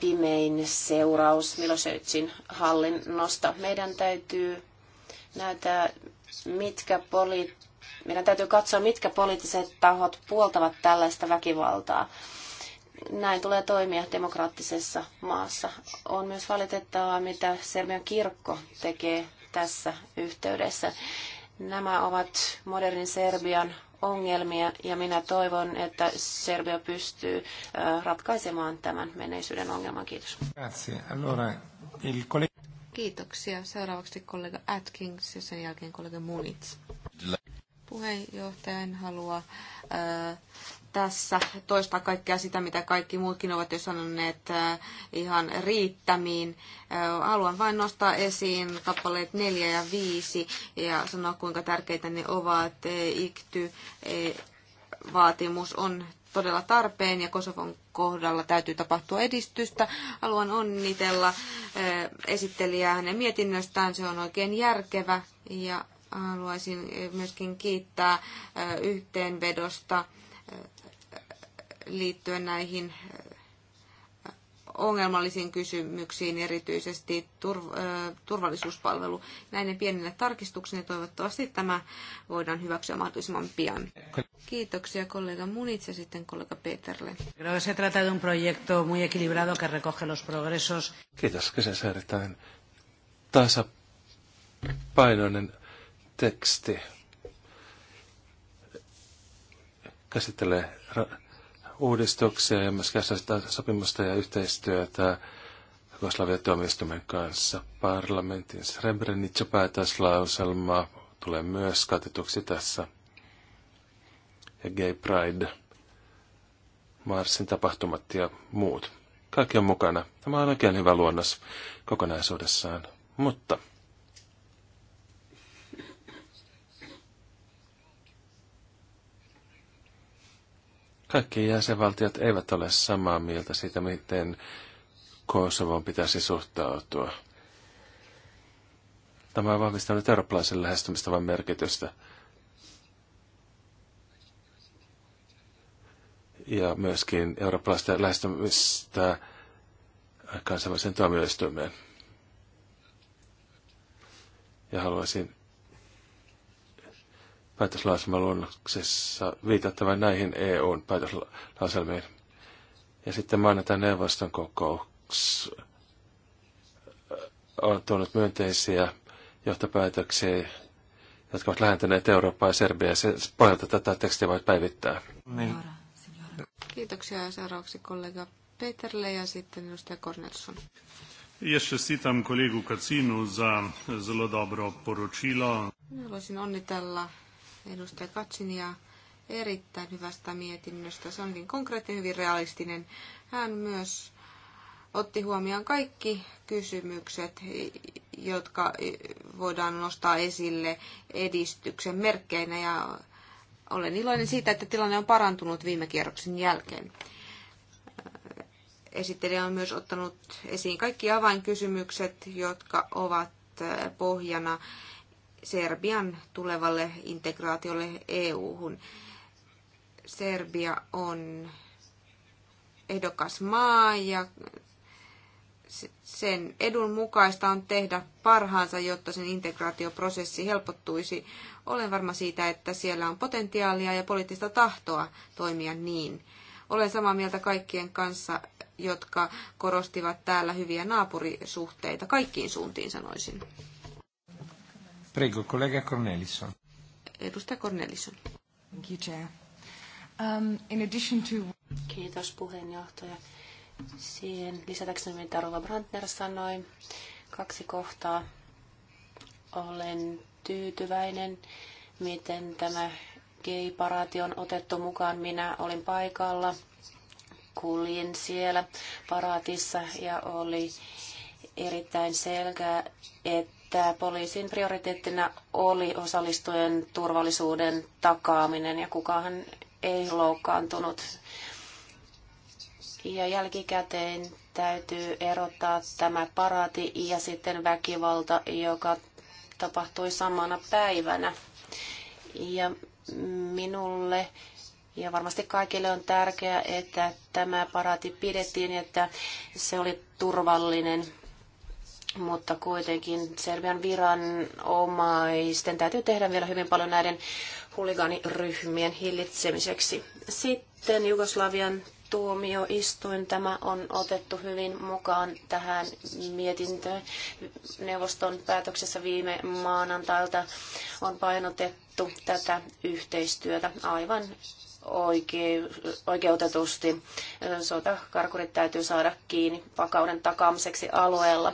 pimein seuraus Milosevicin hallinnosta. Meidän täytyy näyttää, mitkä poliittiset meidän täytyy katsoa, mitkä poliittiset tahot puoltavat tällaista väkivaltaa. Näin tulee toimia demokraattisessa maassa. On myös valitettavaa, mitä Serbian kirkko tekee tässä yhteydessä. Nämä ovat modernin Serbian ongelmia ja minä toivon, että Serbia pystyy ratkaisemaan tämän menneisyyden ongelman. Kiitos. Kiitoksia. Seuraavaksi kollega Atkins ja sen jälkeen kollega Munitz. Puheenjohtaja, en halua tässä toistaa kaikkea sitä, mitä kaikki muutkin ovat jo sanoneet ihan riittämiin. Ää, haluan vain nostaa esiin kappaleet 4 ja 5 ja sanoa, kuinka tärkeitä ne ovat. E, IKTY-vaatimus e, on todella tarpeen ja Kosovon kohdalla täytyy tapahtua edistystä. Haluan onnitella esittelijää hänen mietinnöstään. Se on oikein järkevä ja haluaisin myöskin kiittää yhteenvedosta liittyen näihin ongelmallisiin kysymyksiin, erityisesti turvallisuuspalvelu. Näiden pieninä tarkistuksina toivottavasti tämä voidaan hyväksyä mahdollisimman pian. Kiitoksia kollega Munitse sitten kollega Peterle. Creo que se trata de un proyecto muy equilibrado que recoge los progresos. Kiitos, kyseessä erittäin tasapainoinen teksti käsittelee uudistuksia ja myös sopimusta ja yhteistyötä Jugoslavian tuomioistuimen kanssa. Parlamentin Srebrenica-päätöslauselma tulee myös katetuksi tässä. Ja Gay Pride, Marsin tapahtumat ja muut. Kaikki on mukana. Tämä on oikein hyvä luonnos kokonaisuudessaan. Mutta Kaikki jäsenvaltiot eivät ole samaa mieltä siitä, miten Kosovon pitäisi suhtautua. Tämä on vahvistanut eurooppalaisen lähestymistavan merkitystä. Ja myöskin eurooppalaista lähestymistä kansainväliseen tuomioistuimeen. Ja haluaisin päätöslauselmaluonnoksessa viitattavan näihin EUn päätöslauselmiin. Ja sitten mainitaan neuvoston kokouks on tuonut myönteisiä johtopäätöksiä, jotka ovat lähentäneet Eurooppaa ja Serbiaa. Se pohjalta tätä tekstiä voi päivittää. Niin. Kiitoksia ja seuraavaksi kollega Peterle ja sitten edustaja Kornelsson. Haluaisin onnitella edustaja Katsinia erittäin hyvästä mietinnöstä. Se onkin konkreettinen, hyvin realistinen. Hän myös otti huomioon kaikki kysymykset, jotka voidaan nostaa esille edistyksen merkkeinä ja olen iloinen siitä, että tilanne on parantunut viime kierroksen jälkeen. Esittelijä on myös ottanut esiin kaikki avainkysymykset, jotka ovat pohjana Serbian tulevalle integraatiolle EU-hun. Serbia on ehdokas maa ja sen edun mukaista on tehdä parhaansa, jotta sen integraatioprosessi helpottuisi. Olen varma siitä, että siellä on potentiaalia ja poliittista tahtoa toimia niin. Olen samaa mieltä kaikkien kanssa, jotka korostivat täällä hyviä naapurisuhteita kaikkiin suuntiin, sanoisin. Prego, collega Cornelison. Edustaja Cornelison. Um, in addition to... Kiitos puheenjohtaja. Siihen lisätäkseni, mitä Rova Brandner sanoi, kaksi kohtaa. Olen tyytyväinen, miten tämä gay-paraati on otettu mukaan. Minä olin paikalla, kuljin siellä paraatissa ja oli erittäin selkeä, että että poliisin prioriteettina oli osallistujen turvallisuuden takaaminen ja kukaan ei loukkaantunut. Ja jälkikäteen täytyy erottaa tämä paraati ja sitten väkivalta, joka tapahtui samana päivänä. Ja minulle ja varmasti kaikille on tärkeää, että tämä paraati pidettiin, että se oli turvallinen mutta kuitenkin Serbian viranomaisten täytyy tehdä vielä hyvin paljon näiden huligaaniryhmien hillitsemiseksi. Sitten Jugoslavian tuomioistuin. Tämä on otettu hyvin mukaan tähän mietintöön. Neuvoston päätöksessä viime maanantailta on painotettu tätä yhteistyötä aivan oikeutetusti. Sotakarkurit täytyy saada kiinni vakauden takaamiseksi alueella.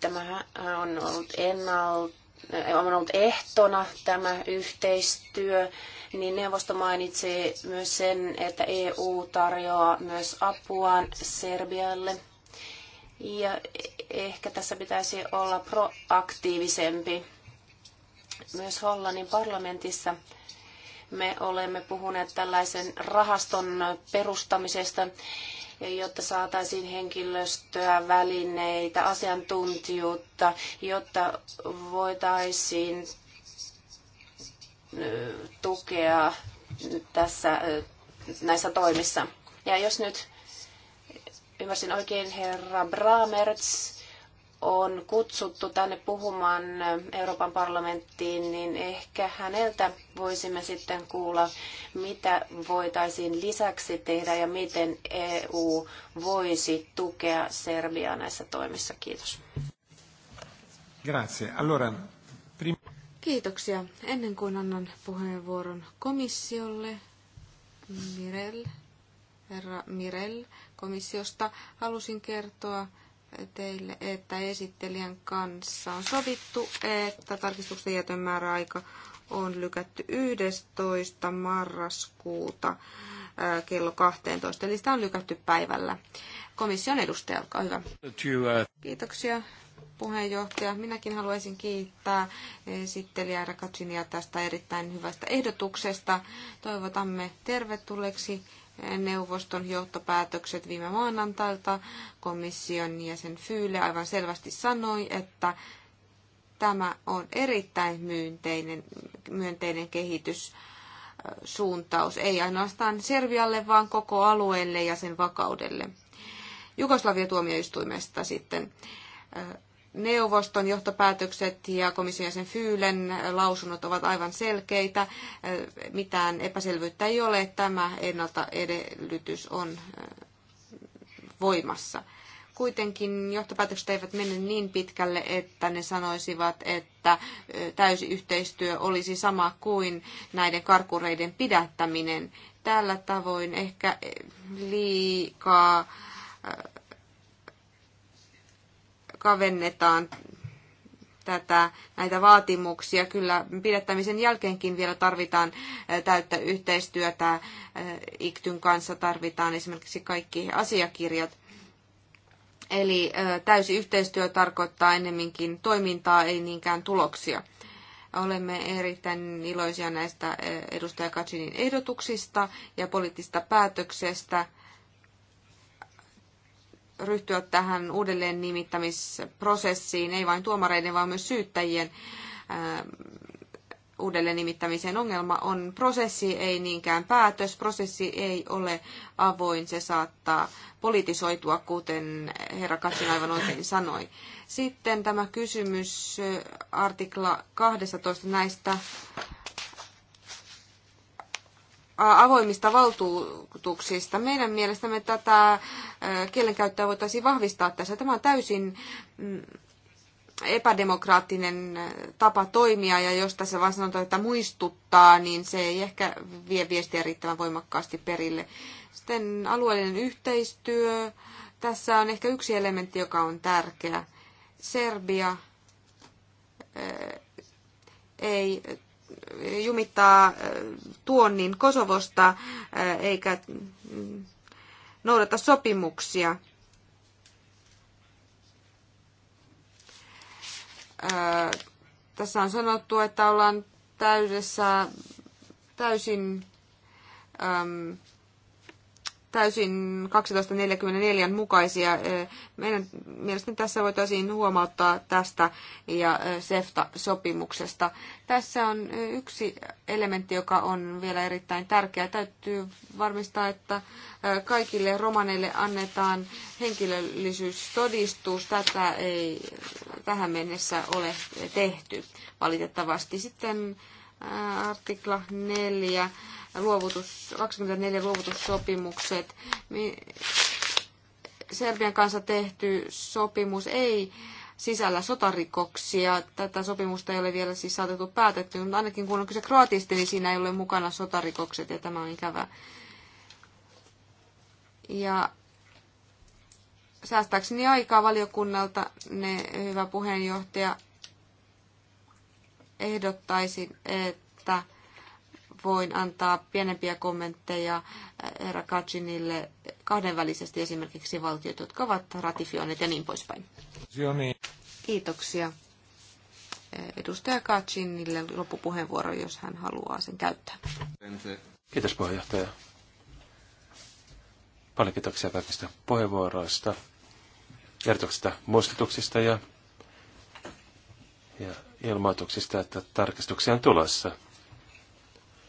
Tämä on ollut ennalta äh, on ollut ehtona tämä yhteistyö, niin neuvosto mainitsee myös sen, että EU tarjoaa myös apuaan Serbialle. Ja ehkä tässä pitäisi olla proaktiivisempi. Myös Hollannin parlamentissa me olemme puhuneet tällaisen rahaston perustamisesta, jotta saataisiin henkilöstöä, välineitä, asiantuntijuutta, jotta voitaisiin tukea tässä, näissä toimissa. Ja jos nyt ymmärsin oikein, herra Bramertz on kutsuttu tänne puhumaan Euroopan parlamenttiin, niin ehkä häneltä voisimme sitten kuulla, mitä voitaisiin lisäksi tehdä ja miten EU voisi tukea Serbiaa näissä toimissa. Kiitos. Grazie. Allora, prima. Kiitoksia. Ennen kuin annan puheenvuoron komissiolle, Mirel, herra Mirel komissiosta, halusin kertoa, teille, että esittelijän kanssa on sovittu, että tarkistuksen jätön määräaika on lykätty 11. marraskuuta äh, kello 12, eli sitä on lykätty päivällä. Komission edustaja, olkaa hyvä. Kiitoksia puheenjohtaja. Minäkin haluaisin kiittää esittelijä Rakatsinia tästä erittäin hyvästä ehdotuksesta. Toivotamme tervetulleeksi neuvoston johtopäätökset viime maanantailta. Komission jäsen Fyyle aivan selvästi sanoi, että tämä on erittäin myönteinen, myönteinen kehitys suuntaus, ei ainoastaan Serbialle, vaan koko alueelle ja sen vakaudelle. Jugoslavia tuomioistuimesta sitten Neuvoston johtopäätökset ja komission jäsen Fyylen lausunnot ovat aivan selkeitä. Mitään epäselvyyttä ei ole. Tämä ennalta edellytys on äh, voimassa. Kuitenkin johtopäätökset eivät mene niin pitkälle, että ne sanoisivat, että äh, täysi yhteistyö olisi sama kuin näiden karkureiden pidättäminen. Tällä tavoin ehkä äh, liikaa kavennetaan tätä, näitä vaatimuksia. Kyllä pidättämisen jälkeenkin vielä tarvitaan eh, täyttä yhteistyötä. Eh, Iktyn kanssa tarvitaan esimerkiksi kaikki asiakirjat. Eli eh, täysi yhteistyö tarkoittaa ennemminkin toimintaa, ei niinkään tuloksia. Olemme erittäin iloisia näistä edustaja Katsinin ehdotuksista ja poliittista päätöksestä – ryhtyä tähän uudelleen nimittämisprosessiin, ei vain tuomareiden, vaan myös syyttäjien uudelleen nimittämiseen. Ongelma on prosessi, ei niinkään päätös. Prosessi ei ole avoin, se saattaa politisoitua, kuten herra Katsin aivan oikein sanoi. Sitten tämä kysymys artikla 12 näistä avoimista valtuutuksista. Meidän mielestämme tätä kielenkäyttöä voitaisiin vahvistaa tässä. Tämä on täysin mm, epädemokraattinen tapa toimia, ja jos tässä vaan sanotaan, että muistuttaa, niin se ei ehkä vie viestiä riittävän voimakkaasti perille. Sitten alueellinen yhteistyö. Tässä on ehkä yksi elementti, joka on tärkeä. Serbia ei jumittaa äh, tuonnin Kosovosta äh, eikä mm, noudata sopimuksia. Äh, tässä on sanottu, että ollaan täydessä, täysin ähm, täysin 1244 mukaisia. Meidän mielestäni tässä voitaisiin huomauttaa tästä ja SEFTA-sopimuksesta. Tässä on yksi elementti, joka on vielä erittäin tärkeä. Täytyy varmistaa, että kaikille romaneille annetaan henkilöllisyystodistus. Tätä ei tähän mennessä ole tehty valitettavasti. Sitten artikla 4 luovutus, 24 luovutussopimukset. Serbian kanssa tehty sopimus ei sisällä sotarikoksia. Tätä sopimusta ei ole vielä siis saatettu päätetty, mutta ainakin kun on kyse kroatisti, niin siinä ei ole mukana sotarikokset ja tämä on ikävää. Ja säästääkseni aikaa valiokunnalta, ne hyvä puheenjohtaja, ehdottaisin, että voin antaa pienempiä kommentteja äh, herra Kacinille kahdenvälisesti esimerkiksi valtiot, jotka ovat ratifioineet ja niin poispäin. Kiitoksia. Äh, edustaja Kacinille loppupuheenvuoro, jos hän haluaa sen käyttää. Kiitos puheenjohtaja. Paljon kiitoksia kaikista puheenvuoroista, kertoksista, muistutuksista ja, ja ilmoituksista, että tarkistuksia on tulossa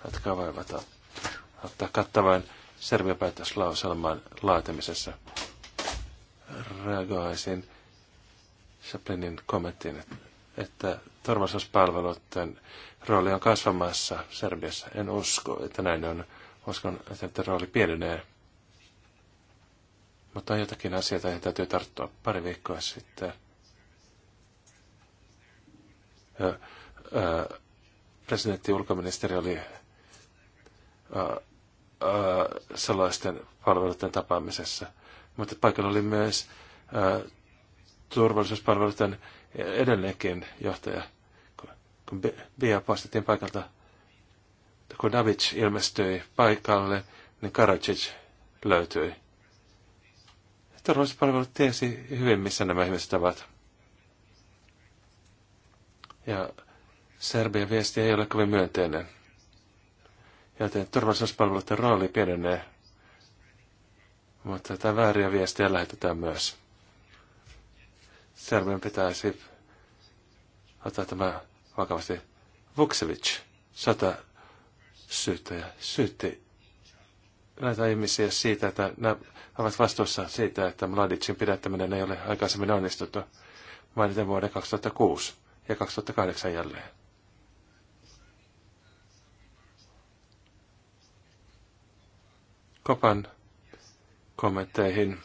jotka voivat ottaa kattavan Serbia-päätöslauselman laatimisessa. Reagoisin Chaplinin kommenttiin, että turvallisuuspalveluiden rooli on kasvamassa Serbiassa. En usko, että näin on. Uskon, että rooli pienenee. Mutta on jotakin asioita, joihin täytyy tarttua pari viikkoa sitten. Presidentti ulkoministeri oli salaisten palveluiden tapaamisessa. Mutta paikalla oli myös ää, turvallisuuspalveluiden edelleenkin johtaja, kun Bia poistettiin paikalta. Kun Davic ilmestyi paikalle, niin Karadzic löytyi. Turvallisuuspalvelut tiesi hyvin, missä nämä ihmiset ovat. Ja Serbian viesti ei ole kovin myönteinen joten turvallisuuspalveluiden rooli pienenee. Mutta tätä vääriä viestejä lähetetään myös. Serbian pitäisi ottaa tämä vakavasti. Vuksevic, sata syyttäjä, syytti näitä ihmisiä siitä, että nämä ovat vastuussa siitä, että Mladicin pidättäminen ei ole aikaisemmin onnistuttu mainiten vuoden 2006 ja 2008 jälleen. Kopan kommentteihin.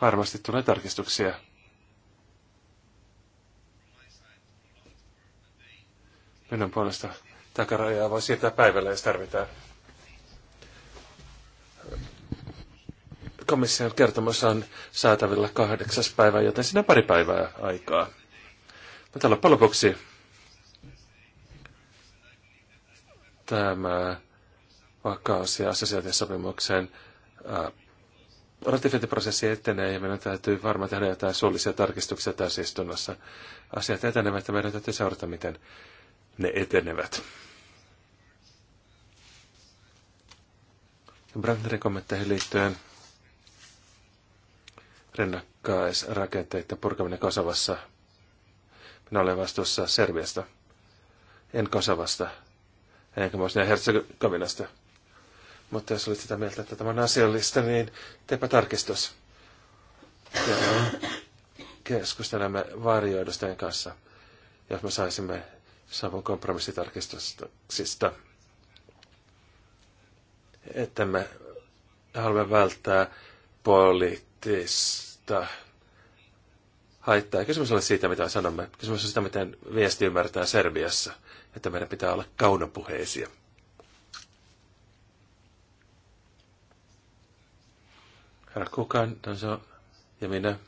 Varmasti tulee tarkistuksia. Minun puolesta takarajaa voi siirtää päivällä, jos tarvitaan. Komission kertomus on saatavilla kahdeksas päivä, joten siinä on pari päivää aikaa. Mutta loppujen lopuksi tämä vakaus- ja assosiaatiosopimuksen äh, ratifiointiprosessi etenee ja meidän täytyy varmaan tehdä jotain suullisia tarkistuksia istunnossa. Asiat etenevät ja meidän täytyy seurata, miten ne etenevät. Brandnerin kommentteihin liittyen rennakkaisrakenteiden purkaminen Kosovassa. Minä olen vastuussa Serbiasta, en Kosovasta, enkä myös Herzegovinasta. Mutta jos olet sitä mieltä, että tämä on asiallista, niin teepä tarkistus. Ja keskustelemme varjoidusten kanssa, jos me saisimme savun kompromissitarkistuksista. Että me haluamme välttää poliittista haittaa. Kysymys on siitä, mitä sanomme. Kysymys on sitä, miten viesti ymmärtää Serbiassa, että meidän pitää olla kaunopuheisia. Herra Kukan, ja minä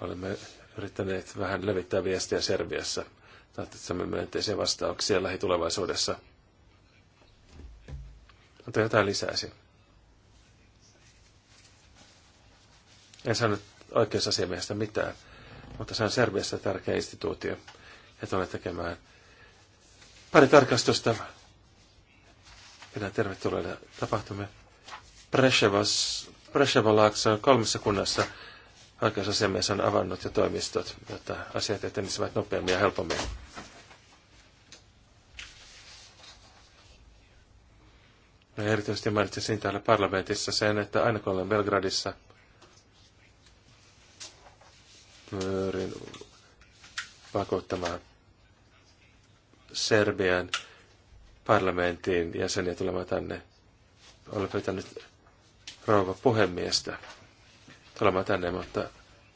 olemme yrittäneet vähän levittää viestiä Serbiassa. me myönteisiä vastauksia lähitulevaisuudessa. Mutta jotain lisäisi. En saanut oikeusasiamiehestä mitään, mutta se on Serbiassa tärkeä instituutio. Ja tulen tekemään pari tarkastusta. Pidän tervetulleena tapahtumia. Preševalaaksa on kolmessa kunnassa oikeusasiamies on avannut ja toimistot, jotta asiat etenisivät nopeammin ja helpommin. Ja erityisesti mainitsin täällä parlamentissa sen, että aina kun olen Belgradissa, pyrin vakuuttamaan Serbian parlamentin jäseniä tulemaan tänne. Olen pyytänyt rouva puhemiestä tulemaan tänne, mutta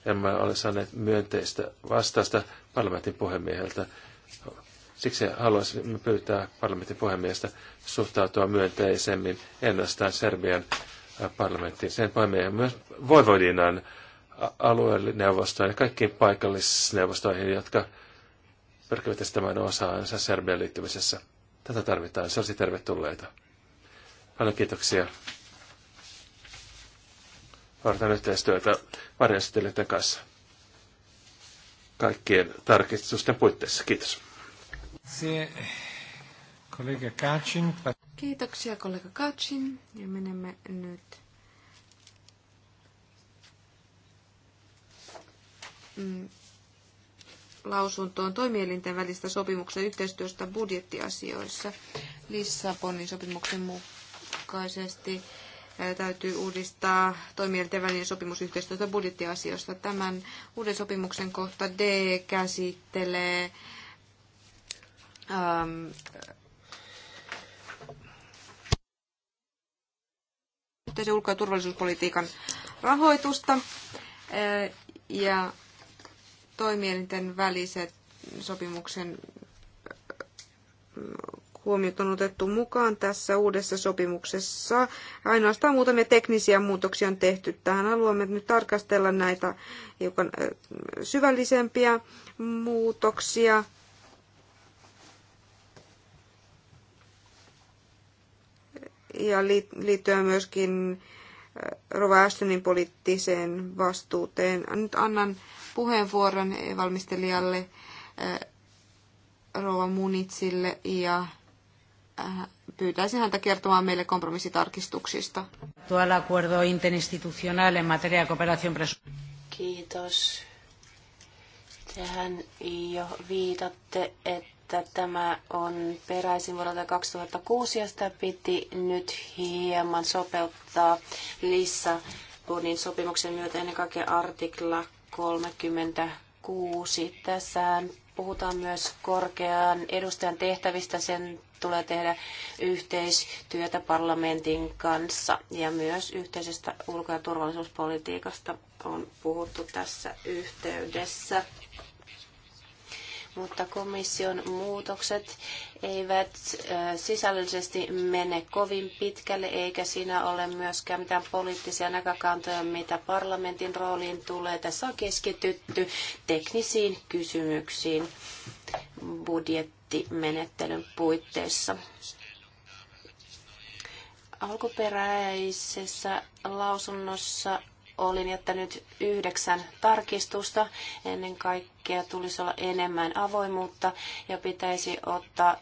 emme ole saaneet myönteistä vastausta parlamentin puhemieheltä. Siksi haluaisin pyytää parlamentin puhemiestä suhtautua myönteisemmin ennastaan Serbian parlamenttiin, sen puhemiehen myös Voivodinan alueeneuvostoihin ja kaikkiin paikallisneuvostoihin, jotka pyrkivät estämään osaansa Serbian liittymisessä. Tätä tarvitaan, se olisi tervetulleita. Paljon kiitoksia. Varten yhteistyötä varjostelijoiden kanssa kaikkien tarkistusten puitteissa. Kiitos. Kiitoksia kollega Kacin. Ja menemme nyt mm, lausuntoon toimielinten välistä sopimuksen yhteistyöstä budjettiasioissa Lissabonin sopimuksen mukaisesti täytyy uudistaa toimielinten välinen sopimus budjettiasioista. Tämän uuden sopimuksen kohta D käsittelee ähm, yhteisen ulko- ja turvallisuuspolitiikan rahoitusta ja toimielinten väliset sopimuksen huomiot on otettu mukaan tässä uudessa sopimuksessa. Ainoastaan muutamia teknisiä muutoksia on tehty tähän. Haluamme nyt tarkastella näitä hiukan syvällisempiä muutoksia. Ja liittyen myöskin Rova Ashtonin poliittiseen vastuuteen. Nyt annan puheenvuoron valmistelijalle Rova Munitsille ja Äh, pyytäisin häntä kertomaan meille kompromissitarkistuksista. Tuolla acuerdo interinstitucional en materia de cooperación Kiitos. Tehän jo viitatte, että tämä on peräisin vuodelta 2006 ja sitä piti nyt hieman sopeuttaa Lissabonin sopimuksen myötä ennen kaikkea artikla 36. tässä puhutaan myös korkean edustajan tehtävistä, sen tulee tehdä yhteistyötä parlamentin kanssa ja myös yhteisestä ulko- ja turvallisuuspolitiikasta on puhuttu tässä yhteydessä. Mutta komission muutokset eivät sisällöllisesti mene kovin pitkälle, eikä siinä ole myöskään mitään poliittisia näkökantoja, mitä parlamentin rooliin tulee. Tässä on keskitytty teknisiin kysymyksiin budjettimenettelyn puitteissa. Alkuperäisessä lausunnossa olin jättänyt yhdeksän tarkistusta. Ennen kaikkea tulisi olla enemmän avoimuutta ja pitäisi ottaa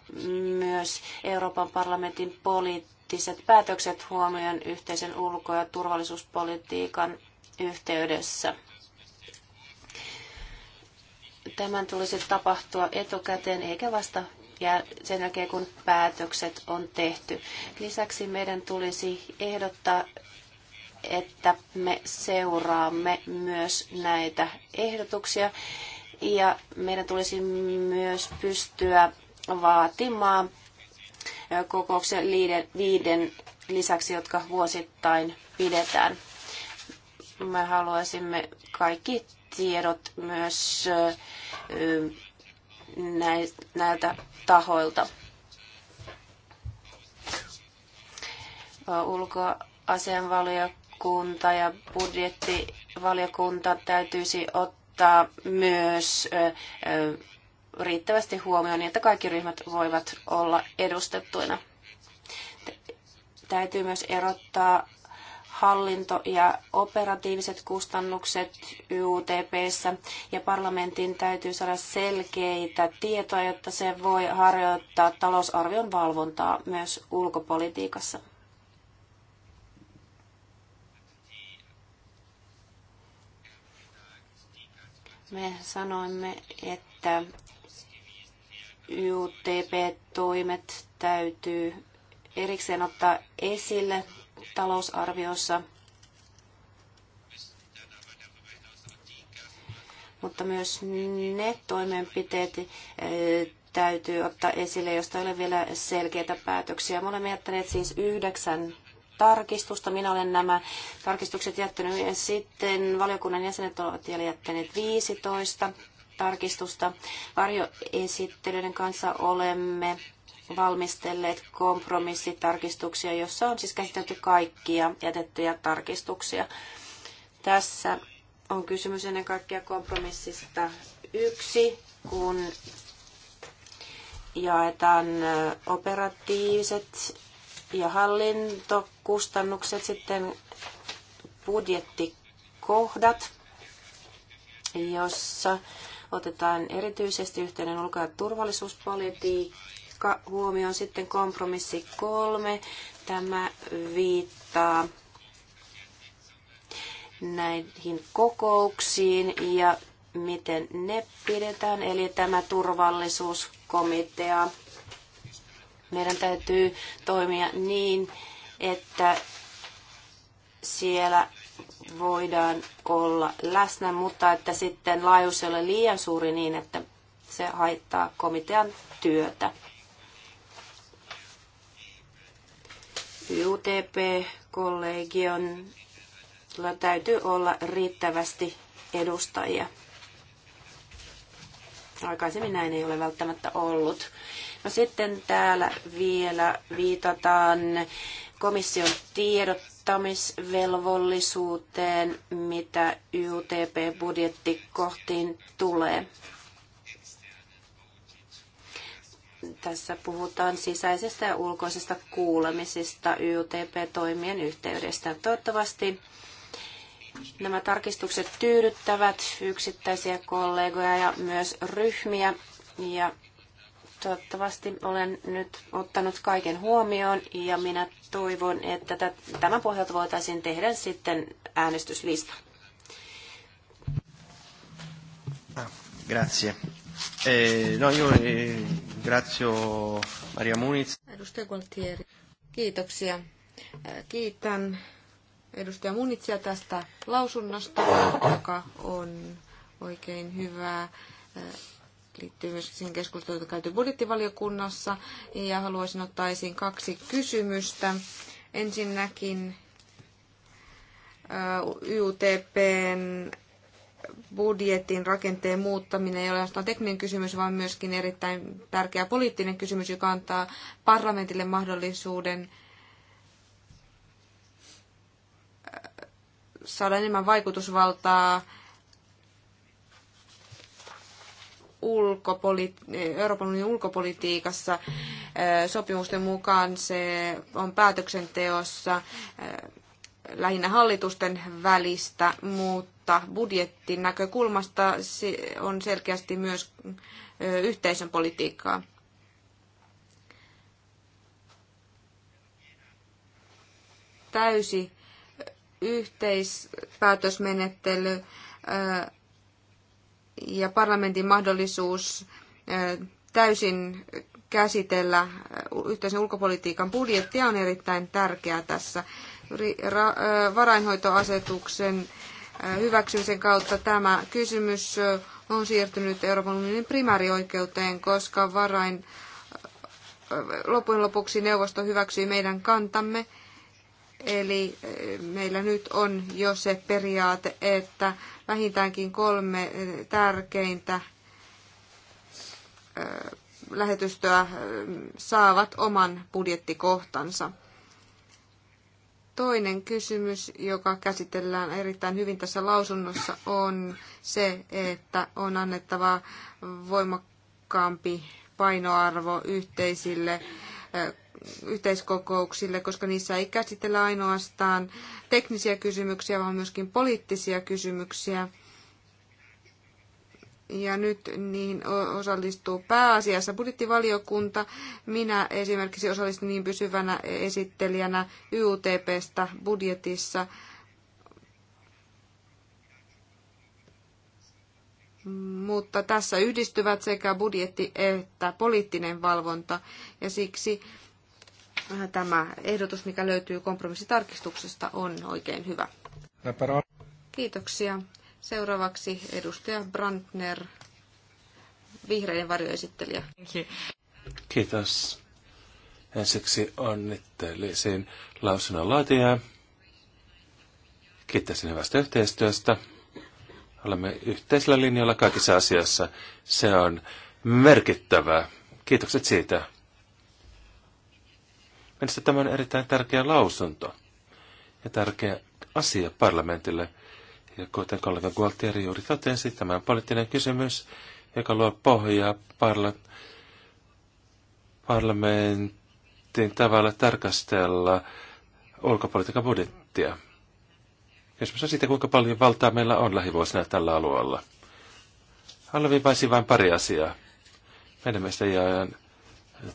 myös Euroopan parlamentin poliittiset päätökset huomioon yhteisen ulko- ja turvallisuuspolitiikan yhteydessä. Tämän tulisi tapahtua etukäteen eikä vasta ja sen jälkeen, kun päätökset on tehty. Lisäksi meidän tulisi ehdottaa, että me seuraamme myös näitä ehdotuksia ja meidän tulisi myös pystyä vaatimaan liiden, viiden lisäksi, jotka vuosittain pidetään. Me haluaisimme kaikki tiedot myös näiltä tahoilta. Ulkoasianvaliokunta ja budjettivaliokunta täytyisi ottaa myös riittävästi huomioon, niin että kaikki ryhmät voivat olla edustettuina. Täytyy myös erottaa hallinto- ja operatiiviset kustannukset YUTPssä ja parlamentin täytyy saada selkeitä tietoja, jotta se voi harjoittaa talousarvion valvontaa myös ulkopolitiikassa. Me sanoimme, että UTP-toimet täytyy erikseen ottaa esille talousarviossa, mutta myös ne toimenpiteet eh, täytyy ottaa esille, josta ei ole vielä selkeitä päätöksiä. Me olemme jättäneet siis yhdeksän tarkistusta. Minä olen nämä tarkistukset jättänyt ja sitten valiokunnan jäsenet ovat vielä jättäneet 15 tarkistusta. Varjoesittelyiden kanssa olemme valmistelleet kompromissitarkistuksia, jossa on siis käsitelty kaikkia jätettyjä tarkistuksia. Tässä on kysymys ennen kaikkea kompromissista yksi, kun jaetaan operatiiviset ja hallintokustannukset, sitten budjettikohdat, jossa otetaan erityisesti yhteinen ulko- ja turvallisuuspolitiikka, otettava huomioon sitten kompromissi kolme. Tämä viittaa näihin kokouksiin ja miten ne pidetään, eli tämä turvallisuuskomitea. Meidän täytyy toimia niin, että siellä voidaan olla läsnä, mutta että sitten laajuus ei ole liian suuri niin, että se haittaa komitean työtä. UTP-kollegion täytyy olla riittävästi edustajia. Aikaisemmin näin ei ole välttämättä ollut. No sitten täällä vielä viitataan komission tiedottamisvelvollisuuteen, mitä UTP-budjettikohtiin tulee. Tässä puhutaan sisäisestä ja ulkoisesta kuulemisista YUTP-toimien yhteydestä. Toivottavasti nämä tarkistukset tyydyttävät yksittäisiä kollegoja ja myös ryhmiä. Ja toivottavasti olen nyt ottanut kaiken huomioon ja minä toivon, että tämän pohjalta voitaisiin tehdä sitten äänestyslista. Ah, grazie. Eh, no, io, eh, Ringrazio Maria Muniz. Edustaja Gualtieri. Kiitoksia. Äh, kiitän edustaja Munitsia tästä lausunnosta, joka on oikein hyvää. Äh, liittyy myös siihen keskusteluun, jota käyty budjettivaliokunnassa. Ja haluaisin ottaa esiin kaksi kysymystä. Ensinnäkin YUTPn äh, budjetin rakenteen muuttaminen ei ole ainoastaan tekninen kysymys, vaan myöskin erittäin tärkeä poliittinen kysymys, joka antaa parlamentille mahdollisuuden äh, saada enemmän vaikutusvaltaa ulkopoli- Euroopan unionin ulkopolitiikassa. Äh, sopimusten mukaan se on päätöksenteossa äh, lähinnä hallitusten välistä, mutta mutta budjettin näkökulmasta se on selkeästi myös yhteisön politiikkaa. Täysi yhteispäätösmenettely ja parlamentin mahdollisuus täysin käsitellä yhteisen ulkopolitiikan budjettia on erittäin tärkeää tässä. Varainhoitoasetuksen Äh, hyväksymisen kautta tämä kysymys äh, on siirtynyt Euroopan unionin primäärioikeuteen, koska varain äh, loppujen lopuksi neuvosto hyväksyi meidän kantamme. Eli meillä nyt on jo se periaate, että vähintäänkin kolme tärkeintä lähetystöä saavat oman budjettikohtansa. Toinen kysymys, joka käsitellään erittäin hyvin tässä lausunnossa, on se, että on annettava voimakkaampi painoarvo yhteisille yhteiskokouksille, koska niissä ei käsitellä ainoastaan teknisiä kysymyksiä, vaan myöskin poliittisia kysymyksiä ja nyt niihin osallistuu pääasiassa budjettivaliokunta. Minä esimerkiksi osallistun niin pysyvänä esittelijänä YUTPstä budjetissa. Mutta tässä yhdistyvät sekä budjetti että poliittinen valvonta ja siksi äh, tämä ehdotus, mikä löytyy kompromissitarkistuksesta, on oikein hyvä. Kiitoksia. Seuraavaksi edustaja Brandner, vihreiden varjoesittelijä. Kiitos. Ensiksi onnittelisin lausunnon laatijaa. Kiittäisin hyvästä yhteistyöstä. Olemme yhteisellä linjalla kaikissa asiassa. Se on merkittävää. Kiitokset siitä. Mielestäni tämä on erittäin tärkeä lausunto ja tärkeä asia parlamentille – ja kuten kollega Gualtieri juuri totesi, tämä on poliittinen kysymys, joka luo pohjaa parla- parlamentin tavalla tarkastella ulkopolitiikan budjettia. Kysymys on siitä, kuinka paljon valtaa meillä on lähivuosina tällä alueella. Alleviivaisin vain pari asiaa. Meidän mielestä jään,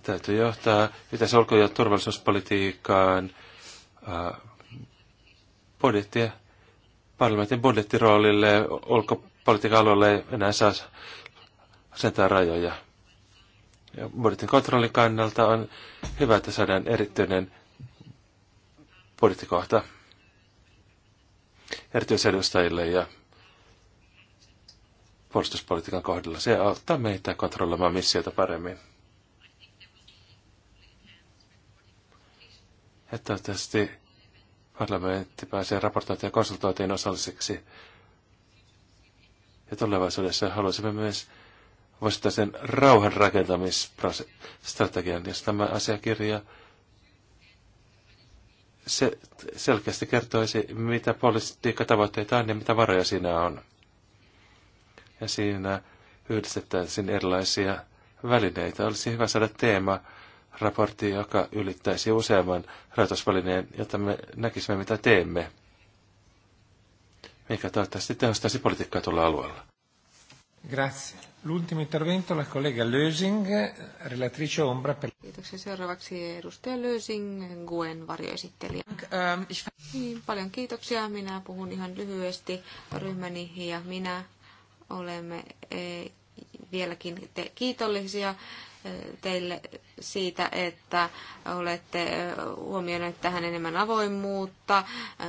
täytyy johtaa pitäisi olko ja turvallisuuspolitiikkaan budjettia parlamentin budjettiroolille ulkopolitiikan alueelle ei enää saa asentaa rajoja. Ja budjetin kontrollin kannalta on hyvä, että saadaan erityinen budjettikohta erityisedustajille ja puolustuspolitiikan kohdalla. Se auttaa meitä kontrolloimaan missiota paremmin. Ja toivottavasti parlamentti pääsee raportointiin ja konsultointiin osalliseksi. Ja tulevaisuudessa haluaisimme myös vuosittaisen rauhan rakentamisstrategian, jossa tämä asiakirja se selkeästi kertoisi, mitä politiikkatavoitteita on ja mitä varoja siinä on. Ja siinä yhdistettäisiin erilaisia välineitä. Olisi hyvä saada teema raportti, joka ylittäisi useamman rajoitusvälineen, jotta me näkisimme, mitä teemme, mikä toivottavasti tehostaisi politiikkaa tuolla alueella. Grazie. L'ultimo intervento la collega Lösing, relatrice ombra per... Kiitoksia. Seuraavaksi edustaja Lösing, Guen varjoesittelijä. Ähm, niin, paljon kiitoksia. Minä puhun ihan lyhyesti. Ryhmäni ja minä olemme eh, vieläkin te kiitollisia teille siitä, että olette huomioineet tähän enemmän avoimuutta äh,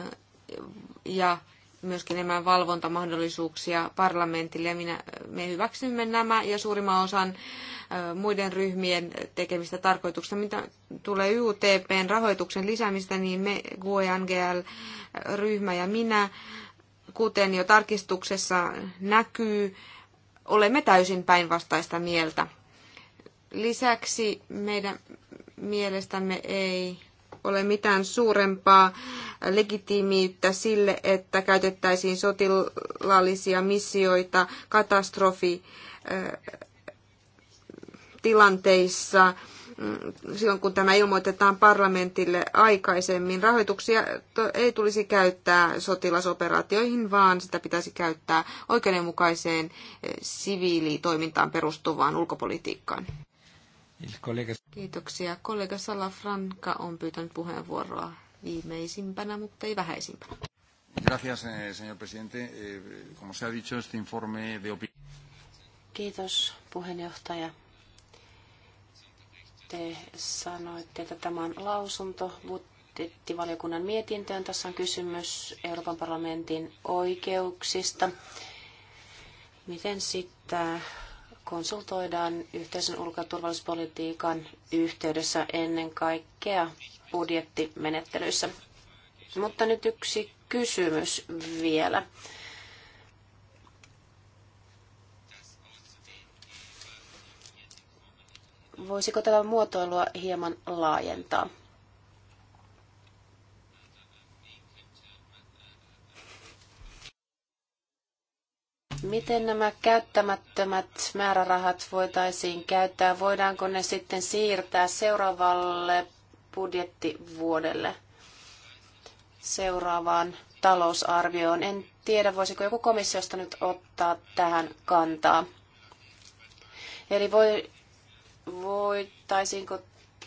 ja myöskin enemmän valvontamahdollisuuksia parlamentille. Ja minä, me hyväksymme nämä ja suurimman osan äh, muiden ryhmien tekemistä tarkoituksista. Mitä tulee UTP:n rahoituksen lisäämistä, niin me, GUE-NGL-ryhmä ja minä, kuten jo tarkistuksessa näkyy, olemme täysin päinvastaista mieltä. Lisäksi meidän mielestämme ei ole mitään suurempaa legitiimiyttä sille, että käytettäisiin sotilaallisia missioita katastrofi tilanteissa mm, silloin, kun tämä ilmoitetaan parlamentille aikaisemmin. Rahoituksia ei tulisi käyttää sotilasoperaatioihin, vaan sitä pitäisi käyttää oikeudenmukaiseen siviilitoimintaan perustuvaan ulkopolitiikkaan. Kiitoksia. Kollega Salafranca on pyytänyt puheenvuoroa viimeisimpänä, mutta ei vähäisimpänä. Gracias, eh, señor presidente. Eh, como se ha dicho, este informe de Kiitos, puheenjohtaja. Te sanoitte, että tämä on lausunto budjettivaliokunnan mietintöön. Tässä on kysymys Euroopan parlamentin oikeuksista. Miten sitten konsultoidaan yhteisen ulko- ja turvallisuuspolitiikan yhteydessä ennen kaikkea budjettimenettelyissä. Mutta nyt yksi kysymys vielä. Voisiko tätä muotoilua hieman laajentaa? Miten nämä käyttämättömät määrärahat voitaisiin käyttää? Voidaanko ne sitten siirtää seuraavalle budjettivuodelle, seuraavaan talousarvioon? En tiedä, voisiko joku komissiosta nyt ottaa tähän kantaa. Eli voi, voitaisiinko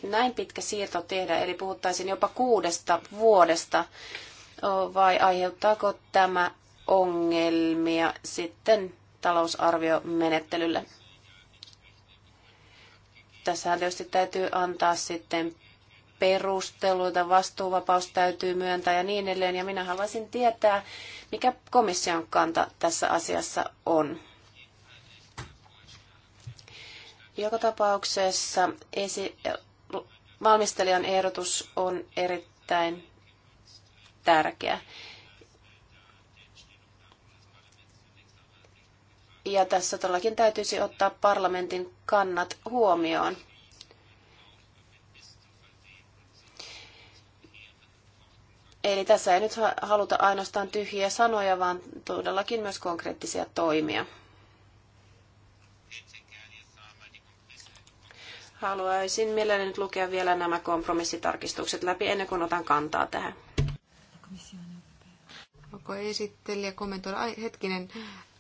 näin pitkä siirto tehdä, eli puhuttaisiin jopa kuudesta vuodesta, vai aiheuttaako tämä ongelmia sitten talousarviomenettelylle. Tässähän tietysti täytyy antaa sitten perusteluita, vastuuvapaus täytyy myöntää ja niin edelleen. Ja minä haluaisin tietää, mikä komission kanta tässä asiassa on. Joka tapauksessa esi- valmistelijan ehdotus on erittäin tärkeä. Ja tässä todellakin täytyisi ottaa parlamentin kannat huomioon. Eli tässä ei nyt haluta ainoastaan tyhjiä sanoja, vaan todellakin myös konkreettisia toimia. Haluaisin mielelläni nyt lukea vielä nämä kompromissitarkistukset läpi ennen kuin otan kantaa tähän. Onko esittelijä kommentoida? Ai, hetkinen,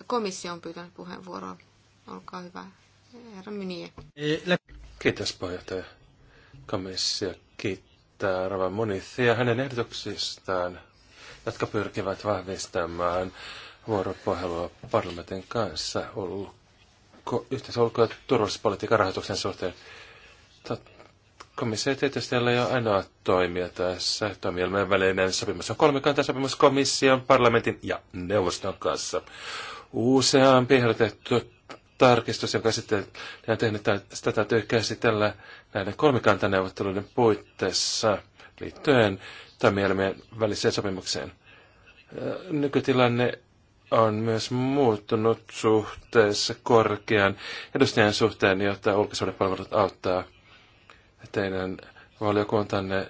Komissio on pyytänyt puheenvuoroa. Olkaa hyvä, herra Mynie. Kiitos puheenjohtaja. Komissio kiittää Ravan Munithia hänen ehdotuksistaan, jotka pyrkivät vahvistamaan vuoropuhelua parlamentin kanssa ulko, yhteensä ulko- ja turvallisuuspolitiikan rahoituksen suhteen. Komissio tietysti ei ole ainoa toimija tässä. Toimielmien välinen sopimus on kolmikantasopimus komission, parlamentin ja neuvoston kanssa useampi ehdotettu tarkistus, joka sitten on tehnyt, sitä täytyy käsitellä näiden kolmikantaneuvotteluiden puitteissa liittyen toimielimien väliseen sopimukseen. Nykytilanne on myös muuttunut suhteessa korkean edustajan suhteen, jotta ulkoisuuden palvelut auttaa. Teidän valiokuntanne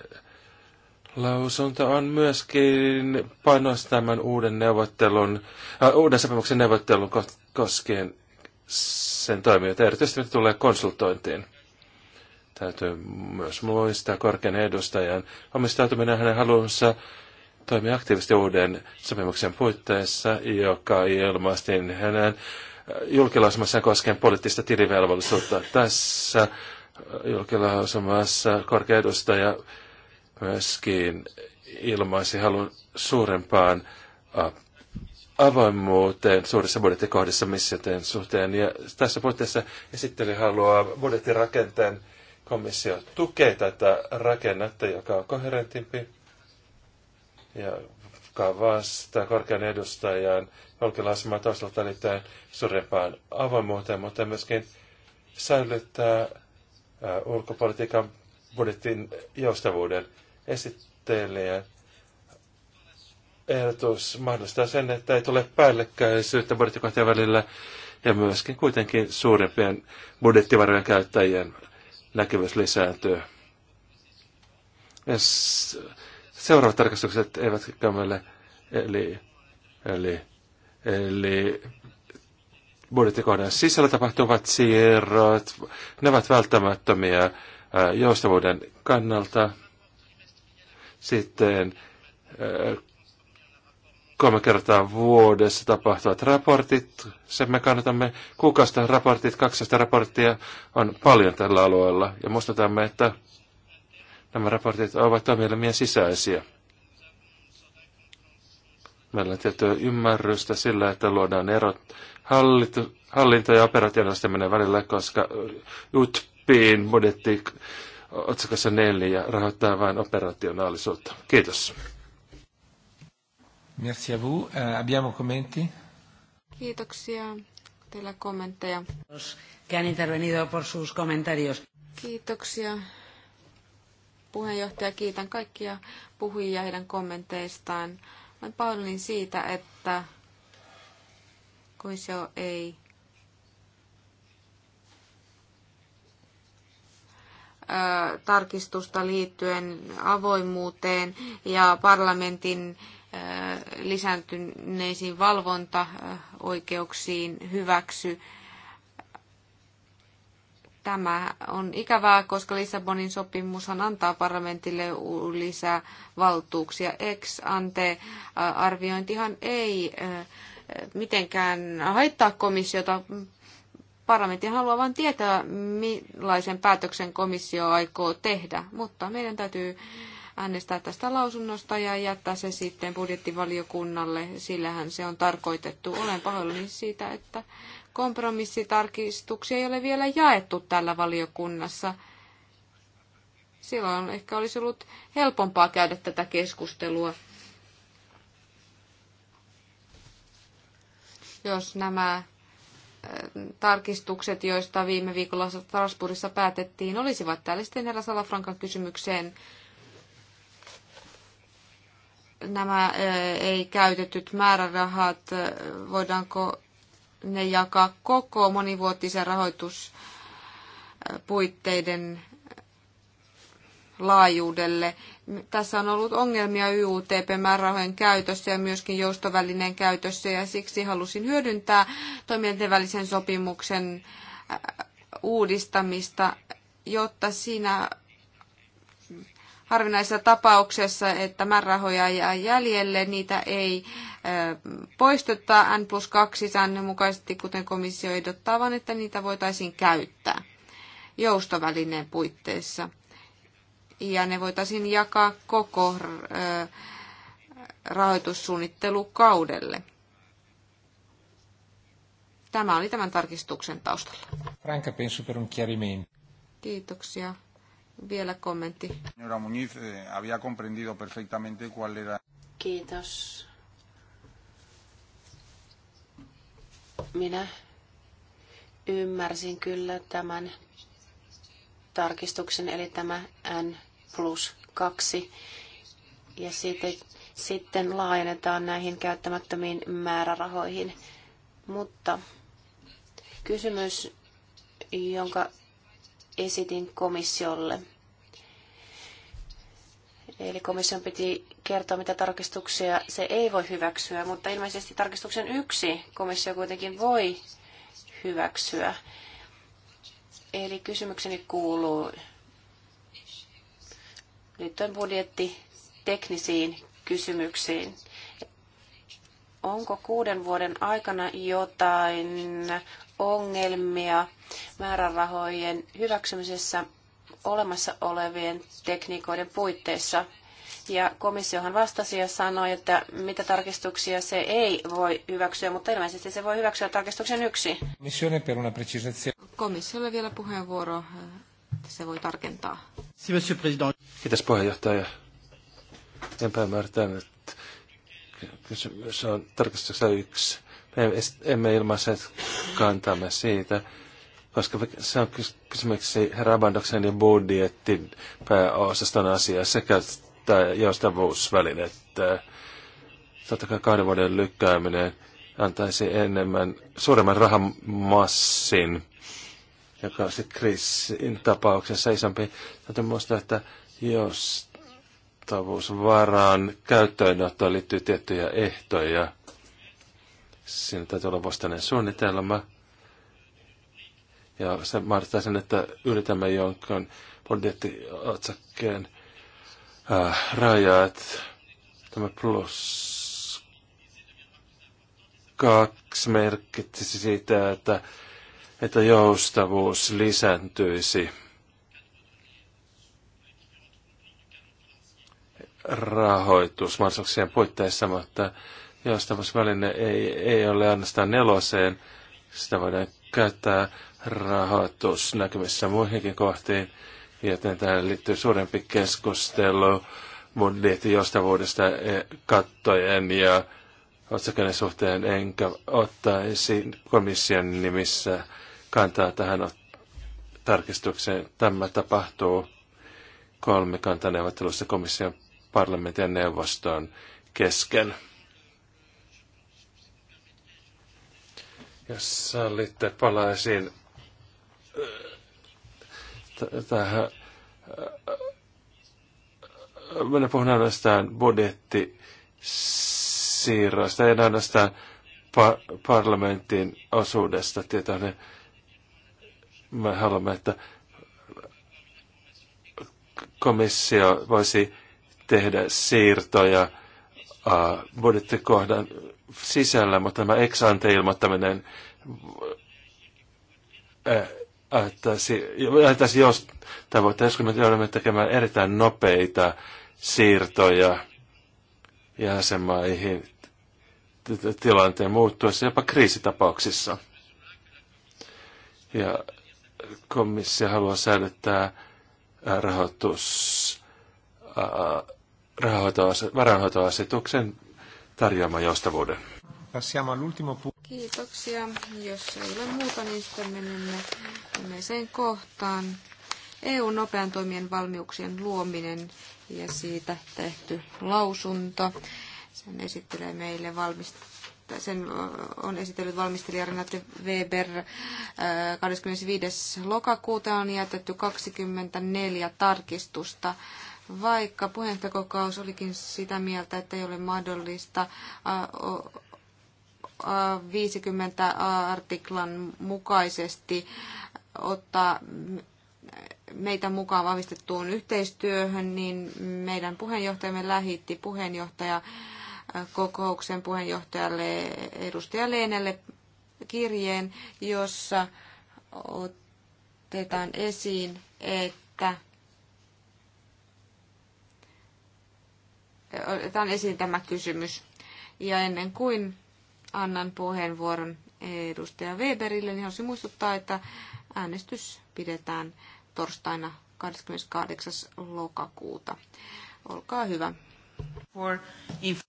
Lausunto on myöskin panos tämän uuden neuvottelun, äh, uuden sopimuksen neuvottelun koskien sen toimijoita, erityisesti mitä tulee konsultointiin. Täytyy myös muistaa korkean edustajan omistautuminen hänen halunsa toimia aktiivisesti uuden sopimuksen puitteissa, joka ilmaistiin hänen äh, julkilausumassaan koskien poliittista tilivelvollisuutta. Tässä äh, julkilausumassa korkean edustajan myöskin ilmaisi halun suurempaan avoimuuteen suurissa budjettikohdissa missioiden suhteen. Ja tässä puitteissa esitteli haluaa budjettirakenteen komissio tukee tätä rakennetta, joka on koherentimpi ja joka korkean edustajan julkilausumaa toisaalta liittyen suurempaan avoimuuteen, mutta myöskin säilyttää ulkopolitiikan budjetin joustavuuden esittelijän ehdotus mahdollistaa sen, että ei tule päällekkäisyyttä budjettikohtien välillä ja myöskin kuitenkin suurempien budjettivarojen käyttäjien näkyvyys lisääntyy. seuraavat tarkastukset eivät meille, eli, eli, eli budjettikohdan sisällä tapahtuvat siirrot, ne ovat välttämättömiä joustavuuden kannalta – sitten kolme kertaa vuodessa tapahtuvat raportit, sen me kannatamme kuukausta raportit, kaksista raporttia on paljon tällä alueella. Ja muistutamme, että nämä raportit ovat toimielimien sisäisiä. Meillä on tiettyä ymmärrystä sillä, että luodaan erot hallitu, hallinto- ja operatiivisten välillä, koska UTPiin budjetti otsikossa neljä rahoittaa vain operationaalisuutta. Kiitos. Merci a vous. Uh, abbiamo commenti? Kiitoksia. Teillä kommentteja. Que han intervenido por sus comentarios. Kiitoksia. Puheenjohtaja, kiitän kaikkia puhujia heidän kommenteistaan. Olen pahoillani siitä, että komissio ei tarkistusta liittyen avoimuuteen ja parlamentin lisääntyneisiin valvontaoikeuksiin hyväksy. Tämä on ikävää, koska Lissabonin sopimushan antaa parlamentille lisää valtuuksia. Ex ante arviointihan ei mitenkään haittaa komissiota. Parlamentti haluaa vain tietää, millaisen päätöksen komissio aikoo tehdä, mutta meidän täytyy äänestää tästä lausunnosta ja jättää se sitten budjettivaliokunnalle, sillähän se on tarkoitettu. Olen pahoillani siitä, että kompromissitarkistuksia ei ole vielä jaettu tällä valiokunnassa. Silloin ehkä olisi ollut helpompaa käydä tätä keskustelua. Jos nämä tarkistukset, joista viime viikolla Strasbourgissa päätettiin, olisivat tällaisten herra Salafrankan kysymykseen nämä ei käytetyt määrärahat, voidaanko ne jakaa koko monivuotisen rahoituspuitteiden laajuudelle. Tässä on ollut ongelmia YUTP-määrärahojen käytössä ja myöskin joustovälineen käytössä ja siksi halusin hyödyntää toimijoiden välisen sopimuksen äh, uudistamista, jotta siinä harvinaisessa tapauksessa, että määrärahoja jää jäljelle, niitä ei äh, poisteta N plus 2 säännönmukaisesti, kuten komissio ehdottaa, vaan että niitä voitaisiin käyttää joustovälineen puitteissa ja ne voitaisiin jakaa koko rahoitussuunnittelukaudelle. Tämä oli tämän tarkistuksen taustalla. Franca, penso per un chiarimento. Kiitoksia. Vielä kommentti. Señora Muñiz, eh, había comprendido perfectamente cuál era... Kiitos. Minä ymmärsin kyllä tämän tarkistuksen, eli tämä N plus 2. Ja siitä sitten laajennetaan näihin käyttämättömiin määrärahoihin. Mutta kysymys, jonka esitin komissiolle. Eli komission piti kertoa, mitä tarkistuksia se ei voi hyväksyä, mutta ilmeisesti tarkistuksen yksi komissio kuitenkin voi hyväksyä. Eli kysymykseni kuuluu liittyen budjetti teknisiin kysymyksiin. Onko kuuden vuoden aikana jotain ongelmia määrärahojen hyväksymisessä olemassa olevien tekniikoiden puitteissa? Ja komissiohan vastasi ja sanoi, että mitä tarkistuksia se ei voi hyväksyä, mutta ilmeisesti se voi hyväksyä tarkistuksen yksi. Komissiolle vielä puheenvuoro, että se voi tarkentaa. Kiitos puheenjohtaja. Enpä että Se on tarkistuksessa yksi. Me emme ilmaise kantamme siitä, koska se on kysymyksi herra Abandoksen ja budjettin pääosaston asia sekä käyttää joustavuusvälinettä. Totta kai kahden vuoden lykkääminen antaisi enemmän, suuremman rahamassin, joka on sitten kriisin tapauksessa isompi. Täytyy muistaa, että joustavuusvaraan käyttöönottoon liittyy tiettyjä ehtoja. Siinä täytyy olla vastainen suunnitelma. Ja se mahdollistaa sen, että yritämme jonkun budjettiotsakkeen äh, rajat. Tämä plus kaksi merkitsisi sitä, että, että joustavuus lisääntyisi. rahoitusmahdollisuuksien puitteissa, mutta väline ei, ei ole ainoastaan neloseen. Sitä voidaan käyttää rahoitusnäkymissä muihinkin kohtiin joten tähän liittyy suurempi keskustelu budjetin vuodesta e, kattojen ja otsakeiden suhteen, enkä ottaisi komission nimissä kantaa tähän tarkistukseen. Tämä tapahtuu kolmikantaneuvottelussa komission parlamentin ja neuvoston kesken. Jos sallitte, palaisin tähän äh, minä puhun ainoastaan siirrosta, en ainoastaan pa- parlamentin osuudesta. Tietoinen. me haluamme, että komissio voisi tehdä siirtoja uh, budjettikohdan sisällä, mutta tämä ex-ante ilmoittaminen uh, äh, ajattaisi, jos tavoitteessa, kun me joudumme tekemään erittäin nopeita siirtoja jäsenmaihin tilanteen muuttuessa, jopa kriisitapauksissa. Ja komissio haluaa säilyttää rahoitus, rahoitoasetuksen tarjoaman joustavuuden. Passiamo all'ultimo Kiitoksia. Jos ei ole muuta, niin sitten menemme viimeiseen kohtaan. EU nopean toimien valmiuksien luominen ja siitä tehty lausunto. Sen esittelee meille valmist sen on esitellyt valmistelija Renate Weber 25. lokakuuta on jätetty 24 tarkistusta vaikka puheenjohtajakokous olikin sitä mieltä, että ei ole mahdollista 50 artiklan mukaisesti ottaa meitä mukaan vahvistettuun yhteistyöhön, niin meidän puheenjohtajamme lähetti puheenjohtaja kokouksen puheenjohtajalle edustaja Leenelle kirjeen, jossa otetaan esiin, että otetaan esiin tämä kysymys. Ja ennen kuin annan puheenvuoron edustaja Weberille, niin haluaisin muistuttaa, että äänestys pidetään torstaina 28. lokakuuta. Olkaa hyvä.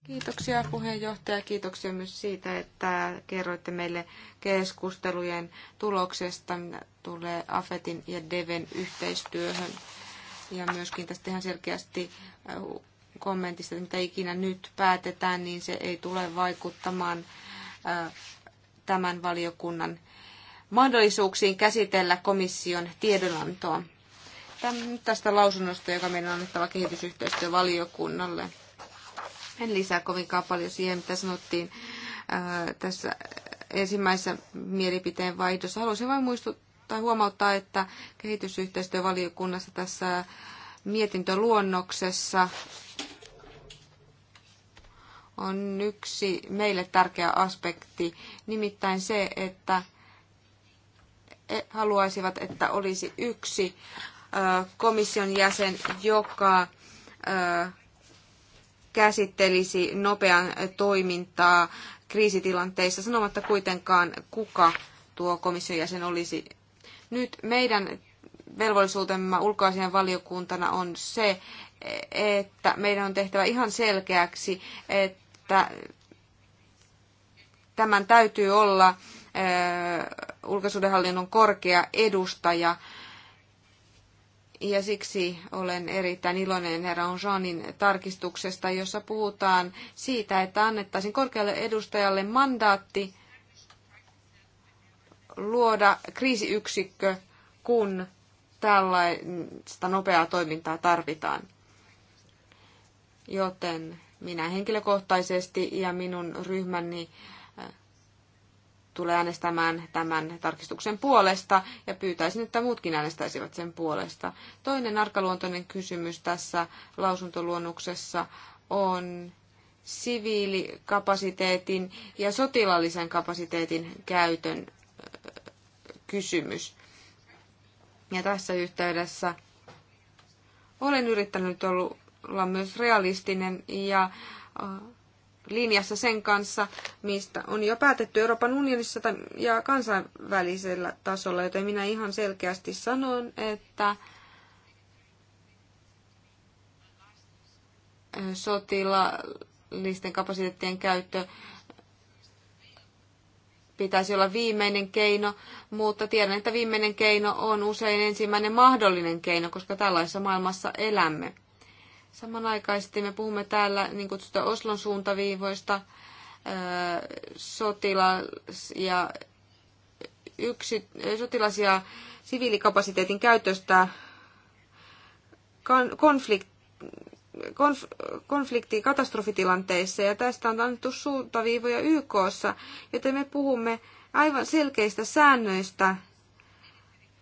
Kiitoksia puheenjohtaja, kiitoksia myös siitä, että kerroitte meille keskustelujen tuloksesta, mitä tulee AFETin ja DEVEN yhteistyöhön. Ja myöskin tästä ihan selkeästi äh, kommentista, että mitä ikinä nyt päätetään, niin se ei tule vaikuttamaan tämän valiokunnan mahdollisuuksiin käsitellä komission tiedonantoa tästä lausunnosta, joka meidän on annettava kehitysyhteistyövaliokunnalle. En lisää kovinkaan paljon siihen, mitä sanottiin tässä ensimmäisessä mielipiteen vaihdossa. Haluaisin vain muistuttaa huomauttaa, että kehitysyhteistyövaliokunnassa tässä mietintöluonnoksessa on yksi meille tärkeä aspekti, nimittäin se, että e- haluaisivat, että olisi yksi komission jäsen, joka käsittelisi nopean toimintaa kriisitilanteissa, sanomatta kuitenkaan, kuka tuo komission jäsen olisi. Nyt meidän velvollisuutemme ulkoasian valiokuntana on se, e- että meidän on tehtävä ihan selkeäksi, että että tämän täytyy olla eh, ulkosuhdehallinnon korkea edustaja. Ja siksi olen erittäin iloinen herra Onjanin tarkistuksesta, jossa puhutaan siitä, että annettaisiin korkealle edustajalle mandaatti luoda kriisiyksikkö, kun tällaista nopeaa toimintaa tarvitaan. Joten minä henkilökohtaisesti ja minun ryhmäni äh, tulee äänestämään tämän tarkistuksen puolesta ja pyytäisin, että muutkin äänestäisivät sen puolesta. Toinen arkaluontoinen kysymys tässä lausuntoluonnoksessa on siviilikapasiteetin ja sotilaallisen kapasiteetin käytön äh, kysymys. Ja tässä yhteydessä olen yrittänyt ollut olla myös realistinen ja äh, linjassa sen kanssa, mistä on jo päätetty Euroopan unionissa ja kansainvälisellä tasolla, joten minä ihan selkeästi sanon, että äh, sotilaallisten kapasiteettien käyttö pitäisi olla viimeinen keino, mutta tiedän, että viimeinen keino on usein ensimmäinen mahdollinen keino, koska tällaisessa maailmassa elämme. Samanaikaisesti me puhumme täällä niin kutsutaan Oslon suuntaviivoista, sotilas- ja, yksi, sotilas- ja siviilikapasiteetin käytöstä konflikt, konf, konflikti- katastrofitilanteissa, ja tästä on annettu suuntaviivoja YKssa, joten me puhumme aivan selkeistä säännöistä,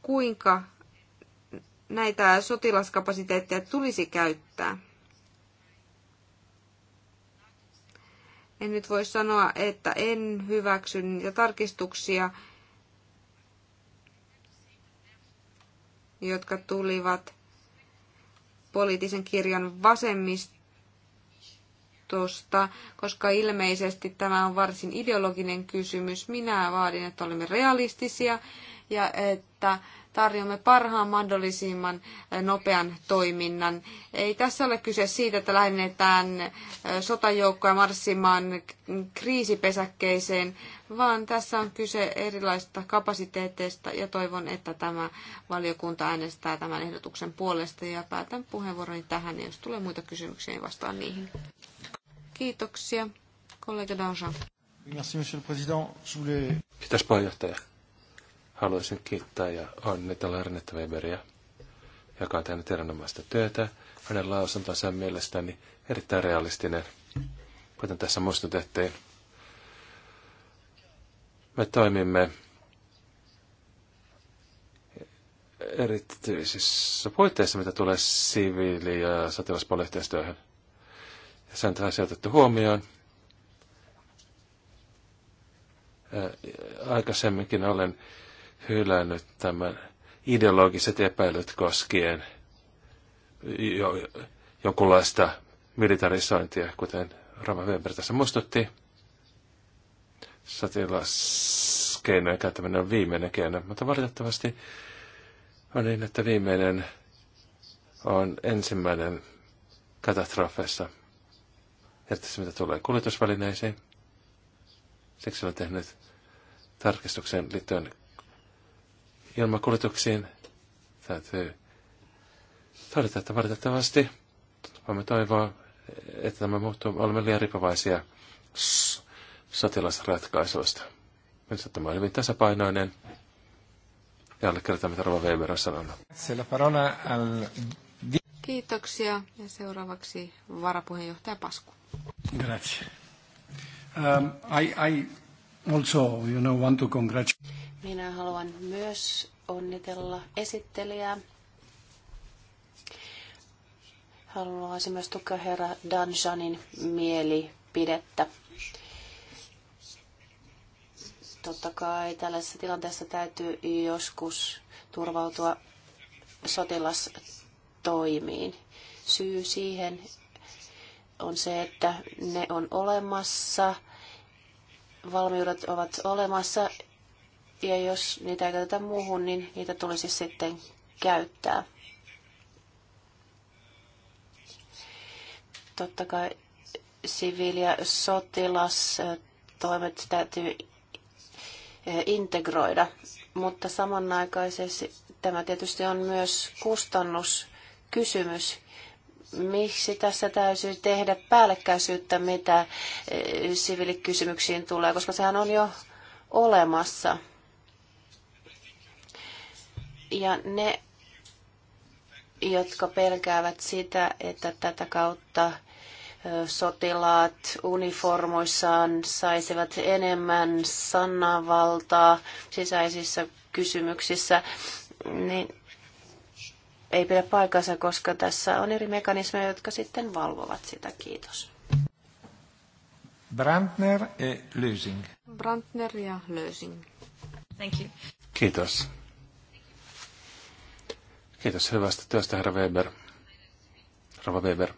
kuinka näitä sotilaskapasiteetteja tulisi käyttää. En nyt voi sanoa, että en hyväksy niitä tarkistuksia, jotka tulivat poliittisen kirjan vasemmistosta, koska ilmeisesti tämä on varsin ideologinen kysymys. Minä vaadin, että olemme realistisia ja että tarjoamme parhaan mahdollisimman eh, nopean toiminnan. Ei tässä ole kyse siitä, että lähennetään eh, sotajoukkoja marssimaan kriisipesäkkeeseen, vaan tässä on kyse erilaisista kapasiteeteista ja toivon, että tämä valiokunta äänestää tämän ehdotuksen puolesta ja päätän puheenvuoroni tähän. Jos tulee muita kysymyksiä, niin vastaan niihin. Kiitoksia, kollega Danjean. Merci, monsieur le président. Je voulais... Kiitos, puheenjohtaja haluaisin kiittää ja onnitella Ernetta Weberia, joka on tehnyt erinomaista työtä. Hänen lausuntonsa on mielestäni erittäin realistinen, kuten tässä muistutettiin. Me toimimme erityisissä puitteissa, mitä tulee siviili- ja sotilaspuoliyhteistyöhön. Ja sen taas otettu huomioon. Aikaisemminkin olen hylännyt tämän ideologiset epäilyt koskien jo, jonkunlaista militarisointia, kuten Rama Weber tässä muistutti. Sotilaskeinojen käyttäminen on viimeinen keino, mutta valitettavasti on niin, että viimeinen on ensimmäinen katastrofeissa. Erityisesti mitä tulee kuljetusvälineisiin. Siksi olen tehnyt tarkistuksen liittyen ilmakuljetuksiin. Täytyy todeta, että valitettavasti voimme toivoa, että tämä muuttuu. Olemme liian ripavaisia sotilasratkaisuista. Minusta tämä on hyvin tasapainoinen. Ja allekirjoitan, mitä Rova Weber on sanonut. Kiitoksia. Ja seuraavaksi varapuheenjohtaja Pasku. Grazie. Um, I, I Also, you know, want to congratulate. Minä haluan myös onnitella esittelijää. Haluaisin myös tukea herra Danjanin mielipidettä. Totta kai tällaisessa tilanteessa täytyy joskus turvautua sotilastoimiin. Syy siihen on se, että ne on olemassa – valmiudet ovat olemassa ja jos niitä ei käytetä muuhun, niin niitä tulisi sitten käyttää. Totta kai siviili- ja sotilastoimet täytyy eh, integroida, mutta samanaikaisesti tämä tietysti on myös kustannuskysymys miksi tässä täytyy tehdä päällekkäisyyttä, mitä eh, siviilikysymyksiin tulee, koska sehän on jo olemassa. Ja ne, jotka pelkäävät sitä, että tätä kautta eh, sotilaat uniformoissaan saisivat enemmän sananvaltaa sisäisissä kysymyksissä, niin ei pidä paikansa, koska tässä on eri mekanismeja, jotka sitten valvovat sitä. Kiitos. Brandner ja Lösing. Brandner ja Lösing. Thank you. Kiitos. Kiitos hyvästä työstä, herra Weber. Rova Weber.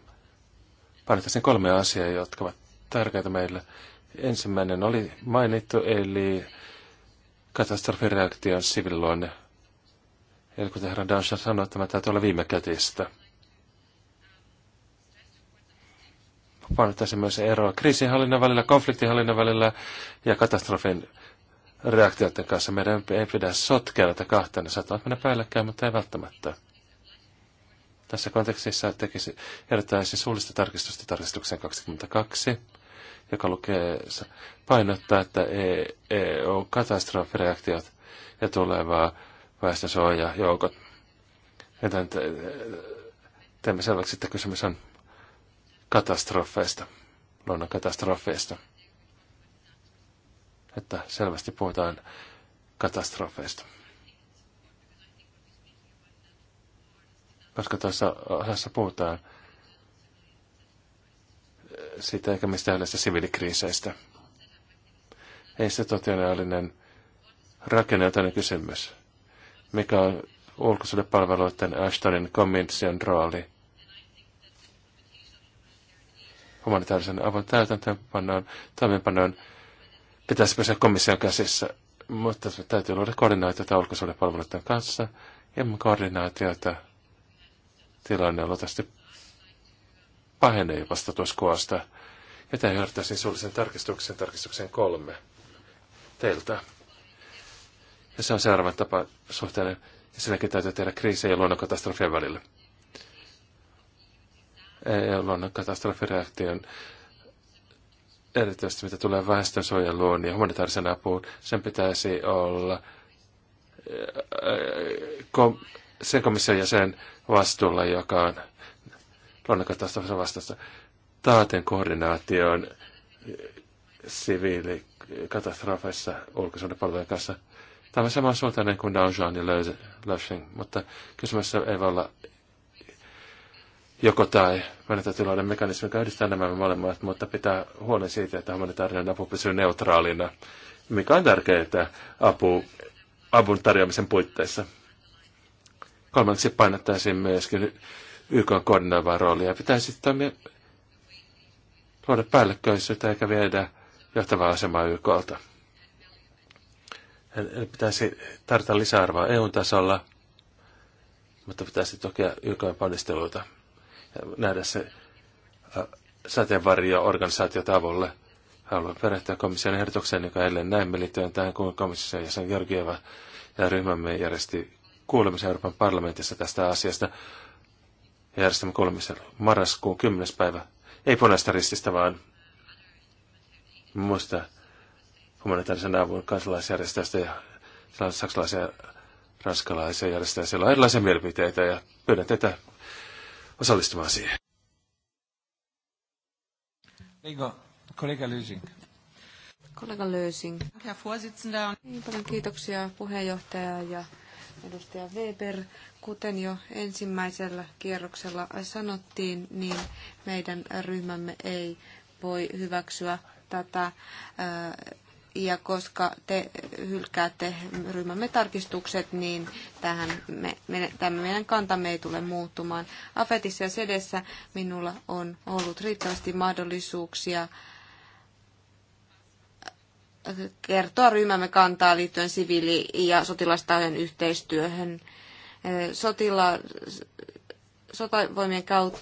Painottaisin kolme asiaa, jotka ovat tärkeitä meille. Ensimmäinen oli mainittu, eli katastrofireaktion siviluonne Eli kuten herra Danshan sanoi, että tämä täytyy olla viime kätistä. Painottaisin myös eroa kriisinhallinnan välillä, konfliktinhallinnan välillä ja katastrofin reaktioiden kanssa. Meidän ei pidä sotkea näitä kahta, ne saattavat mennä päällekkäin, mutta ei välttämättä. Tässä kontekstissa tekisi, erittäin suullista tarkistusta tarkistukseen 22, joka lukee, painottaa, että EU-katastrofireaktiot e ja tulevaa väestönsuojajoukot. Joten teemme selväksi, että kysymys on katastrofeista, luonnon katastrofeista. Että selvästi puhutaan katastrofeista. Koska tuossa osassa puhutaan siitä eikä mistä yleistä siviilikriiseistä. Ei se totionaalinen jota kysymys mikä on palveluiden Ashtonin komission rooli. Humanitaarisen avun täytäntöönpanoon, toimeenpanoon pitäisi pysyä komission käsissä, mutta täytyy luoda koordinaatiota palveluiden kanssa. Ilman koordinaatiota tilanne luultavasti pahenee vasta tuossa Joten johtaisin suullisen tarkistuksen tarkistuksen kolme teiltä. Ja se on seuraava tapa suhteelle. Ja silläkin täytyy tehdä kriisejä ja luonnonkatastrofien välillä. E- ja luonnonkatastrofireaktion erityisesti mitä tulee väestönsuojeluun ja humanitaarisen apuun, sen pitäisi olla e- e- kom- sen komission jäsen vastuulla, joka on luonnonkatastrofissa vastassa taaten koordinaation siviilikatastrofeissa ulkoisuuden palvelujen kanssa. Tämä on samansuuntainen kuin Dow ja Löshing, mutta kysymys ei voi olla joko tai. Meidän mekanismi, joka yhdistää nämä molemmat, mutta pitää huolen siitä, että humanitaarinen apu pysyy neutraalina, mikä on tärkeää apu, avun tarjoamisen puitteissa. Kolmanneksi painottaisiin myöskin YK koordinoivaa roolia. Pitäisi toimia, luoda päällekkäisyyttä eikä viedä johtavaa asemaa YKlta. Eli pitäisi tarjota lisäarvoa EU-tasolla, mutta pitäisi tukea YKn ponnisteluita ja nähdä se sateenvarjo-organisaatiot avulle. Haluan perehtyä komission ehdotukseen, joka edelleen näemme liittyen tähän, kun komission jäsen Georgieva ja ryhmämme järjesti kuulemisen Euroopan parlamentissa tästä asiasta. Järjestämme kuulemisen marraskuun 10. päivä. Ei punaista rististä, vaan muista humanitaarisen avun kansalaisjärjestöistä ja saksalaisia ranskalaisia järjestöjä. Siellä on erilaisia mielipiteitä ja pyydän teitä osallistumaan siihen. Eikö, kollega Lysing? Kollega Lösing. Niin paljon kiitoksia puheenjohtaja ja edustaja Weber. Kuten jo ensimmäisellä kierroksella sanottiin, niin meidän ryhmämme ei voi hyväksyä tätä äh, ja koska te hylkäätte ryhmämme tarkistukset, niin tähän me, me, tämä meidän kantamme ei tule muuttumaan. Afetissa ja Sedessä minulla on ollut riittävästi mahdollisuuksia kertoa ryhmämme kantaa liittyen siviili- ja sotilastahojen yhteistyöhön. Sotila, sotavoimien kautta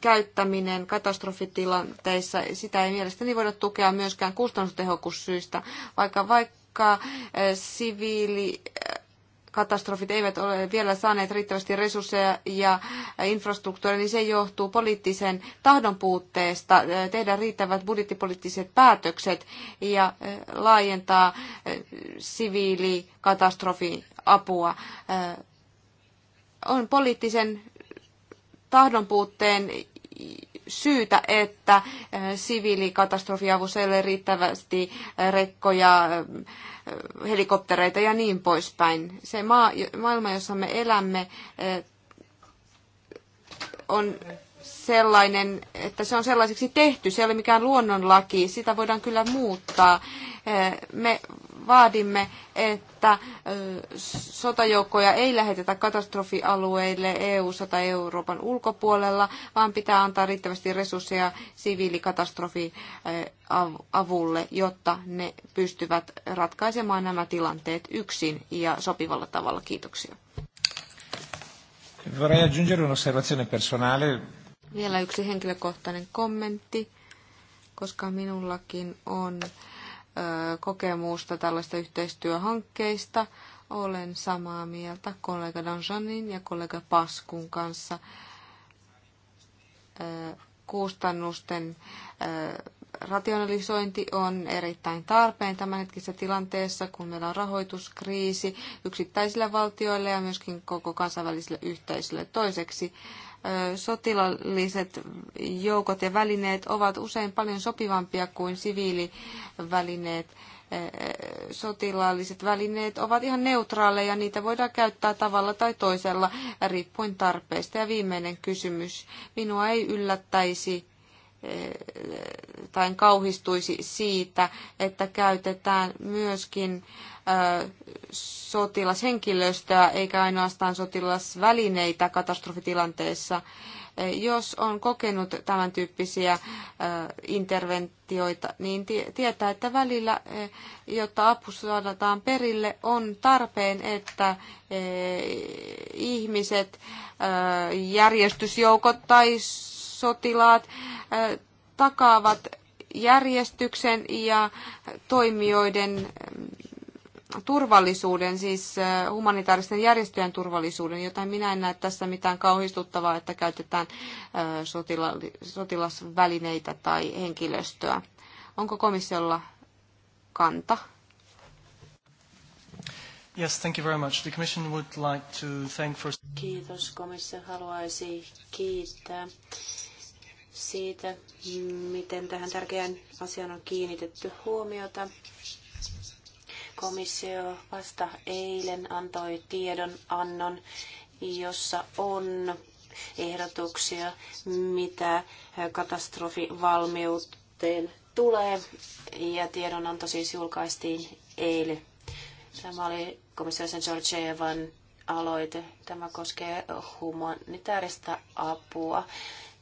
käyttäminen katastrofitilanteissa, sitä ei mielestäni voida tukea myöskään kustannustehokkuussyistä, vaikka vaikka eh, siviili eh, katastrofit eivät ole vielä saaneet riittävästi resursseja ja infrastruktuuria, niin se johtuu poliittisen tahdon puutteesta eh, tehdä riittävät budjettipoliittiset päätökset ja laajentaa siviilikatastrofiapua on poliittisen tahdonpuutteen syytä, että äh, siviilikatastrofiavussa ei ole riittävästi äh, rekkoja, äh, helikoptereita ja niin poispäin. Se maa, maailma, jossa me elämme, on sellainen, että se on sellaiseksi tehty. Se ei ole mikään luonnonlaki, sitä voidaan kyllä muuttaa. Me vaadimme, että sotajoukkoja ei lähetetä katastrofialueille EU-ssa tai Euroopan ulkopuolella, vaan pitää antaa riittävästi resursseja siviilikatastrofiavulle, jotta ne pystyvät ratkaisemaan nämä tilanteet yksin ja sopivalla tavalla. Kiitoksia. Vorrei aggiungere un'osservazione personale. Vielä yksi henkilökohtainen kommentti, koska minullakin on kokemusta tällaista yhteistyöhankkeista. Olen samaa mieltä kollega Danjanin ja kollega Paskun kanssa kustannusten rationalisointi on erittäin tarpeen tämänhetkisessä tilanteessa, kun meillä on rahoituskriisi yksittäisillä valtioille ja myöskin koko kansainväliselle yhteisölle. Toiseksi sotilalliset joukot ja välineet ovat usein paljon sopivampia kuin siviilivälineet. Sotilaalliset välineet ovat ihan neutraaleja, niitä voidaan käyttää tavalla tai toisella riippuen tarpeesta. Ja viimeinen kysymys. Minua ei yllättäisi tai kauhistuisi siitä, että käytetään myöskin sotilashenkilöstöä eikä ainoastaan sotilasvälineitä katastrofitilanteessa. Jos on kokenut tämän tyyppisiä interventioita, niin tietää, että välillä, jotta apu saadaan perille, on tarpeen, että ihmiset, järjestysjoukot tai sotilaat takaavat järjestyksen ja toimijoiden turvallisuuden, siis eh, humanitaaristen järjestöjen turvallisuuden, joten minä en näe tässä mitään kauhistuttavaa, että käytetään eh, sotilasvälineitä tai henkilöstöä. Onko komissiolla kanta? Yes, thank you very much. The Commission would like to thank for... Kiitos. Komissio haluaisi kiittää siitä, miten tähän tärkeään asiaan on kiinnitetty huomiota. Komissio vasta eilen antoi tiedonannon, jossa on ehdotuksia, mitä katastrofivalmiuteen tulee. Ja tiedonanto siis julkaistiin eilen. Tämä oli komissiosen Georgievan aloite. Tämä koskee humanitaarista apua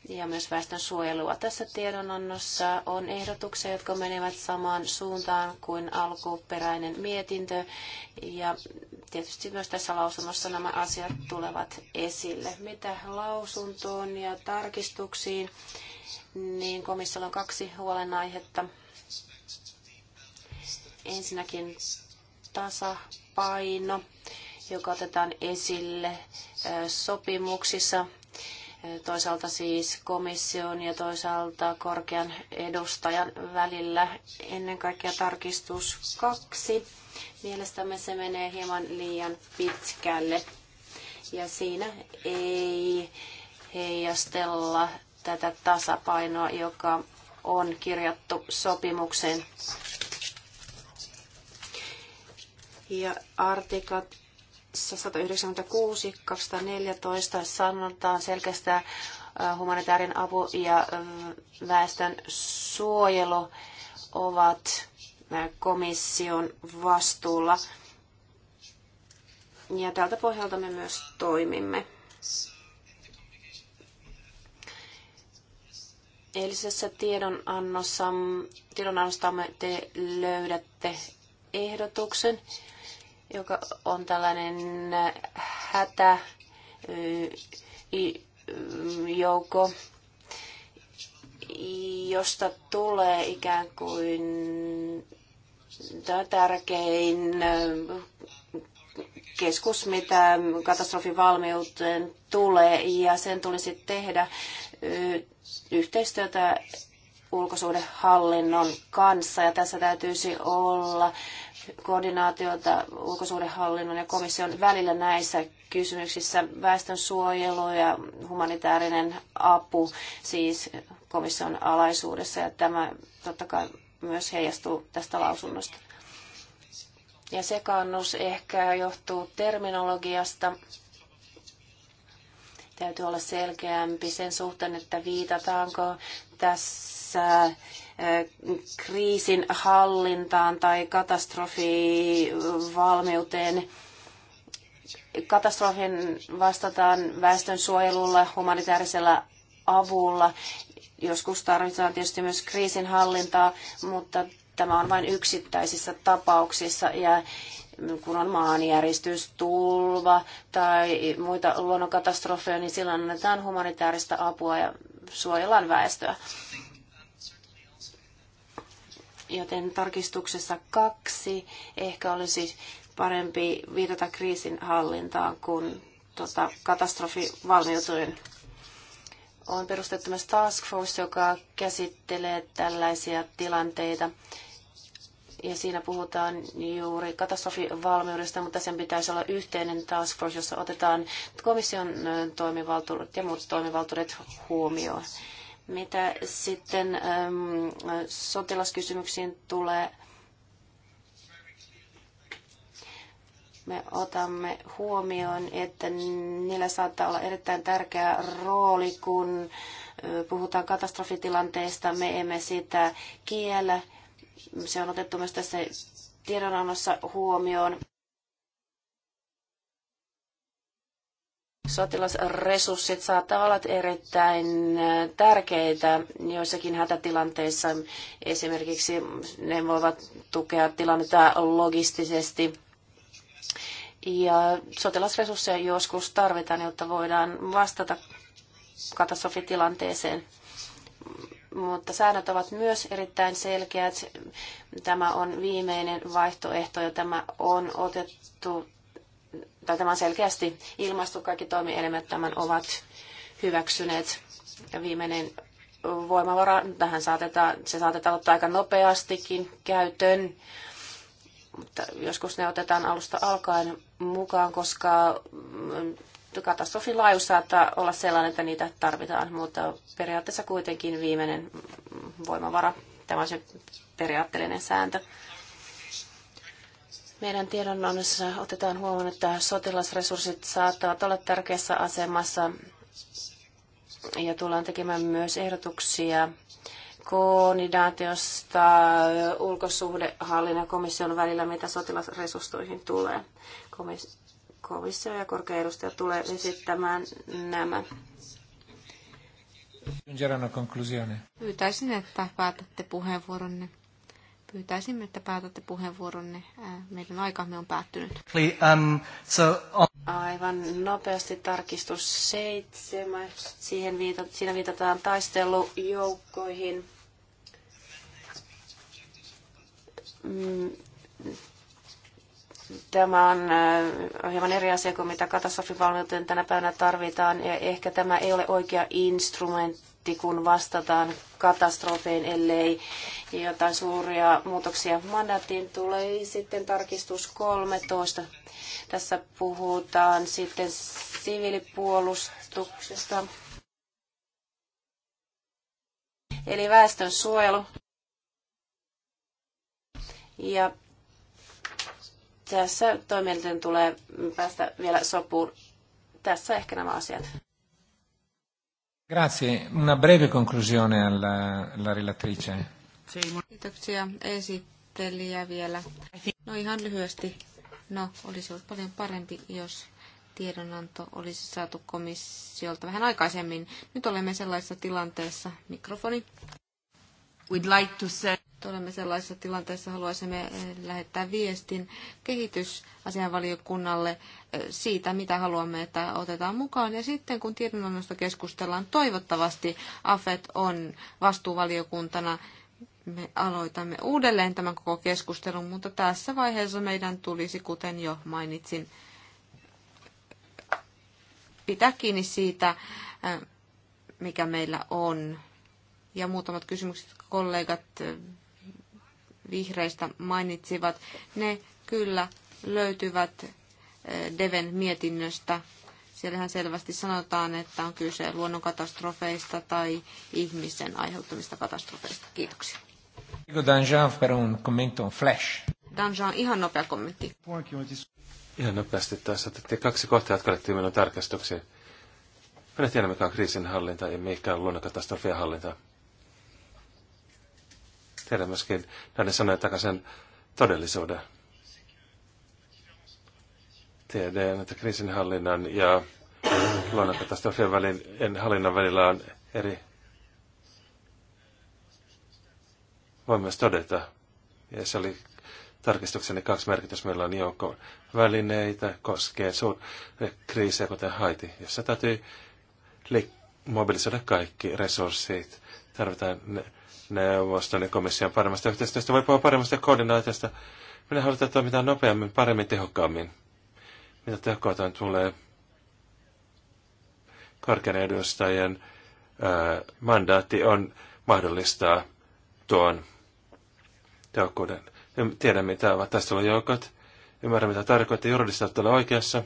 ja myös väestön suojelua. Tässä tiedonannossa on ehdotuksia, jotka menevät samaan suuntaan kuin alkuperäinen mietintö. Ja tietysti myös tässä lausunnossa nämä asiat tulevat esille. Mitä lausuntoon ja tarkistuksiin, niin komissiolla on kaksi huolenaihetta. Ensinnäkin tasapaino, joka otetaan esille sopimuksissa toisaalta siis komission ja toisaalta korkean edustajan välillä. Ennen kaikkea tarkistus kaksi. Mielestämme se menee hieman liian pitkälle ja siinä ei heijastella tätä tasapainoa, joka on kirjattu sopimukseen. Ja artikat 196, 214 sanotaan selkeästi humanitaarinen apu ja äh, väestön suojelu ovat äh, komission vastuulla. Ja tältä pohjalta me myös toimimme. Eilisessä tiedonannossa, tiedonannostamme te löydätte ehdotuksen joka on tällainen hätäjoukko, josta tulee ikään kuin tärkein keskus, mitä katastrofivalmiuteen tulee, ja sen tulisi tehdä yhteistyötä ulkosuhdehallinnon kanssa, ja tässä täytyisi olla koordinaatiota ulkosuudenhallinnon ja komission välillä näissä kysymyksissä. Väestön ja humanitaarinen apu siis komission alaisuudessa ja tämä totta kai myös heijastuu tästä lausunnosta. Ja sekaannus ehkä johtuu terminologiasta. Täytyy olla selkeämpi sen suhteen, että viitataanko tässä kriisin hallintaan tai katastrofivalmiuteen. Katastrofin vastataan väestön suojelulla, humanitaarisella avulla. Joskus tarvitaan tietysti myös kriisin hallintaa, mutta tämä on vain yksittäisissä tapauksissa ja kun on maanjäristys, tulva tai muita luonnonkatastrofeja, niin silloin annetaan humanitaarista apua ja suojellaan väestöä joten tarkistuksessa kaksi ehkä olisi parempi viitata kriisin hallintaan kuin tuota, katastrofivalmiuteen. On perustettu myös task force, joka käsittelee tällaisia tilanteita. Ja siinä puhutaan juuri katastrofivalmiudesta, mutta sen pitäisi olla yhteinen task force, jossa otetaan komission toimivaltuudet ja muut toimivaltuudet huomioon. Mitä sitten ähm, sotilaskysymyksiin tulee, me otamme huomioon, että niillä saattaa olla erittäin tärkeä rooli, kun puhutaan katastrofitilanteista. Me emme sitä kiellä. Se on otettu myös tässä tiedonannossa huomioon. Sotilasresurssit saattavat olla erittäin äh, tärkeitä joissakin hätätilanteissa. Esimerkiksi ne voivat tukea tilannetta logistisesti. Ja sotilasresursseja joskus tarvitaan, jotta voidaan vastata katastrofitilanteeseen. Mutta säännöt ovat myös erittäin selkeät. Tämä on viimeinen vaihtoehto ja tämä on otettu tai tämä on selkeästi ilmaistu, kaikki toimielimet tämän ovat hyväksyneet. Ja viimeinen voimavara, tähän saatetaan, se saatetaan ottaa aika nopeastikin käytön, mutta joskus ne otetaan alusta alkaen mukaan, koska mm, katastrofin laajuus saattaa olla sellainen, että niitä tarvitaan, mutta periaatteessa kuitenkin viimeinen voimavara, tämä on se periaatteellinen sääntö. Meidän tiedonannossa otetaan huomioon, että sotilasresurssit saattavat olla tärkeässä asemassa ja tullaan tekemään myös ehdotuksia koordinaatiosta ulkosuhdehallinnon komission välillä, mitä sotilasresursoihin tulee. Komissio ja korkea edustaja tulee esittämään nämä. Pyytäisin, että päätätte puheenvuoronne pyytäisimme, että päätätte puheenvuoronne. Äh, meidän aikamme on päättynyt. Um, Aivan nopeasti tarkistus seitsemän. Siihen viita, siinä viitataan taistelujoukkoihin. Mm, tämä on äh, hieman eri asia kuin mitä katastrofivalmiuteen tänä päivänä tarvitaan, ja ehkä tämä ei ole oikea instrumentti paketti, kun vastataan katastrofeen, ellei jotain suuria muutoksia mandaattiin tulee. Sitten tarkistus 13. Tässä puhutaan sitten siviilipuolustuksesta. Eli väestön suojelu. Ja tässä toimielinten tulee päästä vielä sopuun. Tässä ehkä nämä asiat. Grazie. Una breve conclusione alla, alla relatrice. Kiitoksia esittelijä vielä. No ihan lyhyesti. No, olisi ollut paljon parempi, jos tiedonanto olisi saatu komissiolta vähän aikaisemmin. Nyt olemme sellaisessa tilanteessa, mikrofoni. We'd like to say... Olemme sellaisessa tilanteessa, haluaisimme eh, lähettää viestin kehitysasianvaliokunnalle siitä, mitä haluamme, että otetaan mukaan. Ja sitten kun tiedonannosta keskustellaan, toivottavasti AFET on vastuuvaliokuntana. Me aloitamme uudelleen tämän koko keskustelun, mutta tässä vaiheessa meidän tulisi, kuten jo mainitsin, pitää kiinni siitä, äh, mikä meillä on. Ja muutamat kysymykset kollegat äh, vihreistä mainitsivat, ne kyllä löytyvät Deven mietinnöstä. Siellähän selvästi sanotaan, että on kyse luonnonkatastrofeista tai ihmisen aiheuttamista katastrofeista. Kiitoksia. Danjean flash. ihan nopea kommentti. Ihan nopeasti taas otettiin kaksi kohtaa, jotka olettiin minun tarkastukseen. Minä tiedän, mikä on kriisinhallinta ja mikä on luonnonkatastrofien hallinta. Tiedän myöskin näiden sanojen takaisin todellisuuden. Tiedän, että kriisinhallinnan ja luonnonkatastrofien välin, hallinnan välillä on eri. Voin myös todeta, ja se oli tarkistukseni kaksi merkitystä, Meillä on joukko välineitä koskee suur- kriisejä, kuten Haiti, jossa täytyy liik- mobilisoida kaikki resurssit. Tarvitaan ne- neuvoston ja komission paremmasta yhteistyöstä, voi puhua paremmasta koordinaatiosta. Minä halutaan toimia nopeammin, paremmin, tehokkaammin mitä tehokotaan tulee korkean edustajan ää, mandaatti on mahdollistaa tuon tehokkuuden. tiedä, mitä ovat taistelujoukot. Ymmärrän, mitä tarkoittaa. Juridistat olet oikeassa.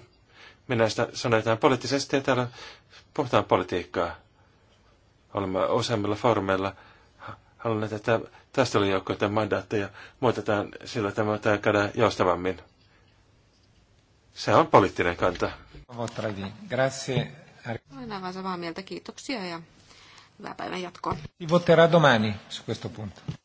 Minä sitä sanotaan poliittisesti ja täällä puhutaan politiikkaa. Olemme useammilla foorumeilla halunneet, että taistelujoukkoiden mandaatteja muutetaan sillä tämä että käydä joustavammin. Se on poliittinen kanta. Grazie. Olen aivan samaa mieltä. Kiitoksia ja hyvää päivän jatkoa. Voterà domani su questo punto.